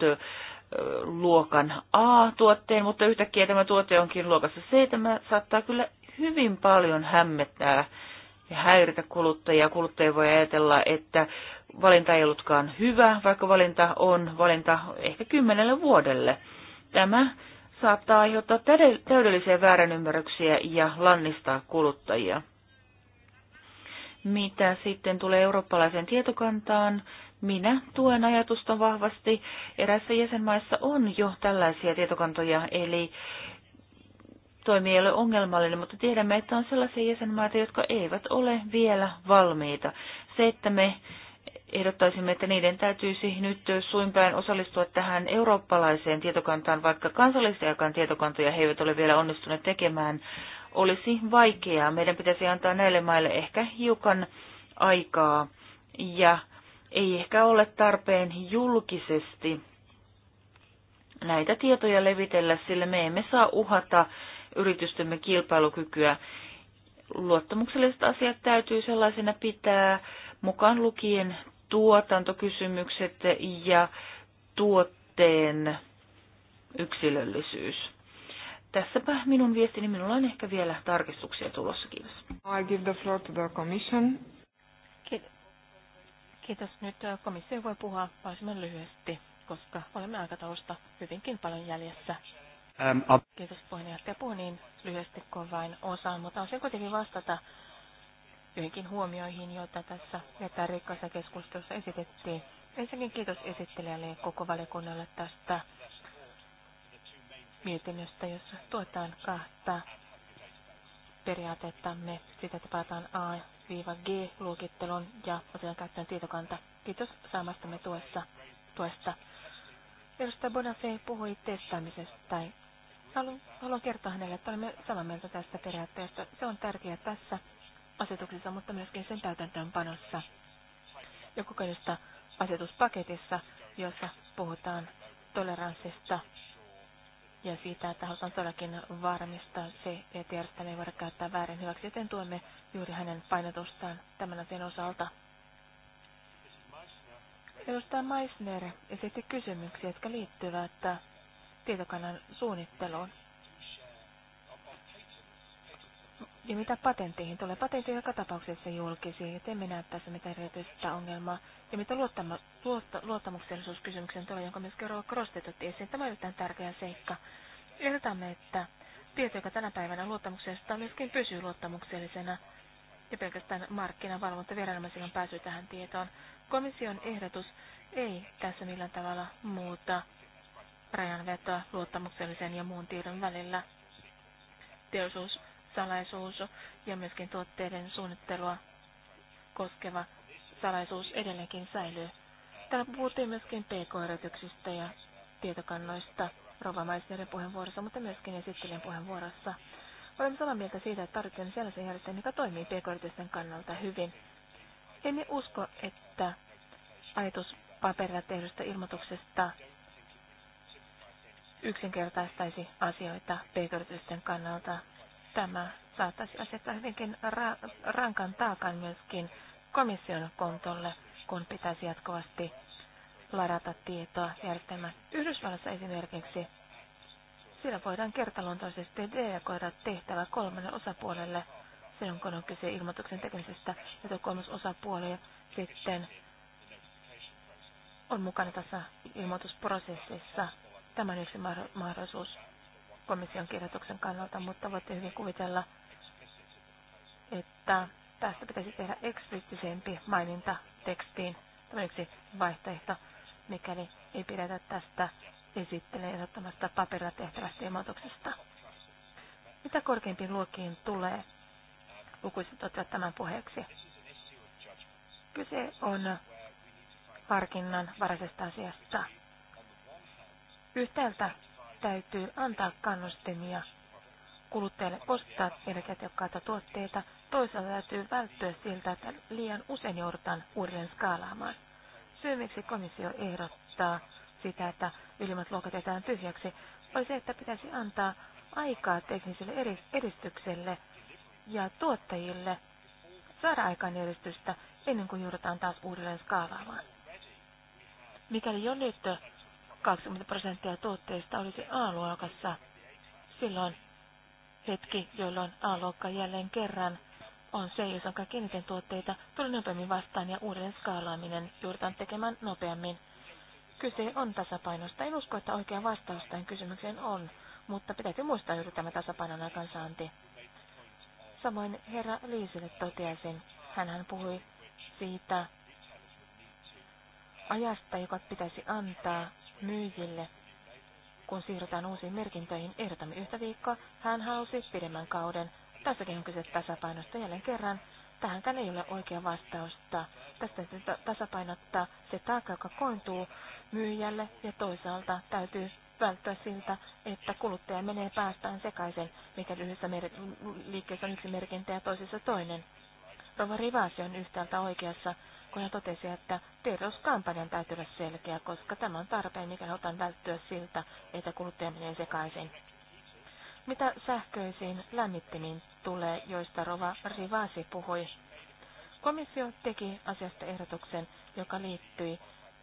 luokan A-tuotteen, mutta yhtäkkiä tämä tuote onkin luokassa C. Tämä saattaa kyllä hyvin paljon hämmettää ja häiritä kuluttajia. Kuluttaja voi ajatella, että valinta ei ollutkaan hyvä, vaikka valinta on valinta ehkä kymmenelle vuodelle. Tämä saattaa aiheuttaa täydellisiä vääränymmärryksiä ja lannistaa kuluttajia. Mitä sitten tulee eurooppalaiseen tietokantaan, minä tuen ajatusta vahvasti. erässä jäsenmaissa on jo tällaisia tietokantoja, eli toimi ei ole ongelmallinen, mutta tiedämme, että on sellaisia jäsenmaita, jotka eivät ole vielä valmiita. Se, että me ehdottaisimme, että niiden täytyisi nyt suinpäin osallistua tähän eurooppalaiseen tietokantaan, vaikka kansallisiakaan tietokantoja he eivät ole vielä onnistuneet tekemään, olisi vaikeaa. Meidän pitäisi antaa näille maille ehkä hiukan aikaa ja ei ehkä ole tarpeen julkisesti näitä tietoja levitellä, sillä me emme saa uhata yritystemme kilpailukykyä. Luottamukselliset asiat täytyy sellaisena pitää, mukaan lukien tuotantokysymykset ja tuotteen yksilöllisyys. Tässäpä minun viestini. Minulla on ehkä vielä tarkistuksia tulossa. Kiitos. I give the floor to the commission. Kiitos. Nyt komissio voi puhua mahdollisimman lyhyesti, koska olemme aikataulusta hyvinkin paljon jäljessä. Ähm, a- Kiitos puheenjohtaja. Puhun niin lyhyesti kuin vain osaan, mutta osin kuitenkin vastata joihinkin huomioihin, joita tässä vetää rikkaassa keskustelussa esitettiin. Ensinnäkin kiitos esittelijälle ja koko valiokunnalle tästä mietinnöstä, jossa tuetaan kahta periaatettamme sitä, että palataan A-G-luokitteluun ja otetaan käyttöön tietokanta. Kiitos saamastamme tuessa, tuesta. Edustaja Bonafé puhui testaamisesta. Haluan, haluan kertoa hänelle, että olemme samaa mieltä tästä periaatteesta. Se on tärkeää tässä asetuksessa, mutta myöskin sen täytäntöönpanossa ja kokonaisesta asetuspaketissa, jossa puhutaan toleranssista ja siitä, että halutaan todellakin varmistaa se, että järjestelmä ei voida käyttää väärin hyväksi, joten tuemme juuri hänen painotustaan tämän asian osalta. Edustaja Meissner esitti kysymyksiä, jotka liittyvät tietokannan suunnitteluun. Ja mitä patenteihin tulee? Patentti on joka tapauksessa julkisia, ja emme näe tässä mitään erityistä ongelmaa. Ja mitä luottama, luotta, luottamuksellisuuskysymyksen tulee, jonka myös kerralla krostetutti esiin, tämä on erittäin tärkeä seikka. Ehdotamme, että tieto, joka tänä päivänä luottamuksellisesta myöskin pysyy luottamuksellisena, ja pelkästään viranomaisilla on päässyt tähän tietoon. Komission ehdotus ei tässä millään tavalla muuta rajanvetoa luottamuksellisen ja muun tiedon välillä. Teollisuus salaisuus ja myöskin tuotteiden suunnittelua koskeva salaisuus edelleenkin säilyy. Täällä puhuttiin myöskin pk-yrityksistä ja tietokannoista Rovamaisterin puheenvuorossa, mutta myöskin esittelijän puheenvuorossa. Olemme samaa mieltä siitä, että tarvitsemme sellaisen järjestelmän, joka toimii pk kannalta hyvin. Emme usko, että ajatus paperilla tehdystä ilmoituksesta yksinkertaistaisi asioita pk kannalta. Tämä saattaisi asettaa hyvinkin ra- rankan taakan myöskin komission kontolle, kun pitäisi jatkuvasti ladata tietoa järjestelmään. Yhdysvallassa esimerkiksi sillä voidaan kertaluontoisesti delegoida tehtävä kolmannelle osapuolelle silloin, kun on kyse ilmoituksen tekemisestä, että kolmas osapuoli sitten on mukana tässä ilmoitusprosessissa. Tämä on yksi mahdollisuus komission kirjoituksen kannalta, mutta voitte hyvin kuvitella, että tästä pitäisi tehdä eksplisiittisempi maininta tekstiin. Tämä on yksi vaihtoehto, mikäli ei pidetä tästä esittelen ehdottomasta paperilla tehtävästä ilmoituksesta. Mitä korkeimpiin luokkiin tulee, lukuiset ottavat tämän puheeksi. Kyse on harkinnan varaisesta asiasta. Yhtäältä täytyy antaa kannustimia kuluttajalle ostaa elinkäteokkaita tuotteita. Toisaalta täytyy välttyä siltä, että liian usein joudutaan uudelleen skaalaamaan. Syy, miksi komissio ehdottaa sitä, että ylimmät luokat jätetään tyhjäksi, oli se, että pitäisi antaa aikaa tekniselle edistykselle ja tuottajille saada aikaan edistystä ennen kuin joudutaan taas uudelleen skaalaamaan. Mikäli jo nyt 20 prosenttia tuotteista olisi A-luokassa. Silloin hetki, jolloin A-luokka jälleen kerran on se, jos on kaikki eniten tuotteita, tuli nopeammin vastaan ja uudelleen skaalaaminen joudutaan tekemään nopeammin. Kyse on tasapainosta. En usko, että oikea vastaus tähän kysymykseen on, mutta pitäisi muistaa juuri tämä tasapainon aikaansaanti. Samoin herra Liisille toteaisin, hän puhui siitä ajasta, joka pitäisi antaa myyjille. Kun siirrytään uusiin merkintöihin, ehdotamme yhtä viikkoa. Hän hausi pidemmän kauden. Tässäkin on kyse tasapainosta jälleen kerran. Tähänkään ei ole oikea vastausta. Tästä tasapainottaa se taakka, joka kointuu myyjälle ja toisaalta täytyy välttää siltä, että kuluttaja menee päästään sekaisin, mikä yhdessä mer- liikkeessä on yksi merkintä ja toisessa toinen. Rova Rivasi on yhtäältä oikeassa kun ja totesi, että terveyskampanjan täytyy olla selkeä, koska tämä on tarpeen, mikä halutaan välttyä siltä, että kuluttaja menee sekaisin. Mitä sähköisiin lämmittimiin tulee, joista Rova Rivasi puhui? Komissio teki asiasta ehdotuksen, joka liittyi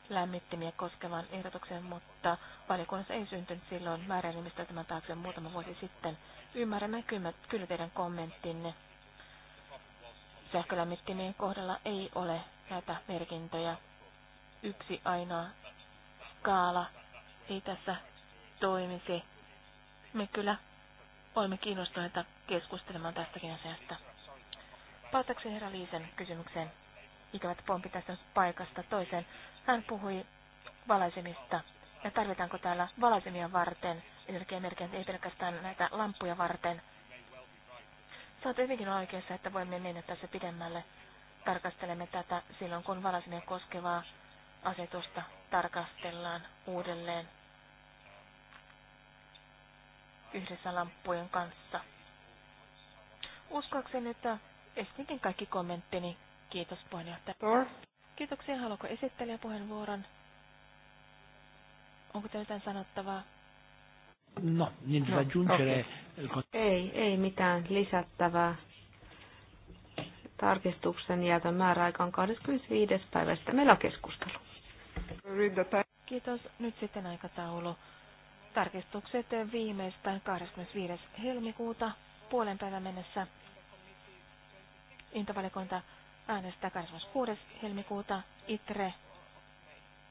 lämmittimiä koskevaan ehdotukseen, mutta valiokunnassa ei syntynyt silloin määräenemmistö tämän taakse muutama vuosi sitten. Ymmärrämme kyllä teidän kommenttinne. Sähkölämmittimien kohdalla ei ole näitä merkintöjä. Yksi ainoa skaala ei tässä toimisi. Me kyllä olemme kiinnostuneita keskustelemaan tästäkin asiasta. Päätäkseni herra Liisen kysymykseen. Ikävät pompi tästä paikasta toiseen. Hän puhui valaisemista ja tarvitaanko täällä valaisemia varten energiamerkintää, ei pelkästään näitä lampuja varten. Sä oot hyvinkin oikeassa, että voimme mennä tässä pidemmälle tarkastelemme tätä silloin, kun valasimia koskevaa asetusta tarkastellaan uudelleen yhdessä lamppujen kanssa. Uskoakseni, että äh, esitinkin kaikki kommenttini. Kiitos puheenjohtaja. Kiitoksia. Haluatko esittelijä puheenvuoron? Onko teillä jotain sanottavaa? No, niin no, okay. Ei, ei mitään lisättävää Tarkistuksen jätön määräaika on 25. päivä. Sitten meillä on keskustelu. Kiitos. Nyt sitten aikataulu. Tarkistukset viimeistään 25. helmikuuta puolen päivän mennessä. Intavalikunta äänestää 26. helmikuuta, ITRE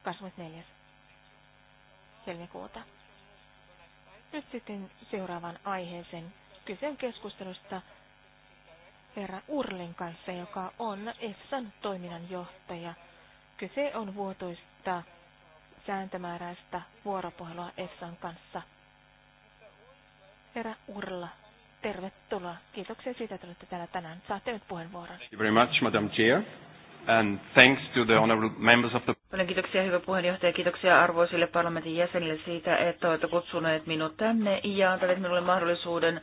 24. helmikuuta. Nyt sitten seuraavan aiheeseen. Kyse on keskustelusta herra Urlin kanssa, joka on EFSAn toiminnanjohtaja. Kyse on vuotoista sääntömääräistä vuoropuhelua EFSAn kanssa. Herra Urla, tervetuloa. Kiitoksia siitä, että olette täällä tänään. Saatte nyt puheenvuoron. Thank you very much, Madam Chair. And thanks to the honorable members of the... Paljon kiitoksia hyvä puheenjohtaja, kiitoksia arvoisille parlamentin jäsenille siitä, että olette kutsuneet minut tänne ja antaneet minulle mahdollisuuden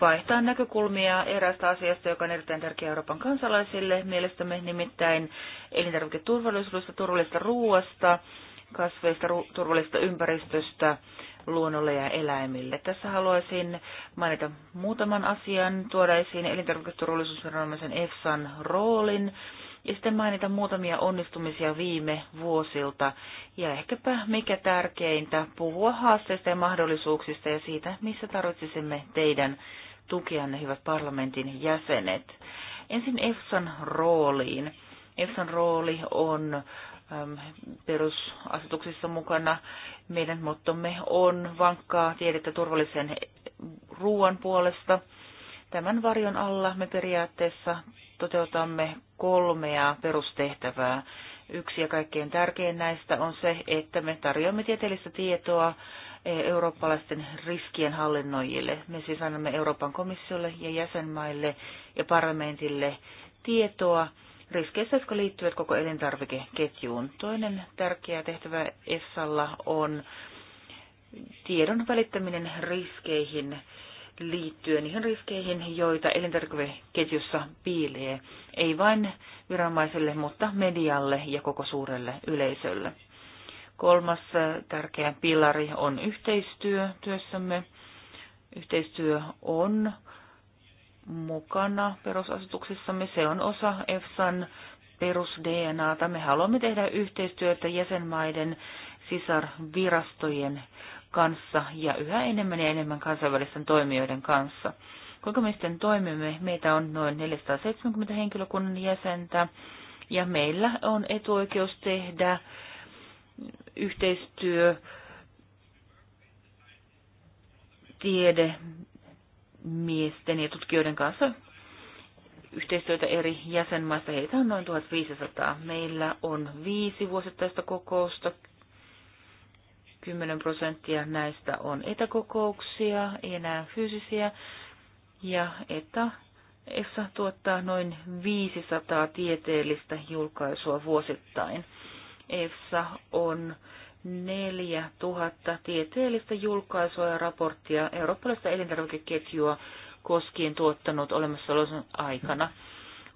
vaihtaa näkökulmia eräästä asiasta, joka on erittäin tärkeä Euroopan kansalaisille. Mielestämme nimittäin elintarviketurvallisuudesta, turvallisesta ruoasta, kasveista, ru- turvallisesta ympäristöstä, luonnolle ja eläimille. Tässä haluaisin mainita muutaman asian, tuoda esiin elintarviketurvallisuusviranomaisen EFSAn roolin ja sitten mainita muutamia onnistumisia viime vuosilta ja ehkäpä mikä tärkeintä puhua haasteista ja mahdollisuuksista ja siitä, missä tarvitsisimme teidän tukianne, hyvät parlamentin jäsenet. Ensin EFSAn rooliin. EFSAn rooli on perusasetuksissa mukana. Meidän mottomme on vankkaa tiedettä turvallisen ruoan puolesta. Tämän varjon alla me periaatteessa toteutamme kolmea perustehtävää. Yksi ja kaikkein tärkein näistä on se, että me tarjoamme tieteellistä tietoa eh, eurooppalaisten riskien hallinnoijille. Me siis annamme Euroopan komissiolle ja jäsenmaille ja parlamentille tietoa riskeistä, jotka liittyvät koko elintarvikeketjuun. Toinen tärkeä tehtävä Essalla on tiedon välittäminen riskeihin liittyen niihin riskeihin, joita elintarvikeketjussa piilee, ei vain viranomaiselle, mutta medialle ja koko suurelle yleisölle. Kolmas äh, tärkeä pilari on yhteistyö työssämme. Yhteistyö on mukana perusasetuksessamme. Se on osa EFSAn perus-DNAta. Me haluamme tehdä yhteistyötä jäsenmaiden sisarvirastojen kanssa ja yhä enemmän ja enemmän kansainvälisten toimijoiden kanssa. Kuinka me sitten toimimme? Meitä on noin 470 henkilökunnan jäsentä ja meillä on etuoikeus tehdä yhteistyö miesten ja tutkijoiden kanssa yhteistyötä eri jäsenmaista. Heitä on noin 1500. Meillä on viisi vuosittaista kokousta 10 prosenttia näistä on etäkokouksia, ei enää fyysisiä, ja että EFSA tuottaa noin 500 tieteellistä julkaisua vuosittain. EFSA on 4000 tieteellistä julkaisua ja raporttia eurooppalaista elintarvikeketjua koskien tuottanut olemassaolonsa aikana.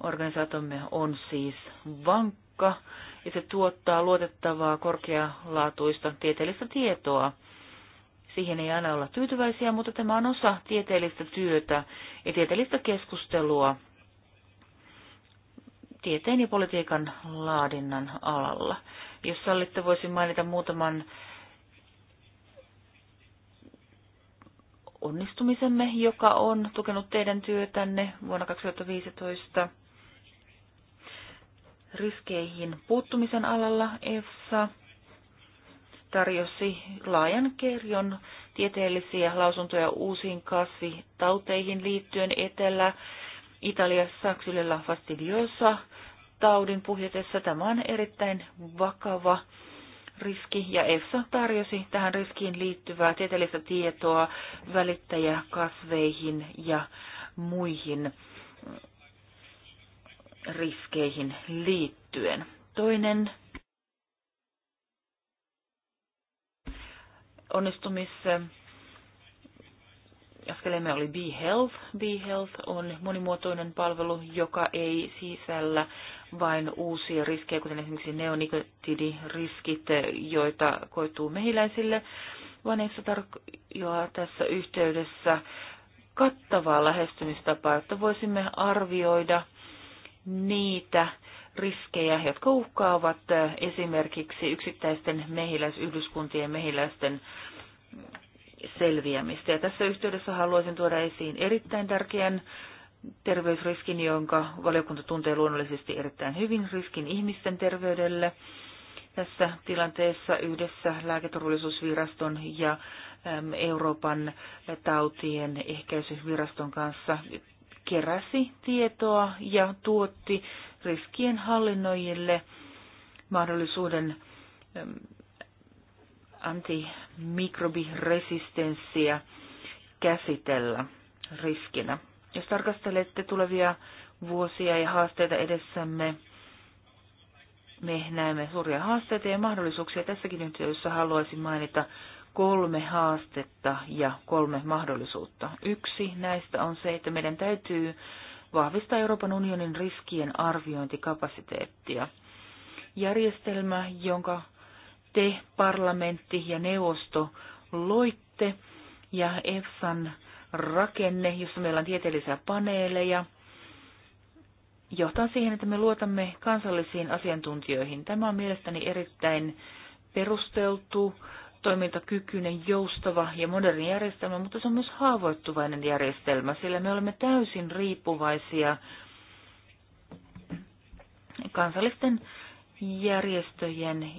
Organisaatomme on siis vankka ja se tuottaa luotettavaa, korkealaatuista tieteellistä tietoa. Siihen ei aina olla tyytyväisiä, mutta tämä on osa tieteellistä työtä ja tieteellistä keskustelua tieteen ja politiikan laadinnan alalla. Jos sallitte, voisin mainita muutaman onnistumisemme, joka on tukenut teidän työtänne vuonna 2015 riskeihin puuttumisen alalla EFSA tarjosi laajan kerjon tieteellisiä lausuntoja uusiin kasvitauteihin liittyen Etelä, Italiassa Xylella fastidiosa taudin puhjetessa. Tämä on erittäin vakava riski ja EFSA tarjosi tähän riskiin liittyvää tieteellistä tietoa välittäjäkasveihin ja muihin riskeihin liittyen. Toinen onnistumis askelemme oli Be health on monimuotoinen palvelu, joka ei sisällä vain uusia riskejä, kuten esimerkiksi neonikotiidiriskit, joita koituu mehiläisille, vaan se tarjoaa tässä yhteydessä kattavaa lähestymistapaa, että voisimme arvioida niitä riskejä, jotka uhkaavat esimerkiksi yksittäisten mehiläisyhdyskuntien mehiläisten selviämistä. Ja tässä yhteydessä haluaisin tuoda esiin erittäin tärkeän terveysriskin, jonka valiokunta tuntee luonnollisesti erittäin hyvin, riskin ihmisten terveydelle. Tässä tilanteessa yhdessä lääketurvallisuusviraston ja Euroopan tautien ehkäisyviraston kanssa keräsi tietoa ja tuotti riskien hallinnoijille mahdollisuuden antimikrobiresistenssiä käsitellä riskinä. Jos tarkastelette tulevia vuosia ja haasteita edessämme, me näemme suuria haasteita ja mahdollisuuksia tässäkin yhteydessä haluaisin mainita kolme haastetta ja kolme mahdollisuutta. Yksi näistä on se, että meidän täytyy vahvistaa Euroopan unionin riskien arviointikapasiteettia. Järjestelmä, jonka te, parlamentti ja neuvosto loitte, ja EFSAn rakenne, jossa meillä on tieteellisiä paneeleja, johtaa siihen, että me luotamme kansallisiin asiantuntijoihin. Tämä on mielestäni erittäin perusteltu toimintakykyinen, joustava ja moderni järjestelmä, mutta se on myös haavoittuvainen järjestelmä, sillä me olemme täysin riippuvaisia kansallisten järjestöjen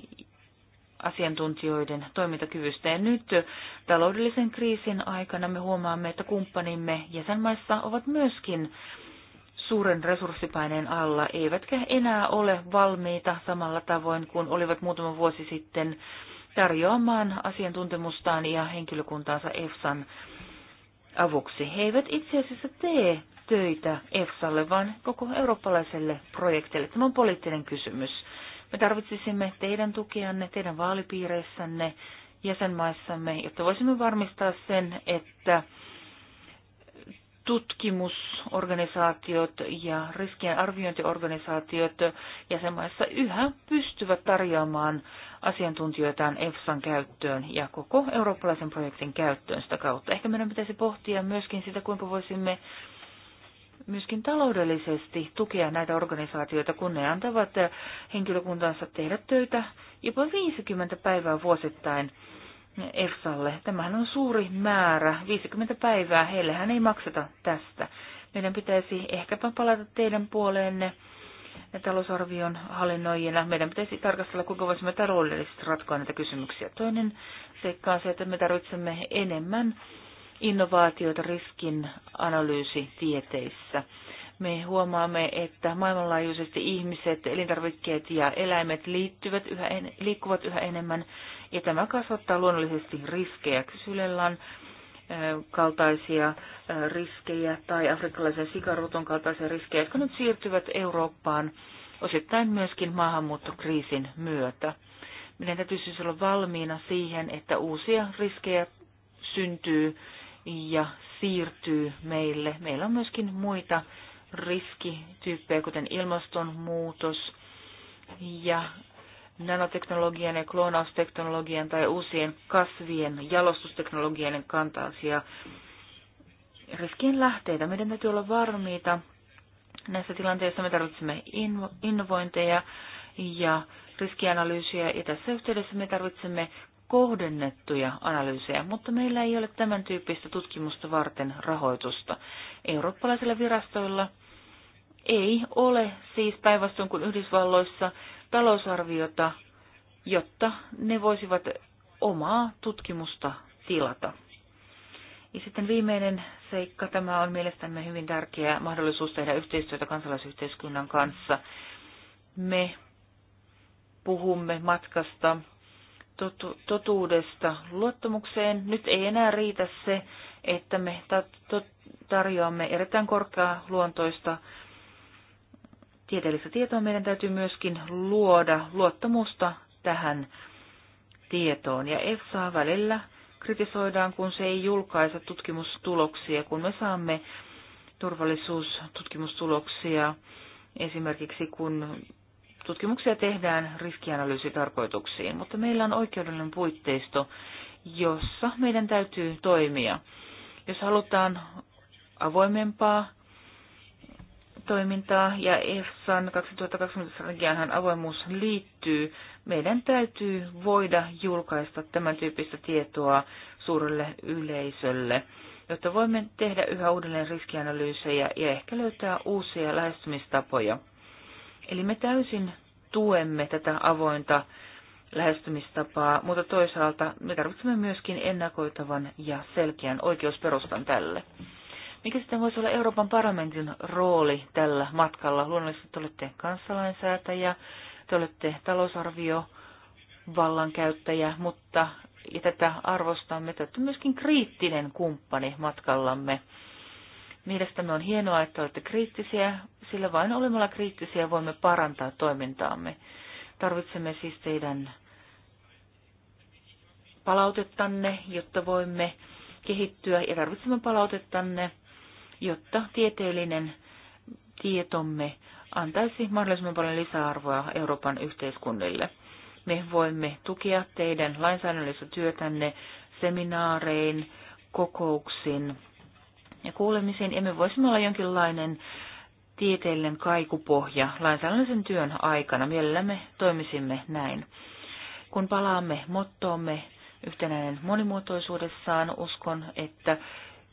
asiantuntijoiden toimintakyvystä. Ja nyt taloudellisen kriisin aikana me huomaamme, että kumppanimme jäsenmaissa ovat myöskin suuren resurssipaineen alla, eivätkä enää ole valmiita samalla tavoin kuin olivat muutama vuosi sitten tarjoamaan asiantuntemustaan ja henkilökuntaansa EFSAn avuksi. He eivät itse asiassa tee töitä EFSAlle, vaan koko eurooppalaiselle projektille. Tämä on poliittinen kysymys. Me tarvitsisimme teidän tukianne, teidän vaalipiireissänne, jäsenmaissamme, jotta voisimme varmistaa sen, että tutkimusorganisaatiot ja riskien arviointiorganisaatiot jäsenmaissa yhä pystyvät tarjoamaan asiantuntijoitaan EFSAn käyttöön ja koko eurooppalaisen projektin käyttöön sitä kautta. Ehkä meidän pitäisi pohtia myöskin sitä, kuinka voisimme myöskin taloudellisesti tukea näitä organisaatioita, kun ne antavat henkilökuntansa tehdä töitä jopa 50 päivää vuosittain EFSAlle. Tämähän on suuri määrä, 50 päivää, heillehän ei makseta tästä. Meidän pitäisi ehkäpä palata teidän puoleenne talousarvion hallinnoijina. Meidän pitäisi tarkastella, kuinka voisimme taloudellisesti ratkoa näitä kysymyksiä. Toinen seikka on se, että me tarvitsemme enemmän innovaatioita riskin analyysitieteissä. Me huomaamme, että maailmanlaajuisesti ihmiset, elintarvikkeet ja eläimet liittyvät yhä en, liikkuvat yhä enemmän ja tämä kasvattaa luonnollisesti riskejä. Kysylellan kaltaisia riskejä tai afrikkalaisen sikaruton kaltaisia riskejä, jotka nyt siirtyvät Eurooppaan osittain myöskin maahanmuuttokriisin myötä. Meidän täytyy siis olla valmiina siihen, että uusia riskejä syntyy ja siirtyy meille. Meillä on myöskin muita riskityyppejä, kuten ilmastonmuutos ja nanoteknologian ja kloonausteknologian tai uusien kasvien jalostusteknologian kantaisia riskien lähteitä. Meidän täytyy olla varmiita. Näissä tilanteissa me tarvitsemme innovointeja ja riskianalyysiä ja tässä yhteydessä me tarvitsemme kohdennettuja analyysejä, mutta meillä ei ole tämän tyyppistä tutkimusta varten rahoitusta. Eurooppalaisilla virastoilla ei ole siis päinvastoin kuin Yhdysvalloissa talousarviota, jotta ne voisivat omaa tutkimusta tilata. Ja sitten viimeinen seikka, tämä on mielestämme hyvin tärkeä mahdollisuus tehdä yhteistyötä kansalaisyhteiskunnan kanssa. Me puhumme matkasta totu- totuudesta luottamukseen. Nyt ei enää riitä se, että me ta- to- tarjoamme erittäin korkeaa luontoista tieteellistä tietoa, meidän täytyy myöskin luoda luottamusta tähän tietoon. Ja EFSAa välillä kritisoidaan, kun se ei julkaise tutkimustuloksia, kun me saamme turvallisuustutkimustuloksia, esimerkiksi kun tutkimuksia tehdään riskianalyysitarkoituksiin, mutta meillä on oikeudellinen puitteisto, jossa meidän täytyy toimia. Jos halutaan avoimempaa toimintaa ja EFSAn 2020 strategiaanhan avoimuus liittyy. Meidän täytyy voida julkaista tämän tyyppistä tietoa suurelle yleisölle, jotta voimme tehdä yhä uudelleen riskianalyysejä ja ehkä löytää uusia lähestymistapoja. Eli me täysin tuemme tätä avointa lähestymistapaa, mutta toisaalta me tarvitsemme myöskin ennakoitavan ja selkeän oikeusperustan tälle. Mikä sitten voisi olla Euroopan parlamentin rooli tällä matkalla? Luonnollisesti te olette kansalainsäätäjä, te olette talousarvio, vallankäyttäjä, mutta ja tätä arvostamme, te olette myöskin kriittinen kumppani matkallamme. Mielestämme on hienoa, että olette kriittisiä, sillä vain olemalla kriittisiä voimme parantaa toimintaamme. Tarvitsemme siis teidän palautettanne, jotta voimme kehittyä ja tarvitsemme palautettanne jotta tieteellinen tietomme antaisi mahdollisimman paljon lisäarvoa Euroopan yhteiskunnille. Me voimme tukea teidän lainsäädännöllistä työtänne seminaarein, kokouksin ja kuulemisiin, ja me voisimme olla jonkinlainen tieteellinen kaikupohja lainsäädännöllisen työn aikana. Mielellämme toimisimme näin. Kun palaamme mottoomme yhtenäinen monimuotoisuudessaan, uskon, että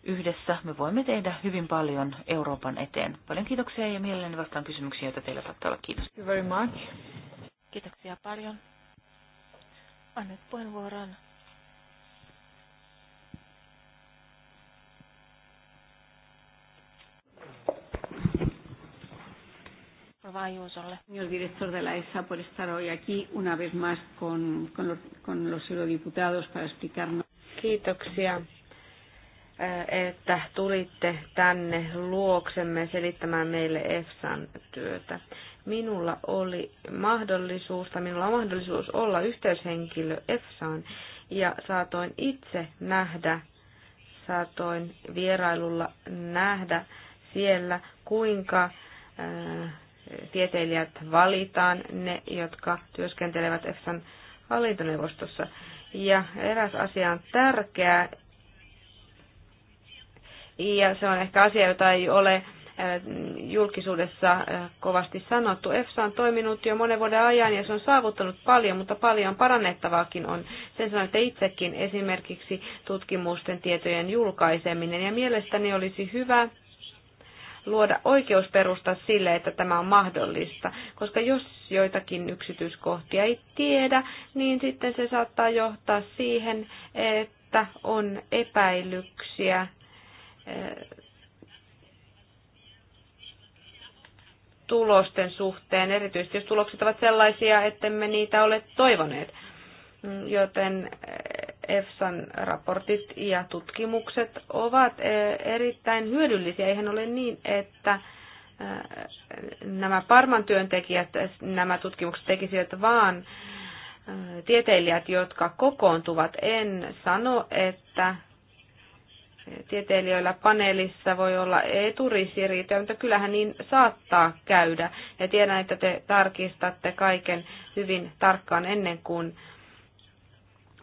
yhdessä me voimme tehdä hyvin paljon Euroopan eteen. Paljon kiitoksia ja mielelläni vastaan kysymyksiä, joita teillä saattaa olla. Kiitos. Thank you very much. Kiitoksia paljon. Annet puheenvuoron Señor director de la ESA, por estar hoy aquí una vez más con, con, los, con los eurodiputados para explicarnos. Kiitoksia että tulitte tänne luoksemme selittämään meille EFSAn työtä. Minulla oli mahdollisuus, tai minulla on mahdollisuus olla yhteyshenkilö EFSAan, ja saatoin itse nähdä, saatoin vierailulla nähdä siellä, kuinka äh, tieteilijät valitaan, ne, jotka työskentelevät EFSAn hallintoneuvostossa. Ja eräs asia on tärkeää, ja se on ehkä asia, jota ei ole äh, julkisuudessa äh, kovasti sanottu. EFSA on toiminut jo monen vuoden ajan ja se on saavuttanut paljon, mutta paljon parannettavaakin on. Sen että itsekin esimerkiksi tutkimusten tietojen julkaiseminen ja mielestäni olisi hyvä luoda oikeusperusta sille, että tämä on mahdollista, koska jos joitakin yksityiskohtia ei tiedä, niin sitten se saattaa johtaa siihen, että on epäilyksiä tulosten suhteen, erityisesti jos tulokset ovat sellaisia, että me niitä ole toivoneet. Joten eh, EFSAn raportit ja tutkimukset ovat eh, erittäin hyödyllisiä. Eihän ole niin, että eh, nämä Parman työntekijät nämä tutkimukset tekisivät, vaan tieteilijät, jotka kokoontuvat. En sano, että tieteilijöillä paneelissa voi olla eturisiriitoja, mutta kyllähän niin saattaa käydä. Ja tiedän, että te tarkistatte kaiken hyvin tarkkaan ennen kuin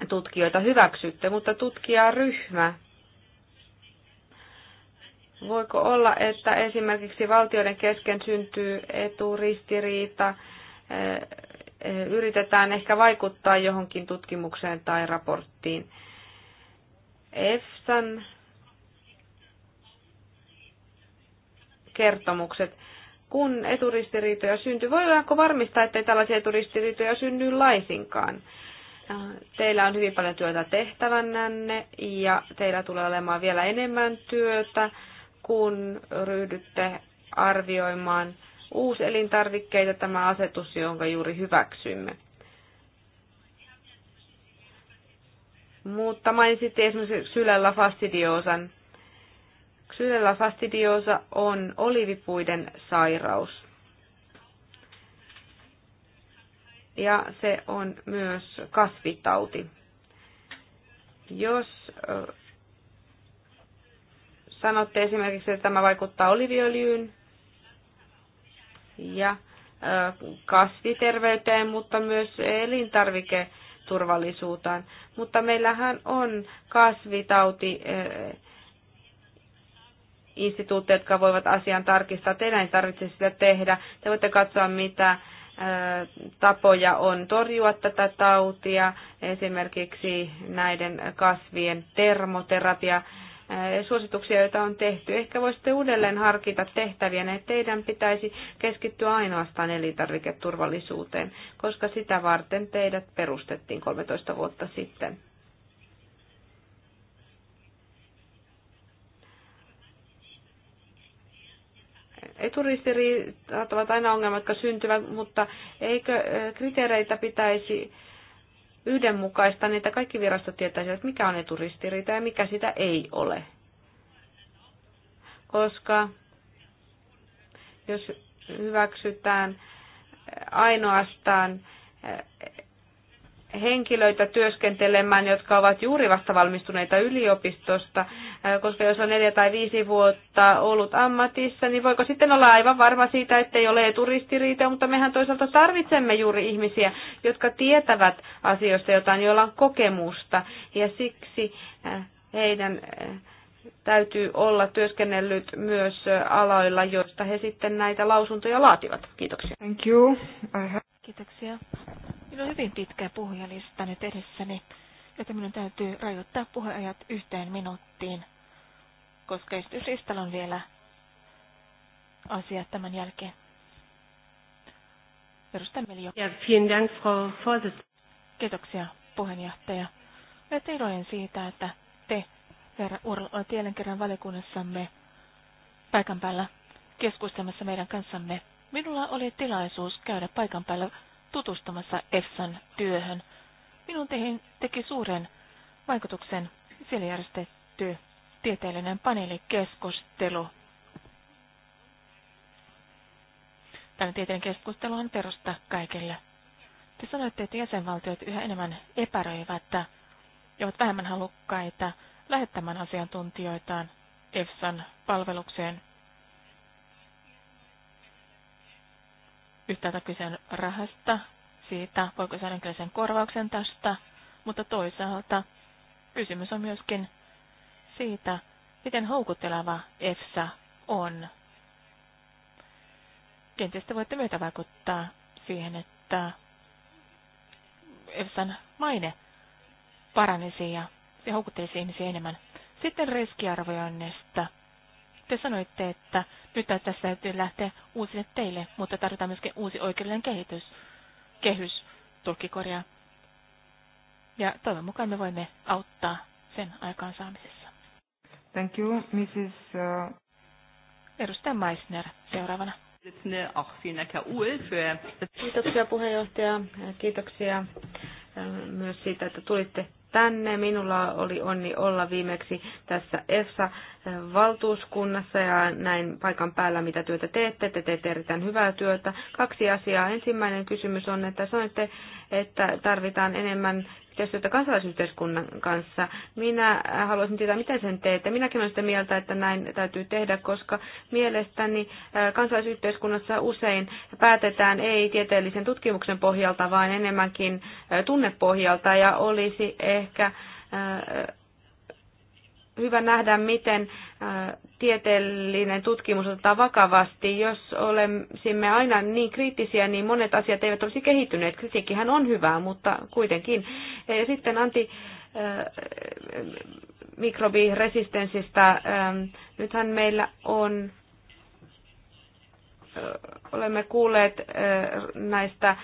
tutkijoita hyväksytte, mutta tutkijaryhmä. Voiko olla, että esimerkiksi valtioiden kesken syntyy eturistiriita, eh, yritetään ehkä vaikuttaa johonkin tutkimukseen tai raporttiin. EFSAn kertomukset. Kun eturistiriitoja syntyy, voidaanko varmistaa, ei tällaisia eturistiriitoja synny laisinkaan? Teillä on hyvin paljon työtä tehtävänänne ja teillä tulee olemaan vielä enemmän työtä, kun ryhdytte arvioimaan uuselintarvikkeita tämä asetus, jonka juuri hyväksymme. Mutta mainitsitte esimerkiksi sylällä fastidiosan. Xylella fastidiosa on olivipuiden sairaus. Ja se on myös kasvitauti. Jos sanotte esimerkiksi, että tämä vaikuttaa oliviöljyyn ja kasviterveyteen, mutta myös elintarviketurvallisuuteen. Mutta meillähän on kasvitauti instituutteja, jotka voivat asian tarkistaa. Teidän ei tarvitse sitä tehdä. Te voitte katsoa, mitä tapoja on torjua tätä tautia, esimerkiksi näiden kasvien termoterapia, suosituksia, joita on tehty. Ehkä voisitte uudelleen harkita tehtäviä, että teidän pitäisi keskittyä ainoastaan elintarviketurvallisuuteen, koska sitä varten teidät perustettiin 13 vuotta sitten. eturistiriitat ovat aina ongelmat, jotka syntyvät, mutta eikö kriteereitä pitäisi yhdenmukaista, niin että kaikki virastot tietäisivät, mikä on eturistiriita ja mikä sitä ei ole. Koska jos hyväksytään ainoastaan henkilöitä työskentelemään, jotka ovat juuri vasta valmistuneita yliopistosta, koska jos on neljä tai viisi vuotta ollut ammatissa, niin voiko sitten olla aivan varma siitä, että ei ole eturistiriitä, mutta mehän toisaalta tarvitsemme juuri ihmisiä, jotka tietävät asioista jotain, joilla on kokemusta, ja siksi heidän täytyy olla työskennellyt myös aloilla, joista he sitten näitä lausuntoja laativat. Kiitoksia. Thank you. Kiitoksia. Minulla on hyvin pitkä puhujalista nyt edessäni, joten minun täytyy rajoittaa puheajat yhteen minuuttiin, koska esityslistalla on vielä asiat tämän jälkeen. Edustaja Melio. Ja, Dank, Frau Kiitoksia, puheenjohtaja. Olet iloinen siitä, että te, herra Url, olette jälleen kerran valiokunnassamme paikan päällä keskustelemassa meidän kanssamme. Minulla oli tilaisuus käydä paikan päällä tutustumassa EFSAn työhön. Minun tehin, teki suuren vaikutuksen siellä järjestetty tieteellinen paneelikeskustelu. Tämä tieteellinen keskustelu on perusta kaikille. Te sanoitte, että jäsenvaltiot yhä enemmän epäröivät ja ovat vähemmän halukkaita lähettämään asiantuntijoitaan EFSAn palvelukseen. Yhtäältä kyse on rahasta, siitä voiko saada sen korvauksen tästä, mutta toisaalta kysymys on myöskin siitä, miten houkutteleva EFSA on. Kenties te voitte myötä vaikuttaa siihen, että EFSAn maine paranisi ja se houkuttelisi ihmisiä enemmän. Sitten riskiarvioinnista. Te sanoitte, että nyt tässä täytyy lähteä uusille teille, mutta tarvitaan myöskin uusi oikeudellinen kehitys, kehys, tulkikorjaa. Ja toivon mukaan me voimme auttaa sen aikaansaamisessa. Thank you, Mrs. Uh... Edustaja Meissner seuraavana. Kiitoksia puheenjohtaja. Kiitoksia myös siitä, että tulitte tänne. Minulla oli onni olla viimeksi tässä EFSA-valtuuskunnassa ja näin paikan päällä, mitä työtä teette. Te teette erittäin hyvää työtä. Kaksi asiaa. Ensimmäinen kysymys on, että sanoitte, että tarvitaan enemmän yhteistyötä kansalaisyhteiskunnan kanssa. Minä haluaisin tietää, miten sen teette. Minäkin olen sitä mieltä, että näin täytyy tehdä, koska mielestäni kansalaisyhteiskunnassa usein päätetään ei tieteellisen tutkimuksen pohjalta, vaan enemmänkin tunnepohjalta ja olisi ehkä hyvä nähdä, miten äh, tieteellinen tutkimus otetaan vakavasti. Jos olemme aina niin kriittisiä, niin monet asiat eivät olisi kehittyneet. Kritiikkihän on hyvää, mutta kuitenkin. Ja sitten anti äh, mikrobiresistenssistä. Ähm, nythän meillä on, äh, olemme kuulleet näistä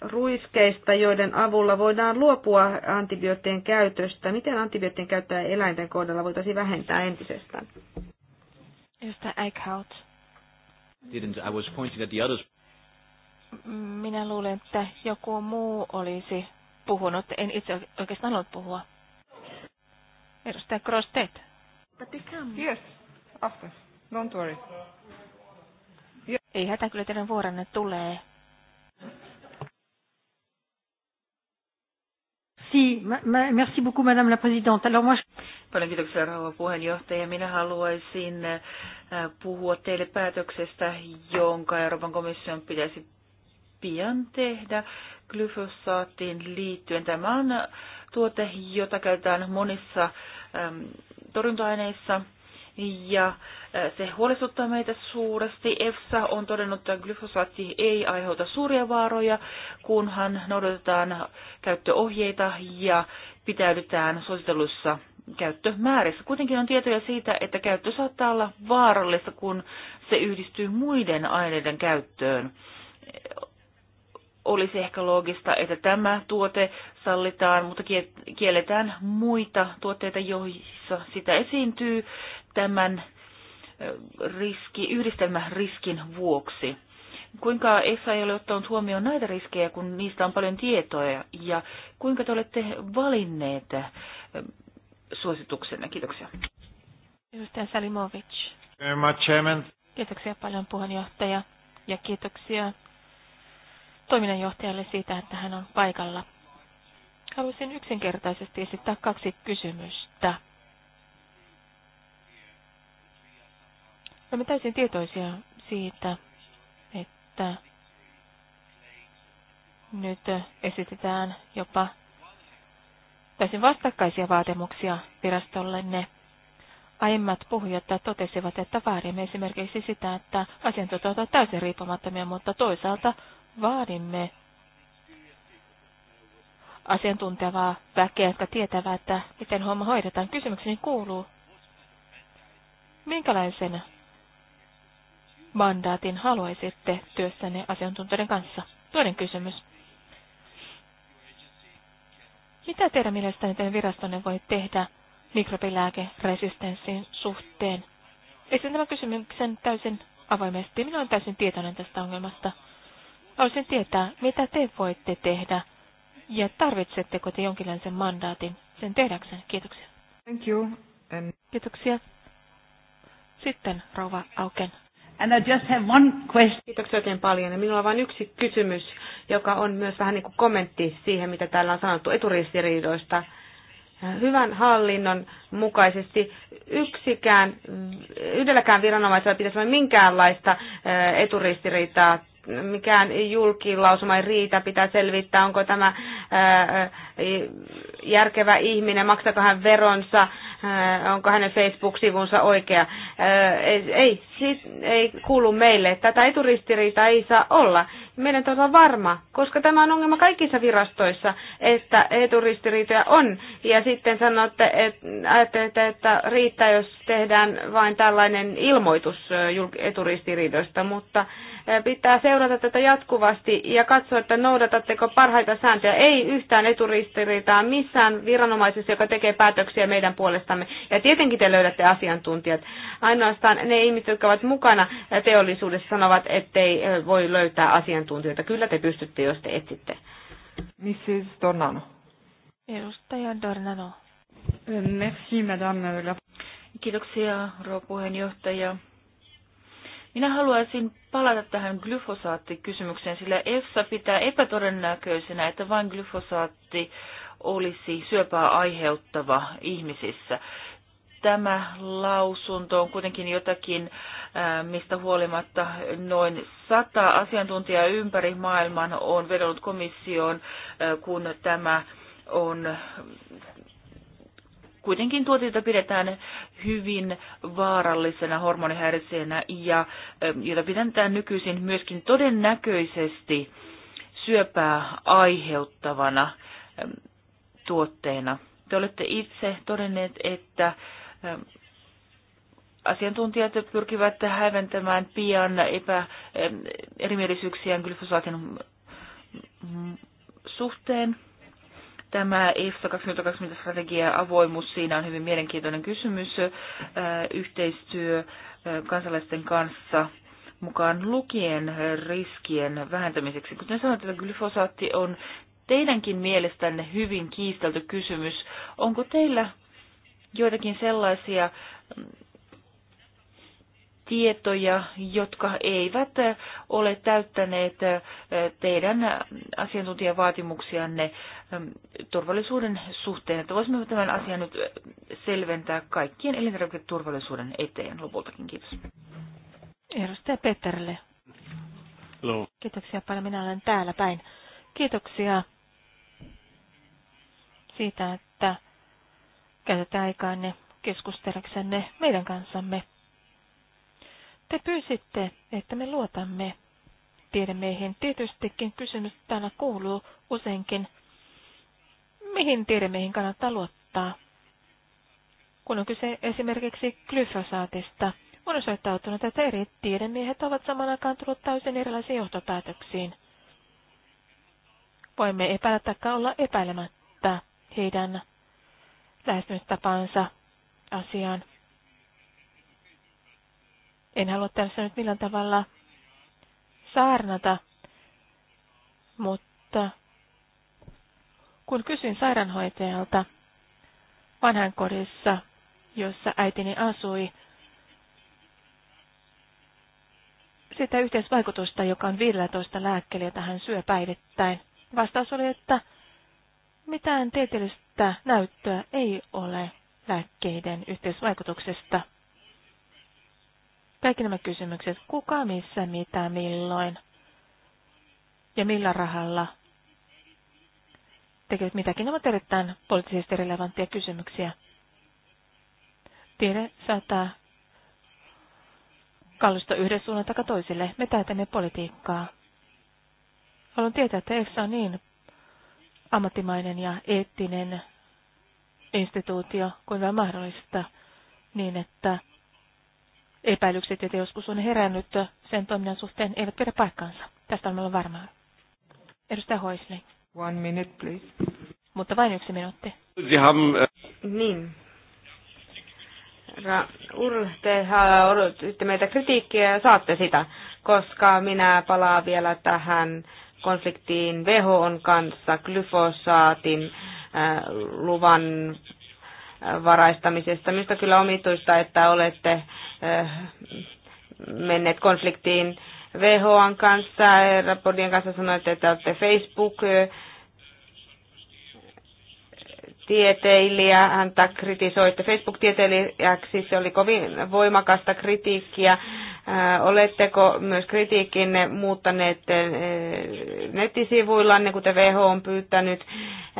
ruiskeista, joiden avulla voidaan luopua antibioottien käytöstä. Miten antibioottien käyttöä eläinten kohdalla voitaisiin vähentää entisestään? Josta Eichhout. Didn't, I was pointing at the others. Minä luulen, että joku muu olisi puhunut. En itse oikeastaan halunnut puhua. Edustaja Crosstead. But they come. Yes, after. Don't worry. Yeah. Ei hätä, kyllä teidän vuoronne tulee. ma, merci beaucoup, Madame la Présidente. Alors moi... Paljon kiitoksia, rouva puheenjohtaja. Minä haluaisin äh, puhua teille päätöksestä, jonka Euroopan komission pitäisi pian tehdä glyfosaattiin liittyen. Tämä on tuote, jota käytetään monissa äm, torjunta-aineissa ja se huolestuttaa meitä suuresti. EFSA on todennut, että glyfosaatti ei aiheuta suuria vaaroja, kunhan noudatetaan käyttöohjeita ja pitäydytään suositellussa käyttömäärissä. Kuitenkin on tietoja siitä, että käyttö saattaa olla vaarallista, kun se yhdistyy muiden aineiden käyttöön olisi ehkä loogista, että tämä tuote sallitaan, mutta kielletään muita tuotteita, joissa sitä esiintyy tämän riski, yhdistelmäriskin vuoksi. Kuinka EFSA ei ole ottanut huomioon näitä riskejä, kun niistä on paljon tietoja, ja kuinka te olette valinneet suosituksenne? Kiitoksia. Edustaja Salimovic. Kiitoksia paljon puheenjohtaja, ja kiitoksia toiminnanjohtajalle siitä, että hän on paikalla. Haluaisin yksinkertaisesti esittää kaksi kysymystä. Olemme täysin tietoisia siitä, että nyt esitetään jopa täysin vastakkaisia vaatimuksia virastollenne. Aiemmat puhujat totesivat, että vaadimme esimerkiksi sitä, että asiantuntijat ovat täysin riippumattomia, mutta toisaalta vaadimme asiantuntevaa väkeä, jotka tietävät, että miten homma hoidetaan. Kysymykseni kuuluu, minkälaisen mandaatin haluaisitte työssänne asiantuntijoiden kanssa? Toinen kysymys. Mitä teidän mielestänne teidän virastonne voi tehdä mikrobilääkeresistenssin suhteen? Esitän tämän kysymyksen täysin avoimesti. Minä olen täysin tietoinen tästä ongelmasta. Haluaisin tietää, mitä te voitte tehdä ja tarvitsetteko te jonkinlaisen mandaatin sen tehdäkseen. Kiitoksia. Thank you. And... Kiitoksia. Sitten rouva Auken. And I just have one question. Kiitoksia oikein paljon. Ja minulla on vain yksi kysymys, joka on myös vähän niin kuin kommentti siihen, mitä täällä on sanottu eturistiriidoista. Hyvän hallinnon mukaisesti yksikään, yhdelläkään viranomaisella pitäisi olla minkäänlaista eturistiriitaa mikään julkilausuma ei riitä, pitää selvittää, onko tämä järkevä ihminen, maksako hän veronsa, onko hänen Facebook-sivunsa oikea. Ei, ei, siis ei kuulu meille. Tätä eturistiriitaa ei saa olla. Meidän on varma, koska tämä on ongelma kaikissa virastoissa, että eturistiriitoja on. Ja sitten sanotte, että että riittää, jos tehdään vain tällainen ilmoitus eturistiriidoista, mutta Pitää seurata tätä jatkuvasti ja katsoa, että noudatatteko parhaita sääntöjä. Ei yhtään eturistiriitaa missään viranomaisessa, joka tekee päätöksiä meidän puolestamme. Ja tietenkin te löydätte asiantuntijat. Ainoastaan ne ihmiset, jotka ovat mukana teollisuudessa, sanovat, ettei voi löytää asiantuntijoita. Kyllä te pystytte, jos te etsitte. Mrs. Dornano. Edustaja Dornano. Merci, madame. Kiitoksia, rouva puheenjohtaja. Minä haluaisin palata tähän glyfosaattikysymykseen, sillä EFSA pitää epätodennäköisenä, että vain glyfosaatti olisi syöpää aiheuttava ihmisissä. Tämä lausunto on kuitenkin jotakin, äh, mistä huolimatta noin sata asiantuntijaa ympäri maailman on vedonnut komissioon, äh, kun tämä on kuitenkin tuotteita pidetään hyvin vaarallisena hormonihäiritseenä ja jota pidetään nykyisin myöskin todennäköisesti syöpää aiheuttavana tuotteena. Te olette itse todenneet, että asiantuntijat pyrkivät häventämään pian epä, erimielisyyksiä glyfosaatin suhteen. Tämä EFSA 2020-strategia avoimuus, siinä on hyvin mielenkiintoinen kysymys. Yhteistyö kansalaisten kanssa mukaan lukien riskien vähentämiseksi. Kuten sanoit, että glyfosaatti on teidänkin mielestänne hyvin kiistelty kysymys. Onko teillä joitakin sellaisia tietoja, jotka eivät eh, ole täyttäneet eh, teidän asiantuntijavaatimuksianne ehm, turvallisuuden suhteen, että voisimme tämän asian nyt eh, selventää kaikkien elintarviketurvallisuuden eteen lopultakin. Kiitos. Edustaja Petterille. Hello. Kiitoksia paljon. Minä olen täällä päin. Kiitoksia siitä, että käytätte aikaanne keskusteleksenne meidän kanssamme. Te pyysitte, että me luotamme tiedemiehiin. Tietystikin kysymys täällä kuuluu useinkin, mihin tiedemiehiin kannattaa luottaa. Kun on kyse esimerkiksi glyfosaatista, on osoittautunut, että eri tiedemiehet ovat saman aikaan tullut täysin erilaisiin johtopäätöksiin. Voimme epäillä olla epäilemättä heidän lähestymistapansa asiaan. En halua tässä nyt millään tavalla saarnata, mutta kun kysyin sairaanhoitajalta vanhankodissa, jossa äitini asui, sitä yhteisvaikutusta, joka on 15 lääkkeliä tähän hän syö päivittäin. Vastaus oli, että mitään tieteellistä näyttöä ei ole lääkkeiden yhteisvaikutuksesta. Kaikki nämä kysymykset, kuka, missä, mitä, milloin ja millä rahalla tekevät mitäkin, ovat erittäin poliittisesti relevantteja kysymyksiä. Tiede saattaa kallistua yhden suunnan takaa toisille. Me täytämme politiikkaa. Haluan tietää, että EFSA on niin ammattimainen ja eettinen instituutio kuin vain mahdollista, niin että epäilykset, joita joskus on herännyt sen toiminnan suhteen, eivät pidä paikkaansa. Tästä on meillä varmaa. Edustaja Hoisling. One minute, please. Mutta vain yksi minuutti. Äh, niin. Ra, Url, te äh, odotitte meitä kritiikkiä ja saatte sitä, koska minä palaan vielä tähän konfliktiin on kanssa glyfosaatin äh, luvan varaistamisesta. Minusta kyllä omituista, että olette eh, menneet konfliktiin WHOn kanssa, raportin kanssa sanoitte, että olette Facebook eh, tieteilijä, häntä kritisoitte Facebook-tieteilijäksi, se oli kovin voimakasta kritiikkiä. Äh, oletteko myös kritiikkinne muuttaneet äh, nettisivuillanne, kuten WHO on pyytänyt?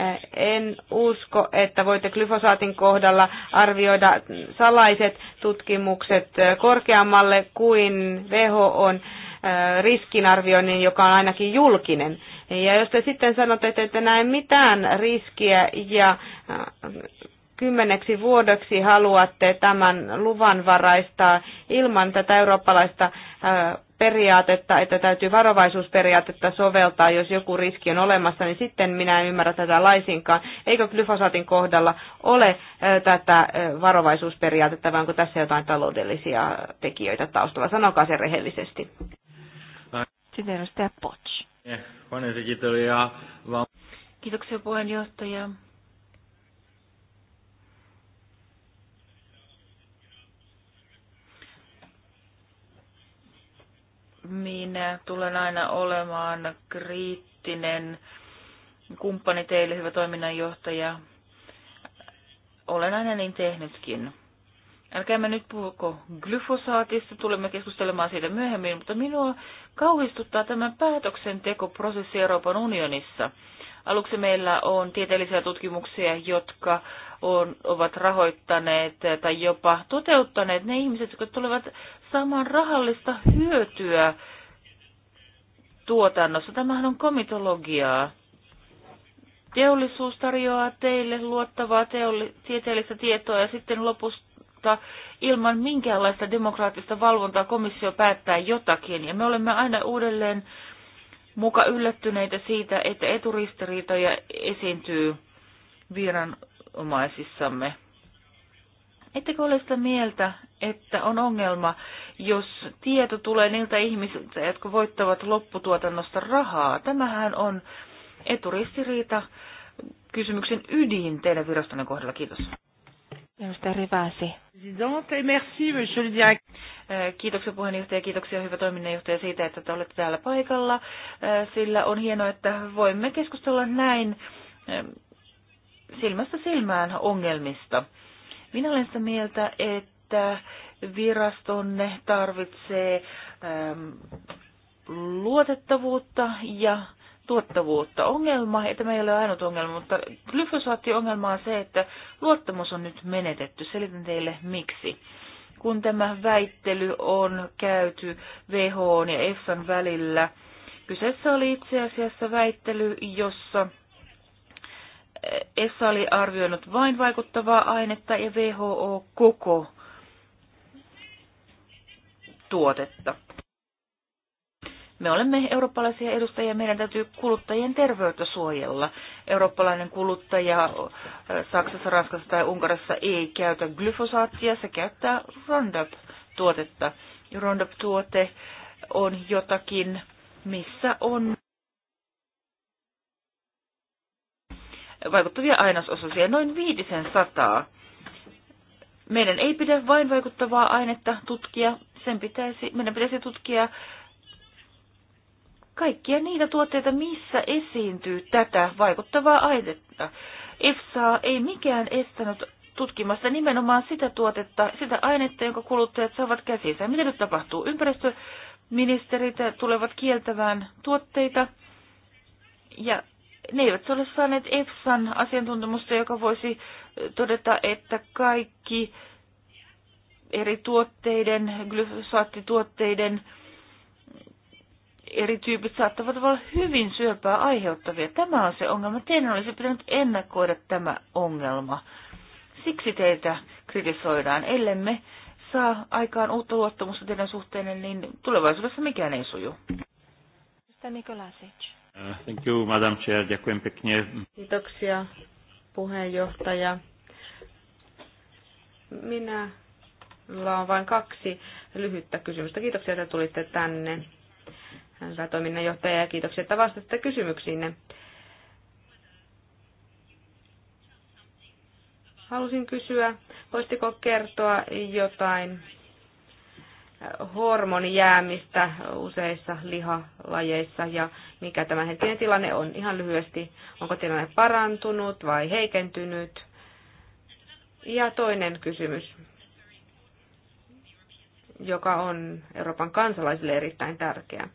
Äh, en usko, että voitte glyfosaatin kohdalla arvioida salaiset tutkimukset korkeammalle kuin WHO on riskinarvioinnin, joka on ainakin julkinen. Ja jos te sitten sanotte, että ette näe mitään riskiä ja äh, kymmeneksi vuodeksi haluatte tämän luvan varaistaa ilman tätä eurooppalaista äh, periaatetta, että täytyy varovaisuusperiaatetta soveltaa, jos joku riski on olemassa, niin sitten minä en ymmärrä tätä laisinkaan. Eikö glyfosaatin kohdalla ole äh, tätä varovaisuusperiaatetta, vai onko tässä jotain taloudellisia tekijöitä taustalla? Sanokaa se rehellisesti. Sitten edustaja Potts. Eh, Kiitoksia puheenjohtaja. minä tulen aina olemaan kriittinen kumppani teille, hyvä toiminnanjohtaja. Olen aina niin tehnytkin älkäämme nyt puhuko glyfosaatista, tulemme keskustelemaan siitä myöhemmin, mutta minua kauhistuttaa tämä päätöksentekoprosessi Euroopan unionissa. Aluksi meillä on tieteellisiä tutkimuksia, jotka on, ovat rahoittaneet tai jopa toteuttaneet ne ihmiset, jotka tulevat saamaan rahallista hyötyä tuotannossa. Tämähän on komitologiaa. Teollisuus tarjoaa teille luottavaa teolli- tieteellistä tietoa ja sitten lopussa mutta ilman minkäänlaista demokraattista valvontaa komissio päättää jotakin. Ja me olemme aina uudelleen muka yllättyneitä siitä, että eturistiriitoja esiintyy viranomaisissamme. Ettekö ole sitä mieltä, että on ongelma, jos tieto tulee niiltä ihmisiltä, jotka voittavat lopputuotannosta rahaa? Tämähän on eturistiriita kysymyksen ydin teidän virastonne kohdalla. Kiitos. Edustaja Riväsi. E kiitoksia puheenjohtaja, kiitoksia hyvä toiminnanjohtaja siitä, että te olette täällä paikalla. Sillä on hienoa, että voimme keskustella näin silmästä silmään ongelmista. Minä olen sitä mieltä, että virastonne tarvitsee luotettavuutta ja tuottavuutta. Ongelma, ja tämä ei ole ainut ongelma, mutta glyfosaattiongelma on se, että luottamus on nyt menetetty. Selitän teille miksi. Kun tämä väittely on käyty WHO ja EFSAn välillä, kyseessä oli itse asiassa väittely, jossa EFSA eh, oli arvioinut vain vaikuttavaa ainetta ja WHO koko tuotetta. Me olemme eurooppalaisia edustajia, meidän täytyy kuluttajien terveyttä suojella. Eurooppalainen kuluttaja Saksassa, Ranskassa tai Unkarassa ei käytä glyfosaattia, se käyttää Roundup-tuotetta. Roundup-tuote on jotakin, missä on vaikuttavia ainesosasia, noin viitisen sataa. Meidän ei pidä vain vaikuttavaa ainetta tutkia, sen pitäisi, meidän pitäisi tutkia kaikkia niitä tuotteita, missä esiintyy tätä vaikuttavaa ainetta. EFSA ei mikään estänyt tutkimasta nimenomaan sitä tuotetta, sitä ainetta, jonka kuluttajat saavat käsinsä. Mitä nyt tapahtuu? Ympäristöministerit tulevat kieltämään tuotteita ja ne eivät ole saaneet EFSAn asiantuntemusta, joka voisi todeta, että kaikki eri tuotteiden, glyfosaattituotteiden eri tyypit saattavat olla hyvin syöpää aiheuttavia. Tämä on se ongelma. Teidän olisi pitänyt ennakoida tämä ongelma. Siksi teitä kritisoidaan. Ellemme saa aikaan uutta luottamusta teidän suhteenne, niin tulevaisuudessa mikään ei suju. Uh, thank you, Madam Chair. Kiitoksia, puheenjohtaja. Minä on vain kaksi lyhyttä kysymystä. Kiitoksia, että tulitte tänne hyvä toiminnanjohtaja, ja kiitoksia, että vastasitte kysymyksiinne. Halusin kysyä, voisitko kertoa jotain eh, hormonijäämistä useissa lihalajeissa ja mikä hetkinen tilanne on ihan lyhyesti. Onko tilanne parantunut vai heikentynyt? Ja toinen kysymys, joka on Euroopan kansalaisille erittäin tärkeä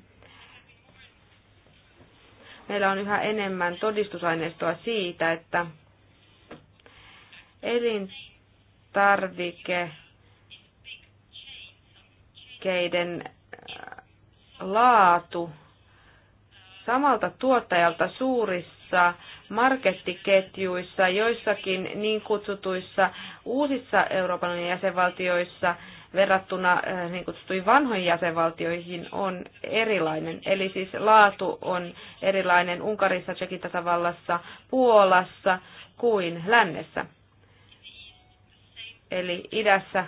meillä on yhä enemmän todistusaineistoa siitä, että elintarvikkeiden äh, laatu samalta tuottajalta suurissa markettiketjuissa, joissakin niin kutsutuissa uusissa Euroopan jäsenvaltioissa verrattuna eh, niin kutsuttuihin vanhoihin jäsenvaltioihin on erilainen. Eli siis laatu on erilainen Unkarissa, Tsekin tasavallassa, Puolassa kuin lännessä. Eli idässä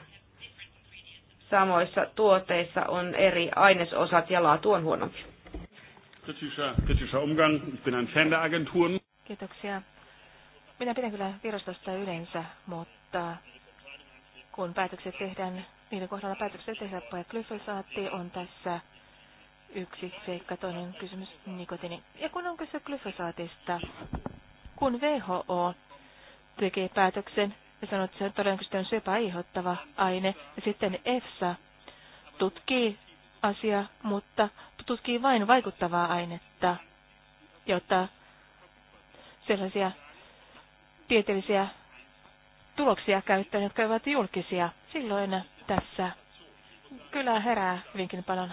samoissa tuotteissa on eri ainesosat ja laatu on huonompi. Kiitoksia. Minä pidän kyllä virastosta yleensä, mutta kun päätökset tehdään niiden kohdalla päätökset tehdä glyfosaatti on tässä yksi seikka, toinen kysymys nikotiini. Ja kun on kyse glyfosaatista, kun WHO tekee päätöksen ja sanoo, että se on todennäköisesti on aiheuttava aine, ja sitten EFSA tutkii asia, mutta tutkii vain vaikuttavaa ainetta, jotta sellaisia tieteellisiä tuloksia käyttäen, jotka ovat julkisia. Silloin tässä kyllä herää hyvinkin paljon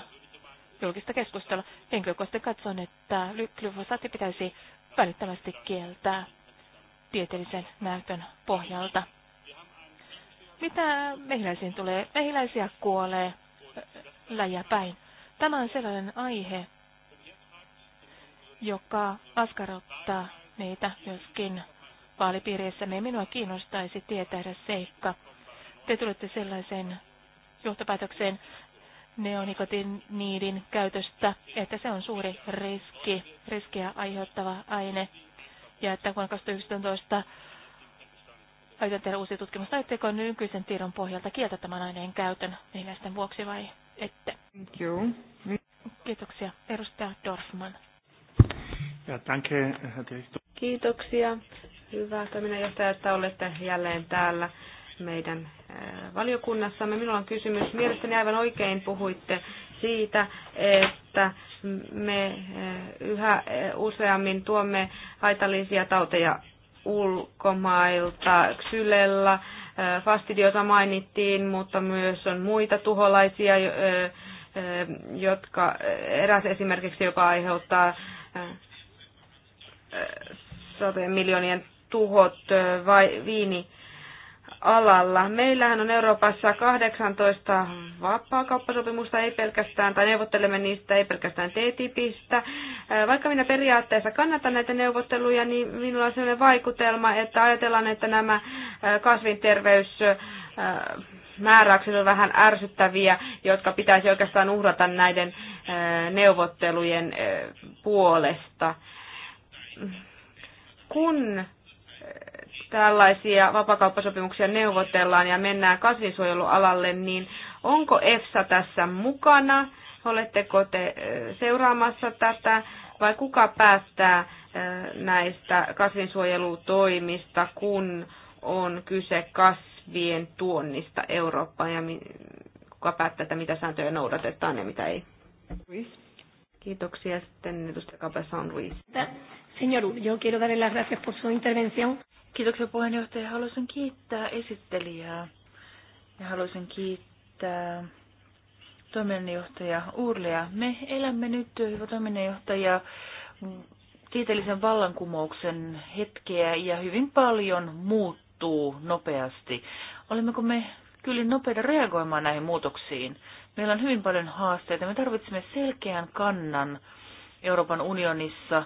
julkista keskustelua. Henkilökohtaisesti katson, että glyfosaatti pitäisi välittömästi kieltää tieteellisen näytön pohjalta. Mitä mehiläisiin tulee? Mehiläisiä kuolee äh, läjä päin. Tämä on sellainen aihe, joka askarottaa meitä myöskin vaalipiirissä. Me minua kiinnostaisi tietää seikka, te tulette sellaiseen johtopäätökseen neonikotiniidin käytöstä, että se on suuri riski, riskiä aiheuttava aine. Ja että vuonna 2011 aion tehdä uusia tutkimusta, etteikö nykyisen tiedon pohjalta kieltä tämän aineen käytön mehiläisten vuoksi vai ette? Thank you. Kiitoksia. Edustaja Dorfman. Ja danke, Kiitoksia. Hyvä toiminnanjohtaja, että olette jälleen täällä meidän valiokunnassamme. Minulla on kysymys. Mielestäni aivan oikein puhuitte siitä, että me eh, yhä eh, useammin tuomme haitallisia tauteja ulkomailta. Ksylellä eh, fastidiota mainittiin, mutta myös on muita tuholaisia, jotka eräs esimerkiksi, joka aiheuttaa satojen miljoonien tuhot vai viini alalla. Meillähän on Euroopassa 18 vapaakauppasopimusta, ei pelkästään, tai neuvottelemme niistä ei pelkästään TTIPistä. Vaikka minä periaatteessa kannatan näitä neuvotteluja, niin minulla on sellainen vaikutelma, että ajatellaan, että nämä kasvinterveys määräykset on vähän ärsyttäviä, jotka pitäisi oikeastaan uhrata näiden neuvottelujen puolesta. Kun tällaisia vapakauppasopimuksia neuvotellaan ja mennään kasvinsuojelualalle, niin onko EFSA tässä mukana? Oletteko te seuraamassa tätä vai kuka päättää näistä kasvinsuojelutoimista, kun on kyse kasvien tuonnista Eurooppaan ja kuka päättää, että mitä sääntöjä noudatetaan ja mitä ei? Kiitoksia. Sitten edustaja Capesson Ruiz. Señor, yo quiero darle las gracias por su intervención. Kiitoksia puheenjohtaja. Haluaisin kiittää esittelijää ja haluaisin kiittää toiminnanjohtaja Urlea. Me elämme nyt, hyvä toiminnanjohtaja, tieteellisen vallankumouksen hetkeä ja hyvin paljon muuttuu nopeasti. Olemmeko me kyllä nopeita reagoimaan näihin muutoksiin? Meillä on hyvin paljon haasteita. Me tarvitsemme selkeän kannan Euroopan unionissa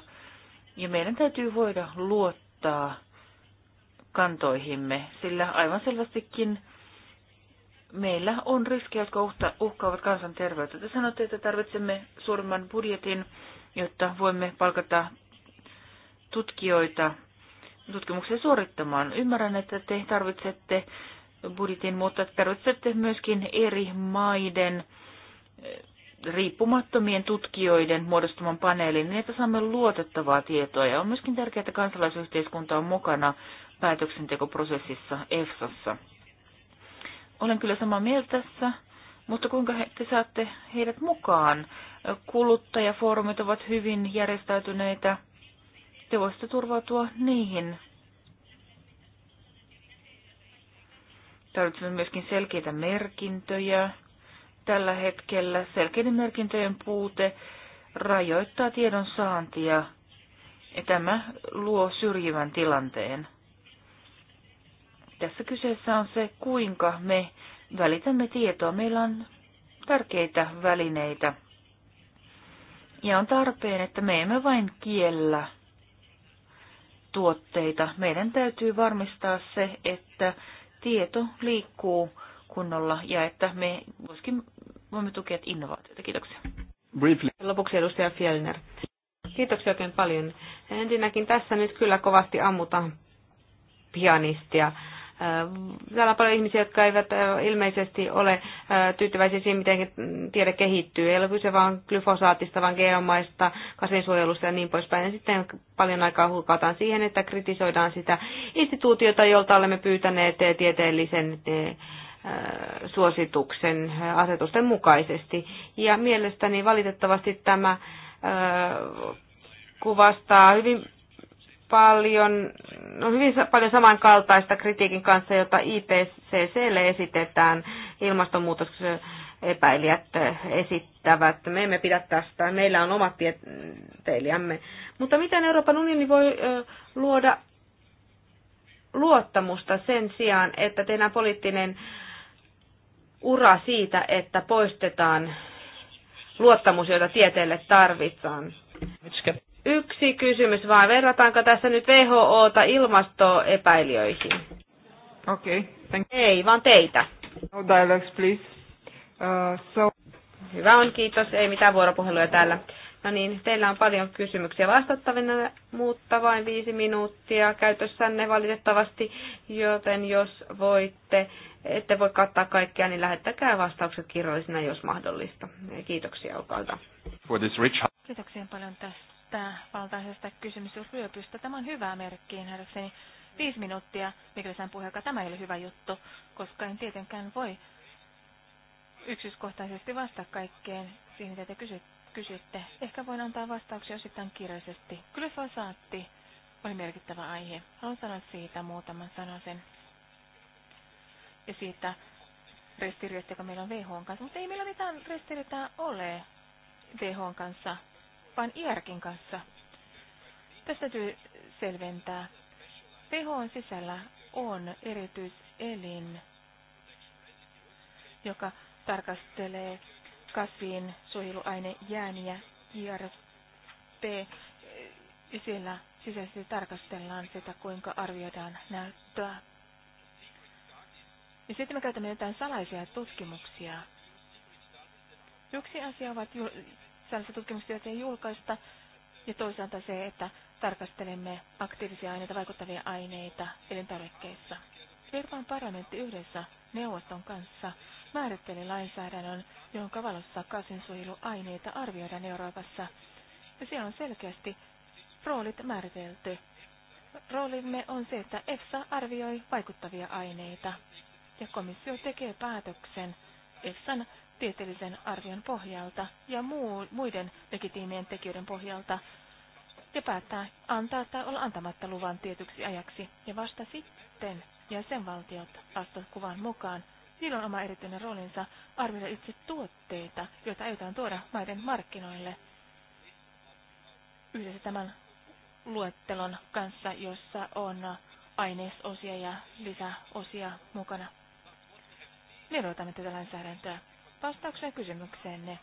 ja meidän täytyy voida luottaa kantoihimme, sillä aivan selvästikin meillä on riskejä, jotka uhkaavat kansanterveyttä. Te sanotte, että tarvitsemme suurimman budjetin, jotta voimme palkata tutkijoita tutkimuksen suorittamaan. Ymmärrän, että te tarvitsette budjetin, mutta tarvitsette myöskin eri maiden eh, riippumattomien tutkijoiden muodostaman paneelin, niin että saamme luotettavaa tietoa. Ja on myöskin tärkeää, että kansalaisyhteiskunta on mukana päätöksentekoprosessissa EFSassa. Olen kyllä samaa mieltä tässä, mutta kuinka he, te saatte heidät mukaan? Kuluttajafoorumit ovat hyvin järjestäytyneitä. Te voisitte turvautua niihin. Tarvitsemme myöskin selkeitä merkintöjä. Tällä hetkellä selkeiden merkintöjen puute rajoittaa tiedon saantia ja tämä luo syrjivän tilanteen. Tässä kyseessä on se, kuinka me välitämme tietoa. Meillä on tärkeitä välineitä. Ja on tarpeen, että me emme vain kiellä tuotteita. Meidän täytyy varmistaa se, että tieto liikkuu kunnolla ja että me voisikin, voimme tukea innovaatioita. Kiitoksia. Briefly. Lopuksi edustaja Fjellner. Kiitoksia oikein paljon. Ensinnäkin tässä nyt kyllä kovasti ammutaan pianistia. Äh, täällä on paljon ihmisiä, jotka eivät äh, ilmeisesti ole äh, tyytyväisiä siihen, miten tiede kehittyy. Ei ole kyse vain glyfosaatista, vaan geomaista, kasvinsuojelusta ja niin poispäin. Ja sitten paljon aikaa hukataan siihen, että kritisoidaan sitä instituutiota, jolta olemme pyytäneet tieteellisen suosituksen asetusten mukaisesti. Ja mielestäni valitettavasti tämä kuvastaa hyvin paljon, on no hyvin paljon samankaltaista kritiikin kanssa, jota IPCClle esitetään. ilmastonmuutoksen epäilijät esittävät. Me emme pidä tästä, meillä on omat tieteilijämme. Mutta miten Euroopan unioni voi luoda luottamusta sen sijaan, että tehdään poliittinen ura siitä, että poistetaan luottamus, jota tieteelle tarvitaan yksi kysymys vaan. Verrataanko tässä nyt WHOta ilmastoepäilijöihin? Okei. Okay, Ei, vaan teitä. No dialogues, please. Uh, so... Hyvä on, kiitos. Ei mitään vuoropuheluja täällä. No niin, teillä on paljon kysymyksiä vastattavina, mutta vain viisi minuuttia käytössänne valitettavasti, joten jos voitte, ette voi kattaa kaikkia, niin lähettäkää vastaukset kirjallisina, jos mahdollista. Kiitoksia, olkaa hyvä. Kiitoksia paljon tästä päävaltaisesta kysymysryöpystä. Tämä on hyvä merkkiä, nähdäkseni viisi minuuttia, mikäli sään puheenjohtaja. Tämä ei ole hyvä juttu, koska en tietenkään voi yksityiskohtaisesti vastata kaikkeen siihen, mitä te kysytte. Ehkä voin antaa vastauksia osittain kirjallisesti. Glyfosaatti oli merkittävä aihe. Haluan sanoa siitä muutaman sanasen. Ja siitä ristiriidasta, joka meillä on WHOn kanssa. Mutta ei meillä mitään ristiriitaa ole VH kanssa kauppaan Irakin kanssa. Tästä täytyy selventää. Pehon sisällä on erityiselin, joka tarkastelee kasvien suojeluainejääniä IRP. Siellä sisäisesti tarkastellaan sitä, kuinka arvioidaan näyttöä. Ja sitten me käytämme jotain salaisia tutkimuksia. Yksi asia ovat säännöllistä tutkimustyötä ei julkaista. Ja toisaalta se, että tarkastelemme aktiivisia aineita, vaikuttavia aineita elintarvikkeissa. Euroopan parlamentti yhdessä neuvoston kanssa määritteli lainsäädännön, jonka valossa kasvinsuojeluaineita arvioidaan Euroopassa. Ja siellä on selkeästi roolit määritelty. Roolimme on se, että EFSA arvioi vaikuttavia aineita ja komissio tekee päätöksen EFSAn tieteellisen arvion pohjalta ja muu, muiden legitiimien tekijöiden pohjalta ja päättää antaa tai olla antamatta luvan tietyksi ajaksi. Ja vasta sitten jäsenvaltiot astuvat kuvan mukaan. Niillä on oma erityinen roolinsa arvioida itse tuotteita, joita aiotaan tuoda maiden markkinoille. Yhdessä tämän luettelon kanssa, jossa on aineisosia ja lisäosia mukana. Me odotamme tätä lainsäädäntöä. Vastauksena kysymykseenne.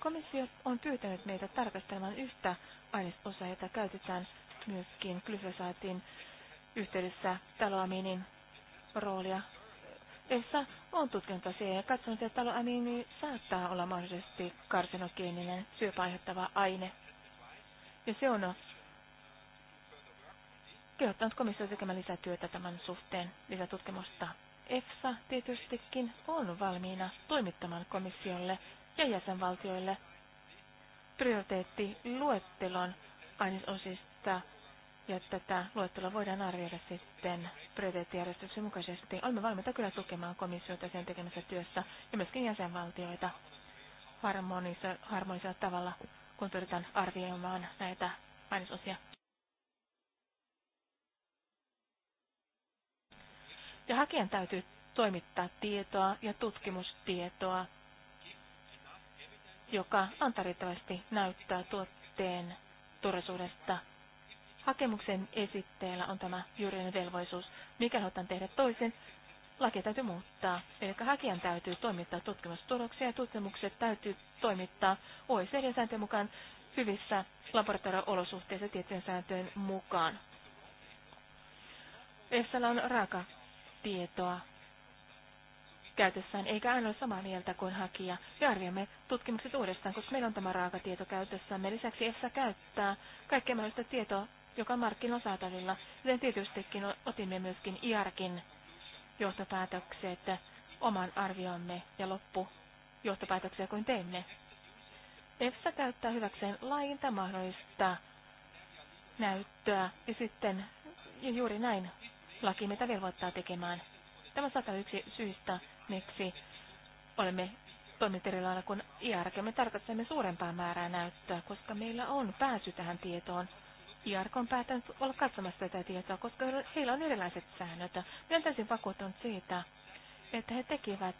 Komissio on pyytänyt meitä tarkastelemaan yhtä ainesosaa, jota käytetään myöskin glyfosaatin yhteydessä taloamiinin roolia. Essa on tutkinut asiaa ja katsonut, että taloamiini saattaa olla mahdollisesti karsinogeeninen syöpäaiheuttava aine. Ja se on kehottanut komissio tekemään lisätyötä tämän suhteen, lisätutkimusta. EFSA tietystikin on valmiina toimittamaan komissiolle ja jäsenvaltioille prioriteettiluettelon ainesosista, ja tätä luettelua voidaan arvioida sitten prioriteettijärjestyksen mukaisesti. Olemme valmiita kyllä tukemaan komissiota sen tekemässä työssä ja myöskin jäsenvaltioita harmonisella tavalla, kun pyritään arvioimaan näitä ainesosia. Ja hakijan täytyy toimittaa tietoa ja tutkimustietoa, joka antaa riittävästi näyttää tuotteen turvallisuudesta. Hakemuksen esitteellä on tämä juridinen velvoisuus, Mikä halutaan tehdä toisen, laki täytyy muuttaa. Eli hakijan täytyy toimittaa tutkimustuloksia ja tutkimukset täytyy toimittaa OECD-sääntöjen mukaan hyvissä laboratorio-olosuhteissa tiettyjen sääntöjen mukaan. EFSAlla on raaka tietoa käytössään, eikä aina ole samaa mieltä kuin hakija. Ja arvioimme tutkimukset uudestaan, koska meillä on tämä raaka käytössä. Me Lisäksi EFSA käyttää kaikkea mahdollista tietoa, joka on markkinoilla saatavilla. Sen tietystikin otimme myöskin IARKin johtopäätökset oman arvioimme ja loppu johtopäätöksiä kuin teimme. EFSA käyttää hyväkseen laajinta mahdollista näyttöä ja sitten ja juuri näin laki meitä velvoittaa tekemään. Tämä saattaa yksi syystä, miksi olemme toimineet eri lailla kuin IARC. Me tarvitsemme suurempaa määrää näyttöä, koska meillä on pääsy tähän tietoon. IARC on päättänyt olla katsomassa tätä tietoa, koska heillä on erilaiset säännöt. Minä olen täysin vakuuttunut siitä, että he tekivät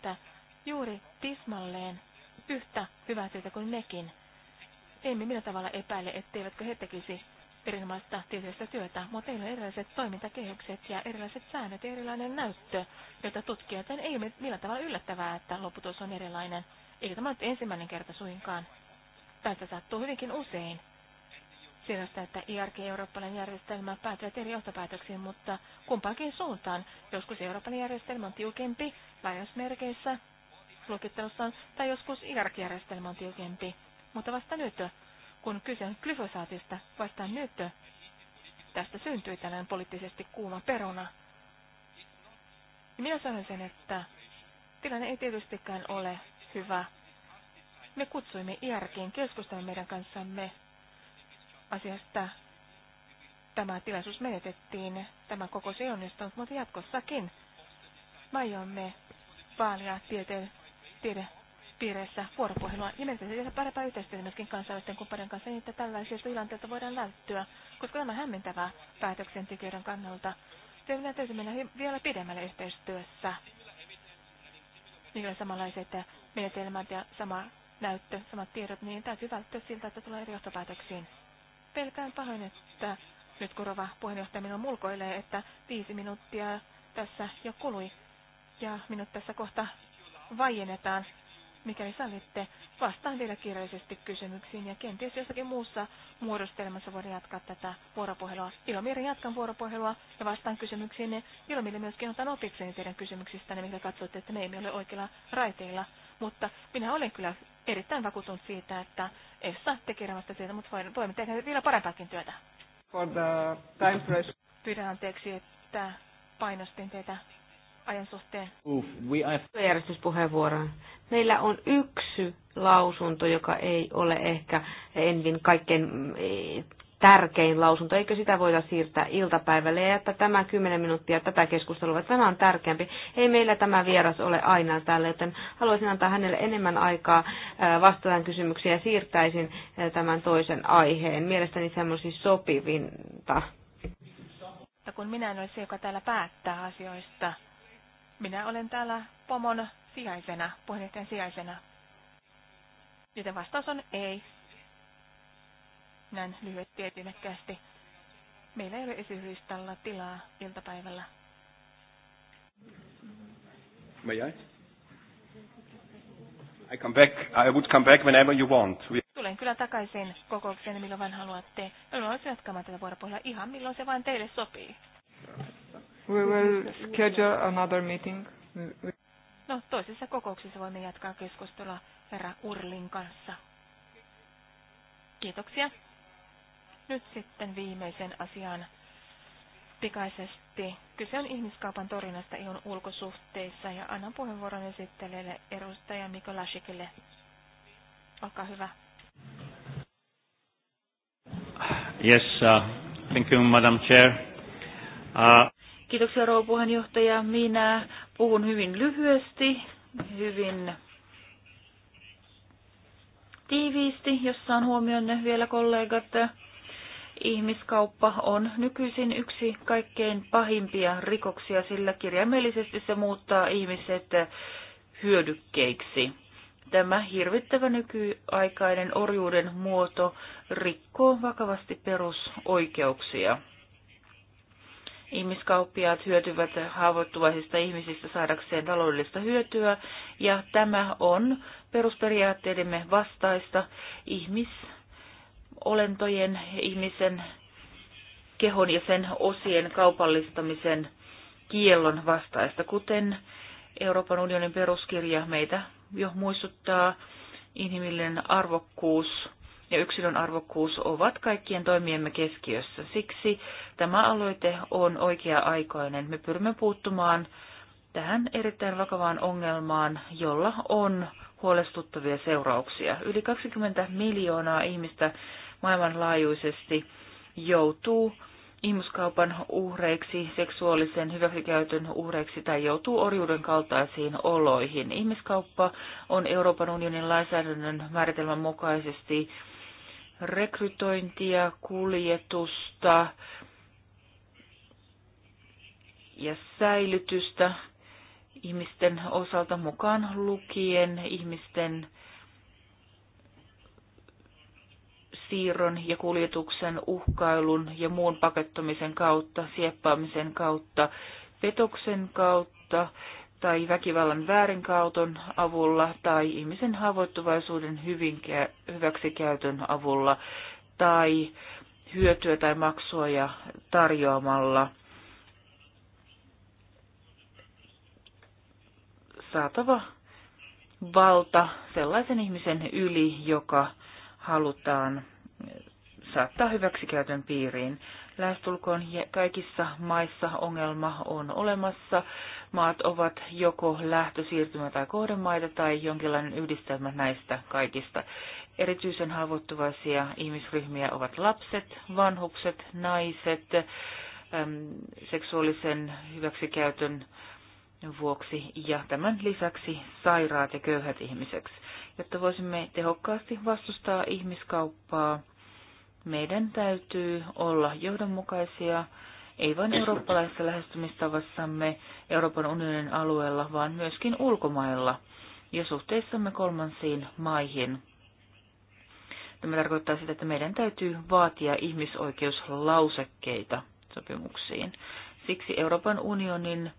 juuri tismalleen yhtä hyvää työtä kuin mekin. Emme millään tavalla epäile, etteivätkö he tekisi erinomaista tieteellistä työtä, mutta teillä on erilaiset toimintakehykset ja erilaiset säännöt ja erilainen näyttö, jota tutkijat ei ole millään tavalla yllättävää, että lopputulos on erilainen. Eikä tämä nyt ensimmäinen kerta suinkaan. Tästä sattuu hyvinkin usein. Sellaista, että IRG eurooppalainen järjestelmä päätyvät eri johtopäätöksiin, mutta kumpaankin suuntaan. Joskus eurooppalainen järjestelmä on tiukempi, lainausmerkeissä, luokittelussaan, tai joskus IRG-järjestelmä on tiukempi. Mutta vasta nyt kun kyse on glyfosaatista, vastaan nyt tästä syntyi tällainen poliittisesti kuuma peruna. Minä sanoin sen, että tilanne ei tietystikään ole hyvä. Me kutsuimme IRKin keskustelun meidän kanssamme asiasta. Tämä tilaisuus menetettiin. Tämä koko se onnistunut, mutta jatkossakin me aiomme vaalia tiede, tiede piireissä vuoropuhelua ja mentäisiin parempaa yhteistyötä myöskin kansainvälisten kumppanien kanssa niin, että tällaisista tilanteista voidaan välttyä, koska tämä on hämmentävää päätöksentekijöiden kannalta. Meidän täytyy mennä vielä pidemmälle yhteistyössä. Niillä samanlaiset menetelmät ja sama näyttö, samat tiedot, niin täytyy välttyä siltä, että tulee eri johtopäätöksiin. Pelkään pahoin, että nyt kun rova puheenjohtaja minun mulkoilee, että viisi minuuttia tässä jo kului ja minut tässä kohta vaiennetaan mikäli sallitte, vastaan vielä kirjallisesti kysymyksiin ja kenties jossakin muussa muodostelmassa voidaan jatkaa tätä vuoropuhelua. Ilomielin jatkan vuoropuhelua ja vastaan kysymyksiin. Ilomielin myöskin otan opikseen teidän kysymyksistä, mikä katsotte, että me emme ole oikeilla raiteilla. Mutta minä olen kyllä erittäin vakuutunut siitä, että EFSA tekee työtä, mutta voimme tehdä vielä parempaakin työtä. For the time Pyydän anteeksi, että painostin teitä ajan suhteen? Järjestyspuheenvuoroon. Meillä on yksi lausunto, joka ei ole ehkä Envin kaikkein e, tärkein lausunto. Eikö sitä voida siirtää iltapäivälle ja jättää tämä 10 minuuttia tätä keskustelua? Tämä on tärkeämpi. Ei meillä tämä vieras ole aina täällä, joten haluaisin antaa hänelle enemmän aikaa e, vastata kysymyksiä ja siirtäisin e, tämän toisen aiheen. Mielestäni semmoisi sopivinta. kun minä en ole se, joka täällä päättää asioista, minä olen täällä pomon sijaisena, puheenjohtajan sijaisena. Joten vastaus on ei. Näin lyhyet tietynäkkäästi. Meillä ei ole esiristalla tilaa iltapäivällä. May I? I come back. I would come back whenever you want. We... Tulen kyllä takaisin kokoukseen, milloin vain haluatte. Minulla olisi jatkamaan tätä vuoropuhelua ihan milloin se vain teille sopii. We will schedule another meeting. No, toisessa kokouksessa voimme jatkaa keskustelua herra Urlin kanssa. Kiitoksia. Nyt sitten viimeisen asian pikaisesti. Kyse on ihmiskaupan torjunnasta EUn ulkosuhteissa ja annan puheenvuoron esittelijälle edustaja Mikko Lashikille. Olkaa hyvä. Yes, uh, thank you, Madam Chair. Uh, Kiitoksia rouva puheenjohtaja. Minä puhun hyvin lyhyesti, hyvin tiiviisti, jossa on huomioon vielä kollegat. Ihmiskauppa on nykyisin yksi kaikkein pahimpia rikoksia, sillä kirjaimellisesti se muuttaa ihmiset hyödykkeiksi. Tämä hirvittävä nykyaikainen orjuuden muoto rikkoo vakavasti perusoikeuksia. Ihmiskauppiaat hyötyvät haavoittuvaisista ihmisistä saadakseen taloudellista hyötyä, ja tämä on perusperiaatteidemme vastaista ihmisolentojen, ihmisen kehon ja sen osien kaupallistamisen kiellon vastaista, kuten Euroopan unionin peruskirja meitä jo muistuttaa, inhimillinen arvokkuus ja yksilön arvokkuus ovat kaikkien toimiemme keskiössä. Siksi tämä aloite on oikea-aikainen. Me pyrimme puuttumaan tähän erittäin vakavaan ongelmaan, jolla on huolestuttavia seurauksia. Yli 20 miljoonaa ihmistä maailmanlaajuisesti joutuu ihmiskaupan uhreiksi, seksuaalisen hyväksikäytön uhreiksi tai joutuu orjuuden kaltaisiin oloihin. Ihmiskauppa on Euroopan unionin lainsäädännön määritelmän mukaisesti rekrytointia, kuljetusta ja säilytystä ihmisten osalta mukaan lukien ihmisten siirron ja kuljetuksen, uhkailun ja muun pakettomisen kautta, sieppaamisen kautta, petoksen kautta, tai väkivallan väärinkauton avulla tai ihmisen haavoittuvaisuuden hyvinkä, hyväksikäytön avulla tai hyötyä tai maksua ja tarjoamalla saatava valta sellaisen ihmisen yli, joka halutaan saattaa hyväksikäytön piiriin. Lähestulkoon kaikissa maissa ongelma on olemassa maat ovat joko lähtösiirtymä- tai kohdemaita tai jonkinlainen yhdistelmä näistä kaikista. Erityisen haavoittuvaisia ihmisryhmiä ovat lapset, vanhukset, naiset, seksuaalisen hyväksikäytön vuoksi ja tämän lisäksi sairaat ja köyhät ihmiseksi. Jotta voisimme tehokkaasti vastustaa ihmiskauppaa, meidän täytyy olla johdonmukaisia ei vain eurooppalaisessa lähestymistavassamme Euroopan unionin alueella, vaan myöskin ulkomailla ja suhteissamme kolmansiin maihin. Tämä tarkoittaa sitä, että meidän täytyy vaatia ihmisoikeuslausekkeita sopimuksiin. Siksi Euroopan unionin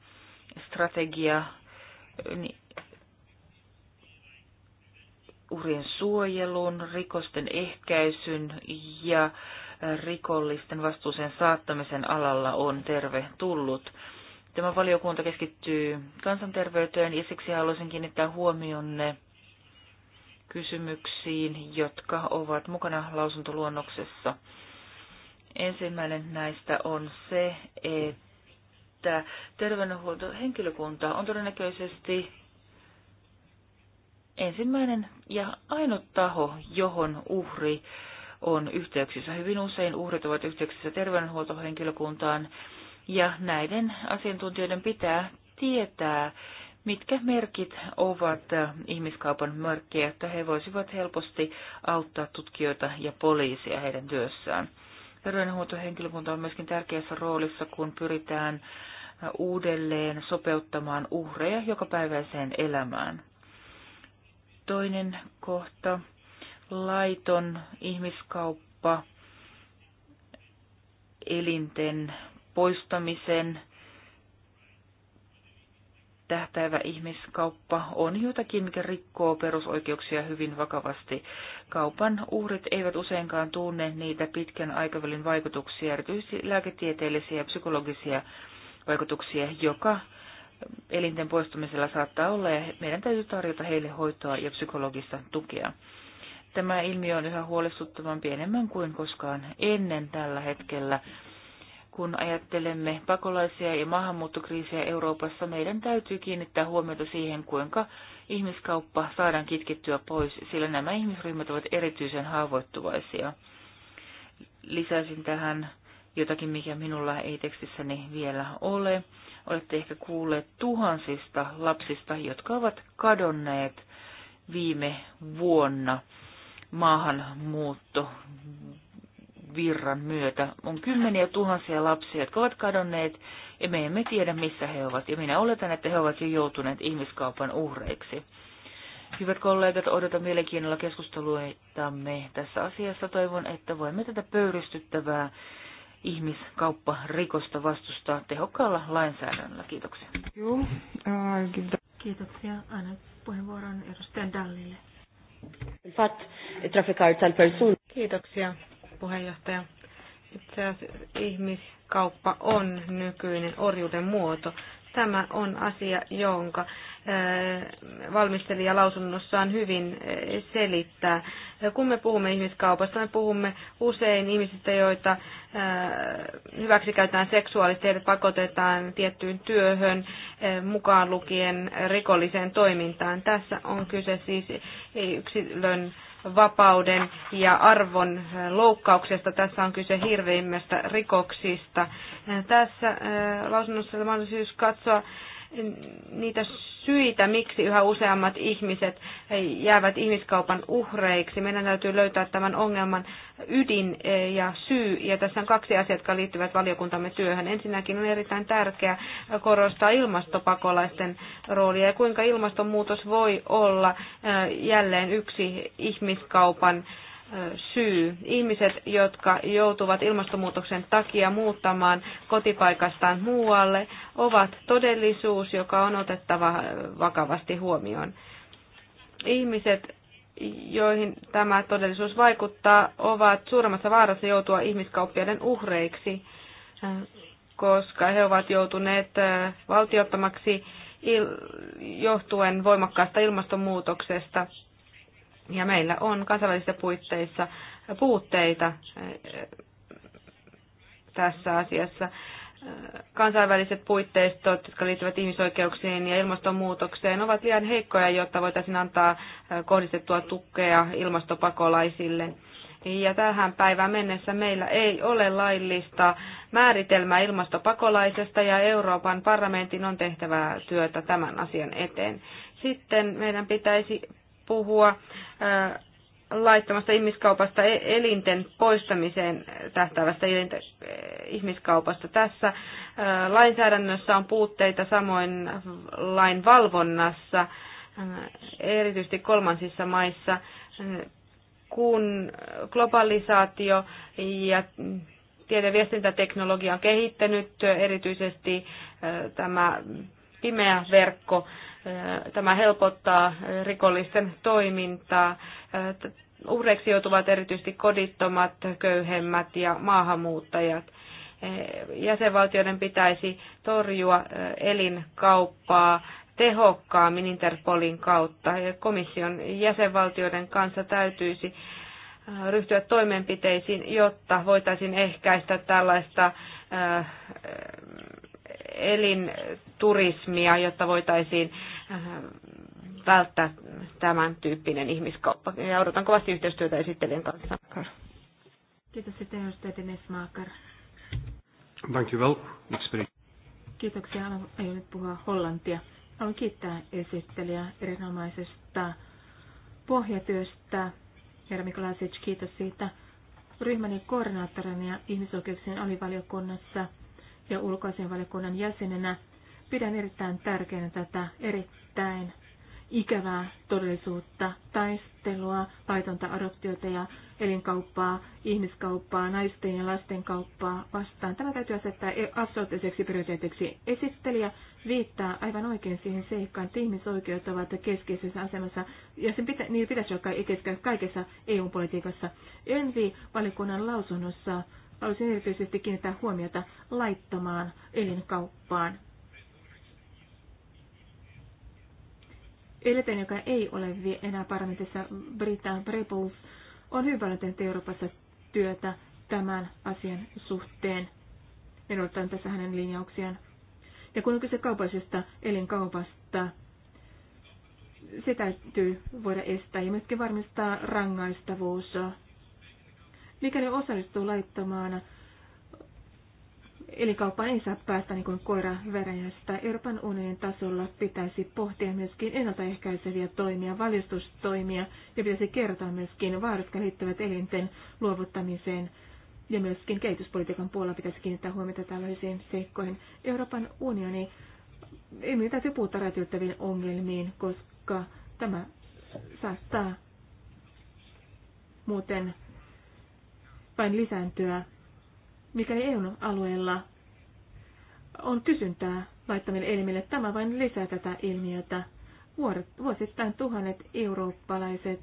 strategia niin urien suojelun, rikosten ehkäisyn ja rikollisten vastuuseen saattamisen alalla on tervetullut. Tämä valiokunta keskittyy kansanterveyteen ja siksi haluaisin kiinnittää huomionne kysymyksiin, jotka ovat mukana lausuntoluonnoksessa. Ensimmäinen näistä on se, että terveydenhuoltohenkilökunta on todennäköisesti ensimmäinen ja ainut taho, johon uhri on yhteyksissä. Hyvin usein uhrit ovat yhteyksissä terveydenhuoltohenkilökuntaan ja näiden asiantuntijoiden pitää tietää, mitkä merkit ovat ihmiskaupan merkkejä, että he voisivat helposti auttaa tutkijoita ja poliisia heidän työssään. Terveydenhuoltohenkilökunta on myöskin tärkeässä roolissa, kun pyritään uudelleen sopeuttamaan uhreja jokapäiväiseen elämään. Toinen kohta laiton ihmiskauppa elinten poistamisen tähtäivä ihmiskauppa on jotakin, mikä rikkoo perusoikeuksia hyvin vakavasti. Kaupan uhrit eivät useinkaan tunne niitä pitkän aikavälin vaikutuksia, erityisesti lääketieteellisiä ja psykologisia vaikutuksia, joka elinten poistumisella saattaa olla ja meidän täytyy tarjota heille hoitoa ja psykologista tukea. Tämä ilmiö on yhä huolestuttavan pienemmän kuin koskaan ennen tällä hetkellä. Kun ajattelemme pakolaisia ja maahanmuuttokriisiä Euroopassa, meidän täytyy kiinnittää huomiota siihen, kuinka ihmiskauppa saadaan kitkittyä pois, sillä nämä ihmisryhmät ovat erityisen haavoittuvaisia. Lisäisin tähän jotakin, mikä minulla ei tekstissäni vielä ole. Olette ehkä kuulleet tuhansista lapsista, jotka ovat kadonneet viime vuonna maahanmuutto virran myötä. On kymmeniä tuhansia lapsia, jotka ovat kadonneet ja me emme tiedä, missä he ovat. Ja minä oletan, että he ovat jo joutuneet ihmiskaupan uhreiksi. Hyvät kollegat, odotan mielenkiinnolla keskusteluitamme tässä asiassa. Toivon, että voimme tätä pöyristyttävää ihmiskaupparikosta vastustaa tehokkaalla lainsäädännöllä. Kiitoksia. Joo, Kiitoksia. Anna puheenvuoron edustajan Dallille. Kiitoksia, puheenjohtaja. Itse asiassa ihmiskauppa on nykyinen orjuuden muoto. Tämä on asia, jonka äh, valmistelija lausunnossaan hyvin äh, selittää. Kun me puhumme ihmiskaupasta, me puhumme usein ihmisistä, joita äh, hyväksikäytetään seksuaalisesti, heidät pakotetaan tiettyyn työhön mukaan lukien rikolliseen toimintaan. Tässä on kyse siis yksilön vapauden ja arvon loukkauksesta. Tässä on kyse hirveimmästä rikoksista. Tässä äh, lausunnossa on mahdollisuus katsoa niitä syitä, miksi yhä useammat ihmiset jäävät ihmiskaupan uhreiksi. Meidän täytyy löytää tämän ongelman ydin ja syy, ja tässä on kaksi asiaa, jotka liittyvät valiokuntamme työhön. Ensinnäkin on erittäin tärkeää korostaa ilmastopakolaisten roolia ja kuinka ilmastonmuutos voi olla jälleen yksi ihmiskaupan syy. Ihmiset, jotka joutuvat ilmastonmuutoksen takia muuttamaan kotipaikastaan muualle, ovat todellisuus, joka on otettava vakavasti huomioon. Ihmiset, joihin tämä todellisuus vaikuttaa, ovat suuremmassa vaarassa joutua ihmiskauppiaiden uhreiksi, koska he ovat joutuneet valtiottomaksi johtuen voimakkaasta ilmastonmuutoksesta – ja meillä on kansainvälisissä puitteissa puutteita eh, tässä asiassa. Kansainväliset puitteistot, jotka liittyvät ihmisoikeuksiin ja ilmastonmuutokseen, ovat liian heikkoja, jotta voitaisiin antaa eh, kohdistettua tukea ilmastopakolaisille. Ja tähän päivään mennessä meillä ei ole laillista määritelmää ilmastopakolaisesta ja Euroopan parlamentin on tehtävää työtä tämän asian eteen. Sitten meidän pitäisi puhua laittomasta ihmiskaupasta, e- elinten poistamiseen tähtävästä e- ihmiskaupasta. Tässä lainsäädännössä on puutteita samoin lain valvonnassa, erityisesti kolmansissa maissa, kun globalisaatio ja tiede- ja viestintäteknologia on kehittänyt erityisesti tämä pimeä verkko Tämä helpottaa rikollisten toimintaa. Uhreiksi joutuvat erityisesti kodittomat, köyhemmät ja maahanmuuttajat. Jäsenvaltioiden pitäisi torjua elinkauppaa tehokkaammin Interpolin kautta. Komission jäsenvaltioiden kanssa täytyisi ryhtyä toimenpiteisiin, jotta voitaisiin ehkäistä tällaista äh, elinturismia, jotta voitaisiin äh, välttää tämän tyyppinen ihmiskauppa. Ja odotan kovasti yhteistyötä esittelijän kanssa. Kiitos sitten edustaja Nesmaakar. Thank you well. Kiitoksia. Aion nyt puhua hollantia. Haluan kiittää esittelijä erinomaisesta pohjatyöstä. Herra Mikolasic, kiitos siitä. Ryhmäni koordinaattorina ja ihmisoikeuksien alivaliokunnassa – ja ulkoasianvaliokunnan jäsenenä pidän erittäin tärkeänä tätä erittäin ikävää todellisuutta, taistelua, laitonta adoptiota ja elinkauppaa, ihmiskauppaa, naisten ja lasten kauppaa vastaan. Tämä täytyy asettaa e- absoluuttiseksi prioriteetiksi. Esittelijä viittaa aivan oikein siihen seikkaan, että ihmisoikeudet ovat keskeisessä asemassa ja sen pitä, niin pitäisi olla kaikessa, kaikessa EU-politiikassa. Envi-valikunnan lausunnossa Haluaisin erityisesti kiinnittää huomiota laittomaan elinkauppaan. Eleten, joka ei ole enää parlamentissa Britain Rebels, on hyvin paljon tehnyt Euroopassa työtä tämän asian suhteen. minulta tässä hänen linjauksiaan. Ja kun on kyse kaupallisesta elinkaupasta, se täytyy voida estää ja myöskin varmistaa rangaistavuus Mikäli osallistuu laittomaan elinkauppaan, ei saa päästä niin kuin koira veräjästä. Euroopan unionin tasolla pitäisi pohtia myöskin ennaltaehkäiseviä toimia, valistustoimia ja pitäisi kertoa myöskin vaarat, jotka liittyvät elinten luovuttamiseen ja myöskin kehityspolitiikan puolella pitäisi kiinnittää huomiota tällaisiin seikkoihin. Euroopan unioni ei mitään täytyy puhuta rajoittaviin ongelmiin, koska tämä saattaa muuten vain lisääntyä, mikäli eu alueella on kysyntää laittamille elimille. Tämä vain lisää tätä ilmiötä. Vuosittain tuhannet eurooppalaiset,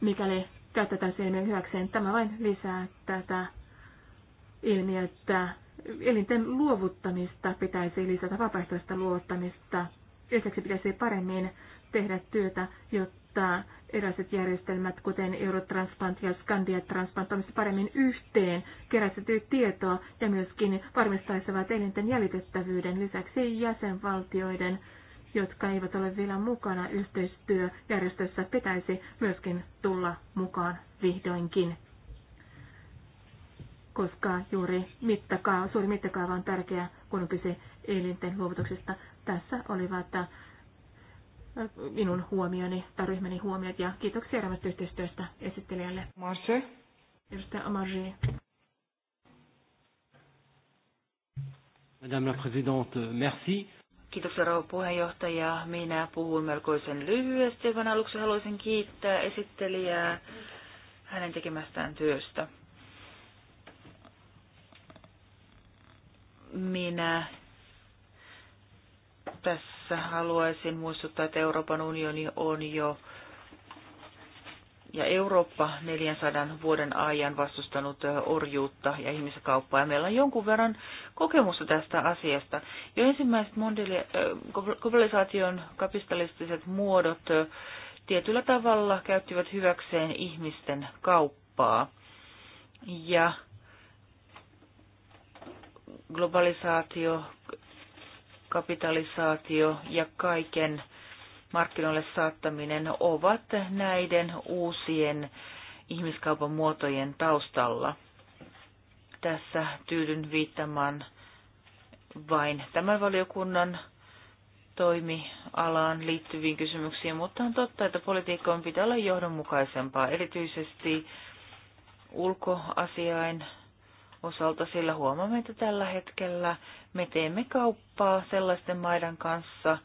mikäli käytetään silmien hyväkseen, tämä vain lisää tätä ilmiötä. Elinten luovuttamista pitäisi lisätä, vapaaehtoista luovuttamista. Lisäksi pitäisi paremmin tehdä työtä, jotta eräiset järjestelmät, kuten Eurotransplant ja Skandiatransplant, toimisivat paremmin yhteen, keräsivät tietoa ja myöskin varmistaisivat elinten jäljitettävyyden lisäksi jäsenvaltioiden jotka eivät ole vielä mukana yhteistyöjärjestössä, pitäisi myöskin tulla mukaan vihdoinkin. Koska juuri mittakaava, suuri mittakaava on tärkeä, kun on kyse elinten luovutuksesta. Tässä olivat minun huomioni tai ryhmäni huomiot ja kiitoksia erämästä yhteistyöstä esittelijälle. Marse. Edustaja Amarji. Madame la Présidente, merci. Kiitoksia rouva puheenjohtaja. Minä puhun melkoisen lyhyesti, vaan aluksi haluaisin kiittää esittelijää hänen tekemästään työstä. Minä tässä tässä haluaisin muistuttaa, että Euroopan unioni on jo ja Eurooppa 400 vuoden ajan vastustanut orjuutta ja ihmiskauppaa. Ja meillä on jonkun verran kokemusta tästä asiasta. Jo ensimmäiset globalisaation kapitalistiset muodot tietyllä tavalla käyttivät hyväkseen ihmisten kauppaa. Ja globalisaatio kapitalisaatio ja kaiken markkinoille saattaminen ovat näiden uusien ihmiskaupan muotojen taustalla. Tässä tyydyn viittamaan vain tämän valiokunnan toimialaan liittyviin kysymyksiin, mutta on totta, että on pitää olla johdonmukaisempaa, erityisesti ulkoasiain osalta, sillä huomaamme, että tällä hetkellä me teemme kauppaa sellaisten maiden kanssa,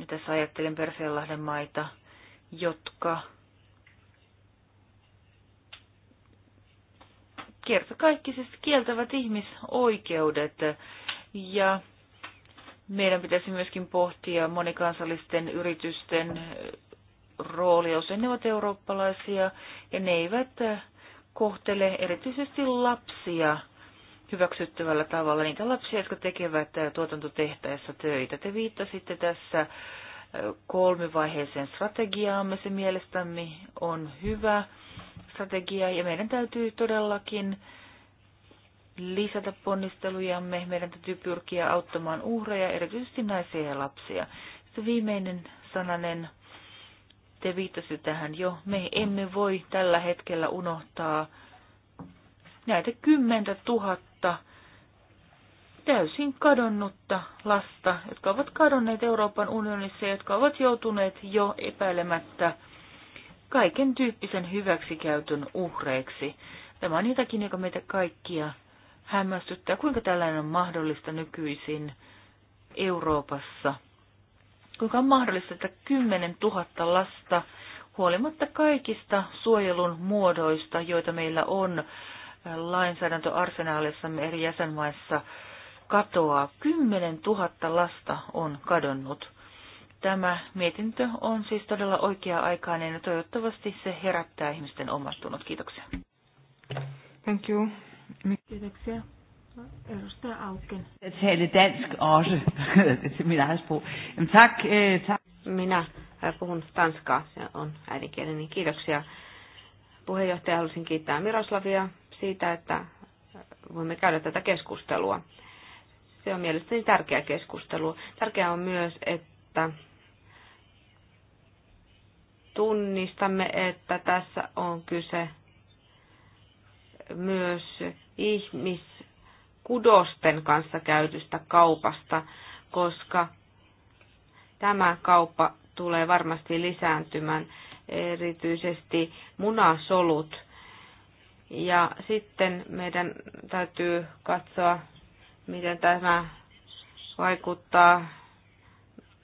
ja tässä ajattelen Persianlahden maita, jotka kertakaikkisesti kieltävät ihmisoikeudet. Ja meidän pitäisi myöskin pohtia monikansallisten yritysten roolia. Usein ne ovat eurooppalaisia ja ne eivät kohtele erityisesti lapsia hyväksyttävällä tavalla, niitä lapsia, jotka tekevät tuotantotehtäessä töitä. Te viittasitte tässä kolmivaiheeseen strategiaamme, se mielestämme on hyvä strategia ja meidän täytyy todellakin lisätä ponnistelujamme, meidän täytyy pyrkiä auttamaan uhreja, erityisesti naisia ja lapsia. Sitten viimeinen sananen te viittasitte tähän jo. Me emme voi tällä hetkellä unohtaa näitä kymmentä tuhatta täysin kadonnutta lasta, jotka ovat kadonneet Euroopan unionissa, jotka ovat joutuneet jo epäilemättä kaiken tyyppisen hyväksikäytön uhreiksi. Tämä on jotakin, joka meitä kaikkia hämmästyttää, kuinka tällainen on mahdollista nykyisin Euroopassa – Kuinka on mahdollista, että 10 000 lasta huolimatta kaikista suojelun muodoista, joita meillä on äh, lainsäädäntöarsenaalissamme eri jäsenmaissa, katoaa. 10 000 lasta on kadonnut. Tämä mietintö on siis todella oikea-aikainen ja toivottavasti se herättää ihmisten omastunut. Kiitoksia. Thank you. Kiitoksia. Edustaja Aukken. Jeg taler dansk også. Det er mit eget sprog. Jamen, tak, øh, tak. Minä äh, puhun tanskaa. Se on Niin Kiitoksia. Puheenjohtaja haluaisin kiittää Miroslavia siitä, että voimme käydä tätä keskustelua. Se on mielestäni tärkeä keskustelu. Tärkeää on myös, että tunnistamme, että tässä on kyse myös ihmis kudosten kanssa käytystä kaupasta, koska tämä kauppa tulee varmasti lisääntymään, erityisesti munasolut. Ja sitten meidän täytyy katsoa, miten tämä vaikuttaa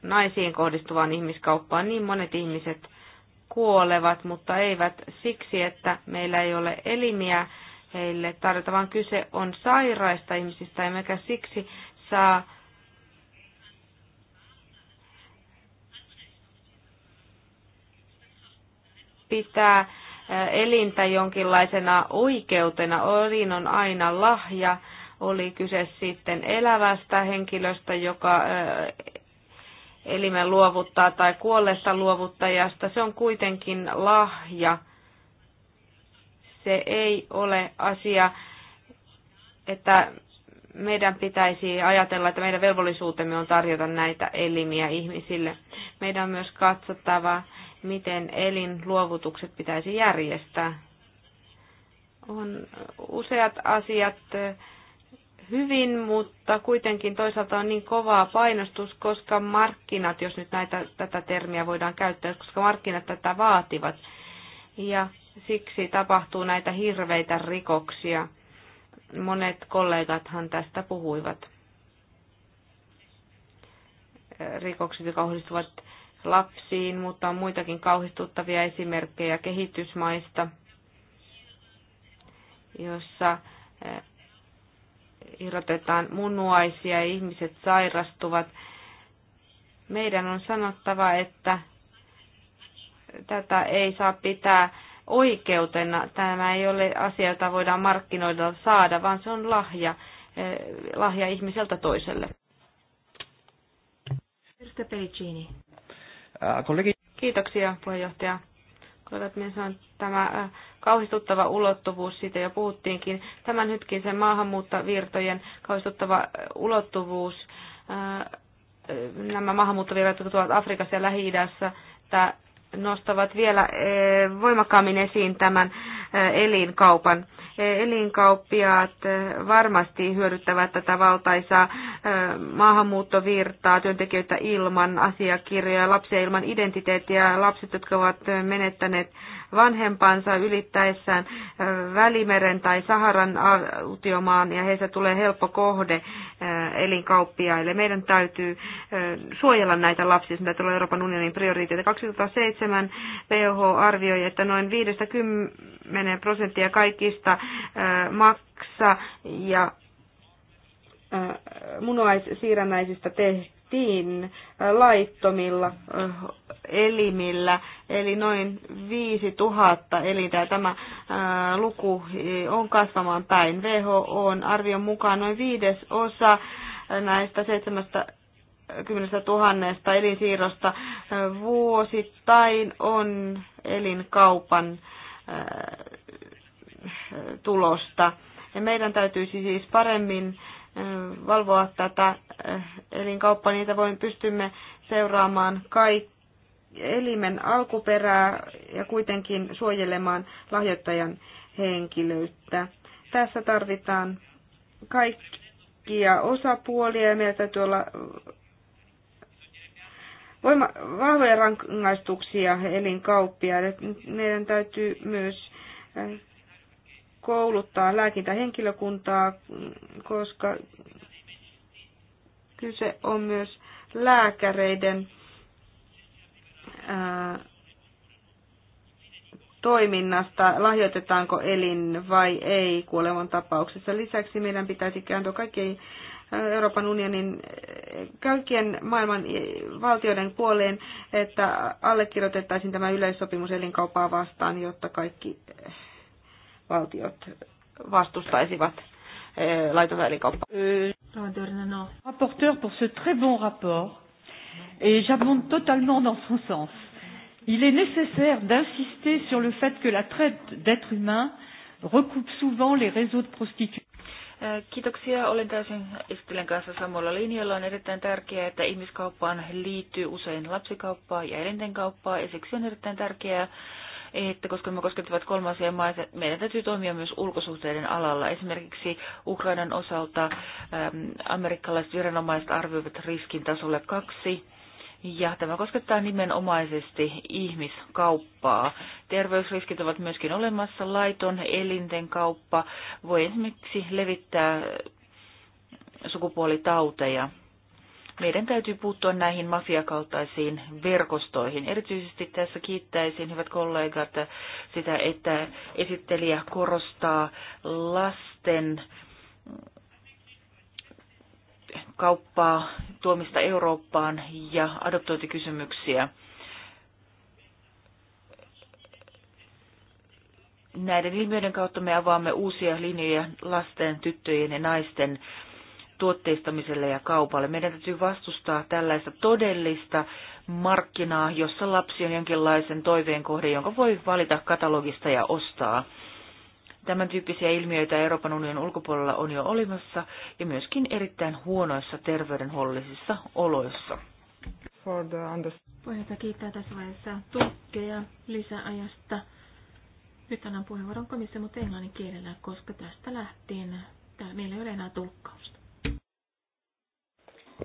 naisiin kohdistuvaan ihmiskauppaan. Niin monet ihmiset kuolevat, mutta eivät siksi, että meillä ei ole elimiä, heille tarjota, vaan kyse on sairaista ihmisistä, emmekä siksi saa pitää eh, elintä jonkinlaisena oikeutena. Olin on aina lahja, oli kyse sitten elävästä henkilöstä, joka eh, elimen luovuttaa tai kuolleesta luovuttajasta. Se on kuitenkin lahja se ei ole asia, että meidän pitäisi ajatella, että meidän velvollisuutemme on tarjota näitä elimiä ihmisille. Meidän on myös katsottava, miten elinluovutukset pitäisi järjestää. On useat asiat hyvin, mutta kuitenkin toisaalta on niin kovaa painostus, koska markkinat, jos nyt näitä, tätä termiä voidaan käyttää, koska markkinat tätä vaativat. Ja siksi tapahtuu näitä hirveitä rikoksia. Monet kollegathan tästä puhuivat. Rikokset, jotka kohdistuvat lapsiin, mutta on muitakin kauhistuttavia esimerkkejä kehitysmaista, jossa eh, irrotetaan munuaisia ja ihmiset sairastuvat. Meidän on sanottava, että tätä ei saa pitää oikeutena. Tämä ei ole asia, jota voidaan markkinoida saada, vaan se on lahja, eh, lahja ihmiseltä toiselle. Kiitoksia puheenjohtaja. Kollegat, minä tämä kauhistuttava ulottuvuus, siitä jo puhuttiinkin, tämän hetkin sen maahanmuuttavirtojen kauhistuttava ulottuvuus, nämä maahanmuuttavirrat, jotka tuovat Afrikassa ja Lähi-idässä, nostavat vielä eh, voimakkaammin esiin tämän eh, elinkaupan. Eh, elinkauppiaat varmasti hyödyttävät tätä valtaisaa maahanmuuttovirtaa, työntekijöitä ilman asiakirjoja, lapsia ilman identiteettiä, lapset, jotka ovat menettäneet vanhempansa ylittäessään Välimeren tai Saharan autiomaan ja heistä tulee helppo kohde elinkauppiaille. Meidän täytyy suojella näitä lapsia, mitä tulee Euroopan unionin prioriteetti. 2007 PH arvioi, että noin 50 prosenttia kaikista maksa ja munuaissiirrännäisistä tehtiin tin laittomilla elimillä, eli noin 5000 elintä. Ja tämä luku on kasvamaan päin. WHO on arvion mukaan noin viides osa näistä 70 000 elinsiirrosta vuosittain on elinkaupan tulosta. Ja meidän täytyisi siis paremmin valvoa tätä eh, elinkauppaa, niitä voin pystymme seuraamaan kaikki elimen alkuperää ja kuitenkin suojelemaan lahjoittajan henkilöyttä. Tässä tarvitaan kaikkia osapuolia ja meillä täytyy olla voima, vahvoja rangaistuksia elinkauppia. Meidän täytyy myös eh, kouluttaa lääkintähenkilökuntaa, koska kyse on myös lääkäreiden toiminnasta, lahjoitetaanko elin vai ei kuolevan tapauksessa. Lisäksi meidän pitäisi kääntyä kaikkien Euroopan unionin kaikkien maailman valtioiden puoleen, että allekirjoitettaisiin tämä yleissopimus elinkaupaa vastaan, jotta kaikki valtiot vastustaisivat eh, laitonta elikauppaa. No. Rapporteur pour ce très bon rapport et j'abonde totalement dans son sens. Il est nécessaire d'insister sur le fait que la traite d'êtres humains recoupe souvent les réseaux de prostitution. Eh, kiitoksia. Olen täysin Estilän kanssa samalla linjalla. On erittäin tärkeää, että ihmiskauppaan liittyy usein lapsikauppaa ja elinten kauppaa, ja siksi on erittäin tärkeää että koska me koskettavat kolmansia maita, meidän täytyy toimia myös ulkosuhteiden alalla. Esimerkiksi Ukrainan osalta äm, amerikkalaiset viranomaiset arvioivat riskin tasolle kaksi. Ja tämä koskettaa nimenomaisesti ihmiskauppaa. Terveysriskit ovat myöskin olemassa. Laiton elinten kauppa voi esimerkiksi levittää sukupuolitauteja meidän täytyy puuttua näihin mafiakaltaisiin verkostoihin. Erityisesti tässä kiittäisin, hyvät kollegat, sitä, että esittelijä korostaa lasten kauppaa, tuomista Eurooppaan ja adoptointikysymyksiä. Näiden ilmiöiden kautta me avaamme uusia linjoja lasten, tyttöjen ja naisten tuotteistamiselle ja kaupalle. Meidän täytyy vastustaa tällaista todellista markkinaa, jossa lapsi on jonkinlaisen toiveen kohde, jonka voi valita katalogista ja ostaa. Tämän tyyppisiä ilmiöitä Euroopan unionin ulkopuolella on jo olemassa ja myöskin erittäin huonoissa terveydenhuollisissa oloissa. For Puheenjohtaja kiittää tässä vaiheessa tukkeja lisäajasta. Nyt annan puheenvuoron komissio, mutta englannin kielellä, koska tästä lähtien meillä ei ole enää tulkkausta.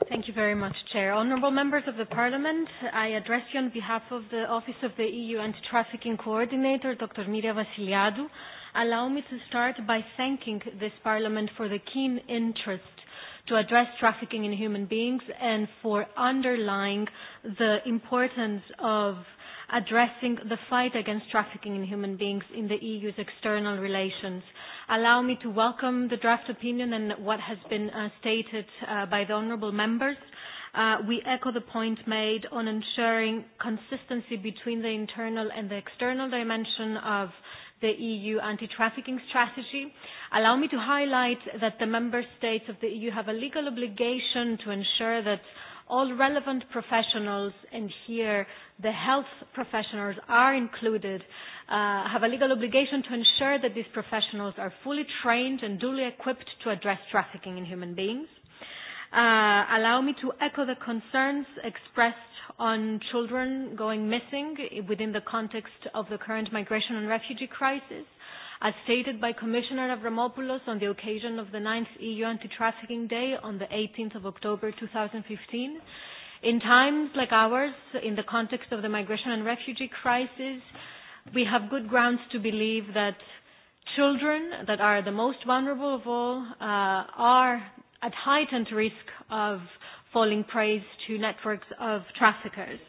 Thank you very much, Chair. Honourable members of the Parliament, I address you on behalf of the Office of the EU Anti-Trafficking Coordinator, Dr. Miria Vassiliadou. Allow me to start by thanking this Parliament for the keen interest to address trafficking in human beings and for underlying the importance of addressing the fight against trafficking in human beings in the EU's external relations. Allow me to welcome the draft opinion and what has been uh, stated uh, by the honourable members. Uh, we echo the point made on ensuring consistency between the internal and the external dimension of the EU anti-trafficking strategy. Allow me to highlight that the member states of the EU have a legal obligation to ensure that all relevant professionals, and here the health professionals are included, uh, have a legal obligation to ensure that these professionals are fully trained and duly equipped to address trafficking in human beings. Uh, allow me to echo the concerns expressed on children going missing within the context of the current migration and refugee crisis as stated by Commissioner Avramopoulos on the occasion of the 9th EU Anti-Trafficking Day on the 18th of October 2015, in times like ours, in the context of the migration and refugee crisis, we have good grounds to believe that children that are the most vulnerable of all uh, are at heightened risk of falling prey to networks of traffickers.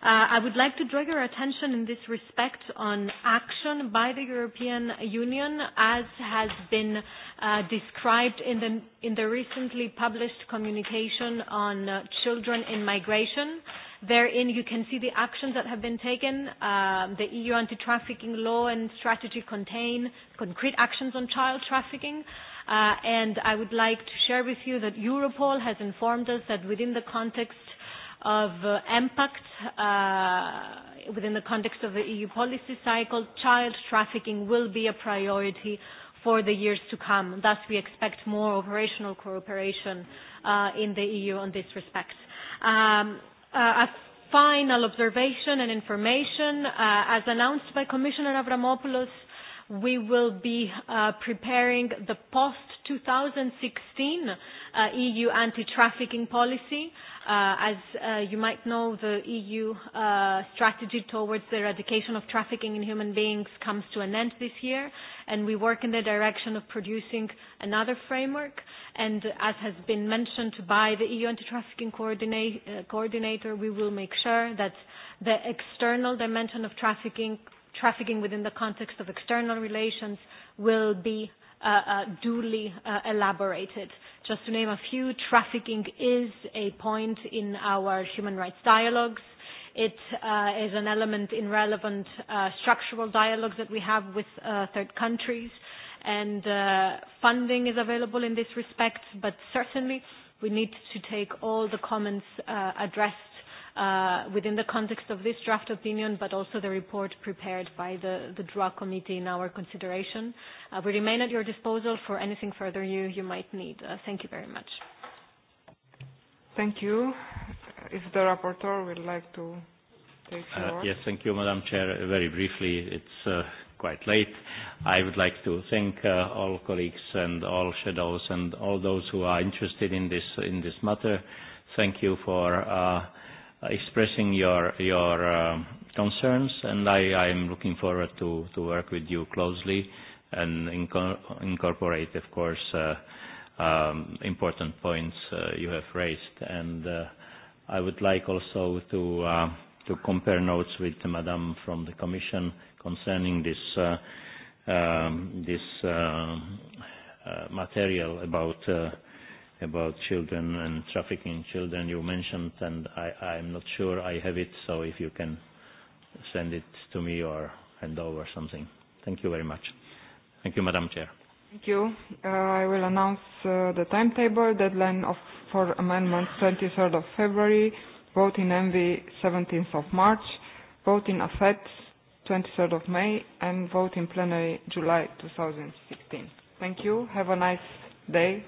Uh, I would like to draw your attention in this respect on action by the European Union, as has been uh, described in the, in the recently published communication on uh, children in migration. Therein, you can see the actions that have been taken. Uh, the EU anti-trafficking law and strategy contain concrete actions on child trafficking. Uh, and I would like to share with you that Europol has informed us that within the context of uh, impact uh, within the context of the EU policy cycle, child trafficking will be a priority for the years to come. Thus, we expect more operational cooperation uh, in the EU on this respect. Um, uh, a final observation and information, uh, as announced by Commissioner Avramopoulos, we will be uh, preparing the post-2016 uh, EU anti-trafficking policy. Uh, as uh, you might know, the EU uh, strategy towards the eradication of trafficking in human beings comes to an end this year, and we work in the direction of producing another framework. And as has been mentioned by the EU anti-trafficking coordinate, uh, coordinator, we will make sure that the external dimension of trafficking, trafficking within the context of external relations, will be uh, uh, duly uh, elaborated. Just to name a few, trafficking is a point in our human rights dialogues. It uh, is an element in relevant uh, structural dialogues that we have with uh, third countries, and uh, funding is available in this respect, but certainly we need to take all the comments uh, addressed uh, within the context of this draft opinion, but also the report prepared by the, the DRA committee in our consideration. Uh, we remain at your disposal for anything further you, you might need. Uh, thank you very much. Thank you. If the rapporteur would like to take the Uh, yes, thank you, Madam Chair. Very briefly, it's uh, quite late. I would like to thank uh, all colleagues and all shadows and all those who are interested in this in this matter. Thank you for uh, Uh, expressing your your um, concerns, and I I am looking forward to to work with you closely and inco incorporate, of course, uh, um, important points uh, you have raised. And uh, I would like also to uh, to compare notes with Madam from the Commission concerning this uh, um, this uh, uh, material about. Uh, about children and trafficking children you mentioned, and I, I'm not sure I have it, so if you can send it to me or hand over something. Thank you very much. Thank you, Madam Chair. Thank you. Uh, I will announce uh, the timetable, deadline of, for amendments 23rd of February, vote in MV 17th of March, vote in AFET 23rd of May, and vote in plenary July 2016. Thank you. Have a nice day.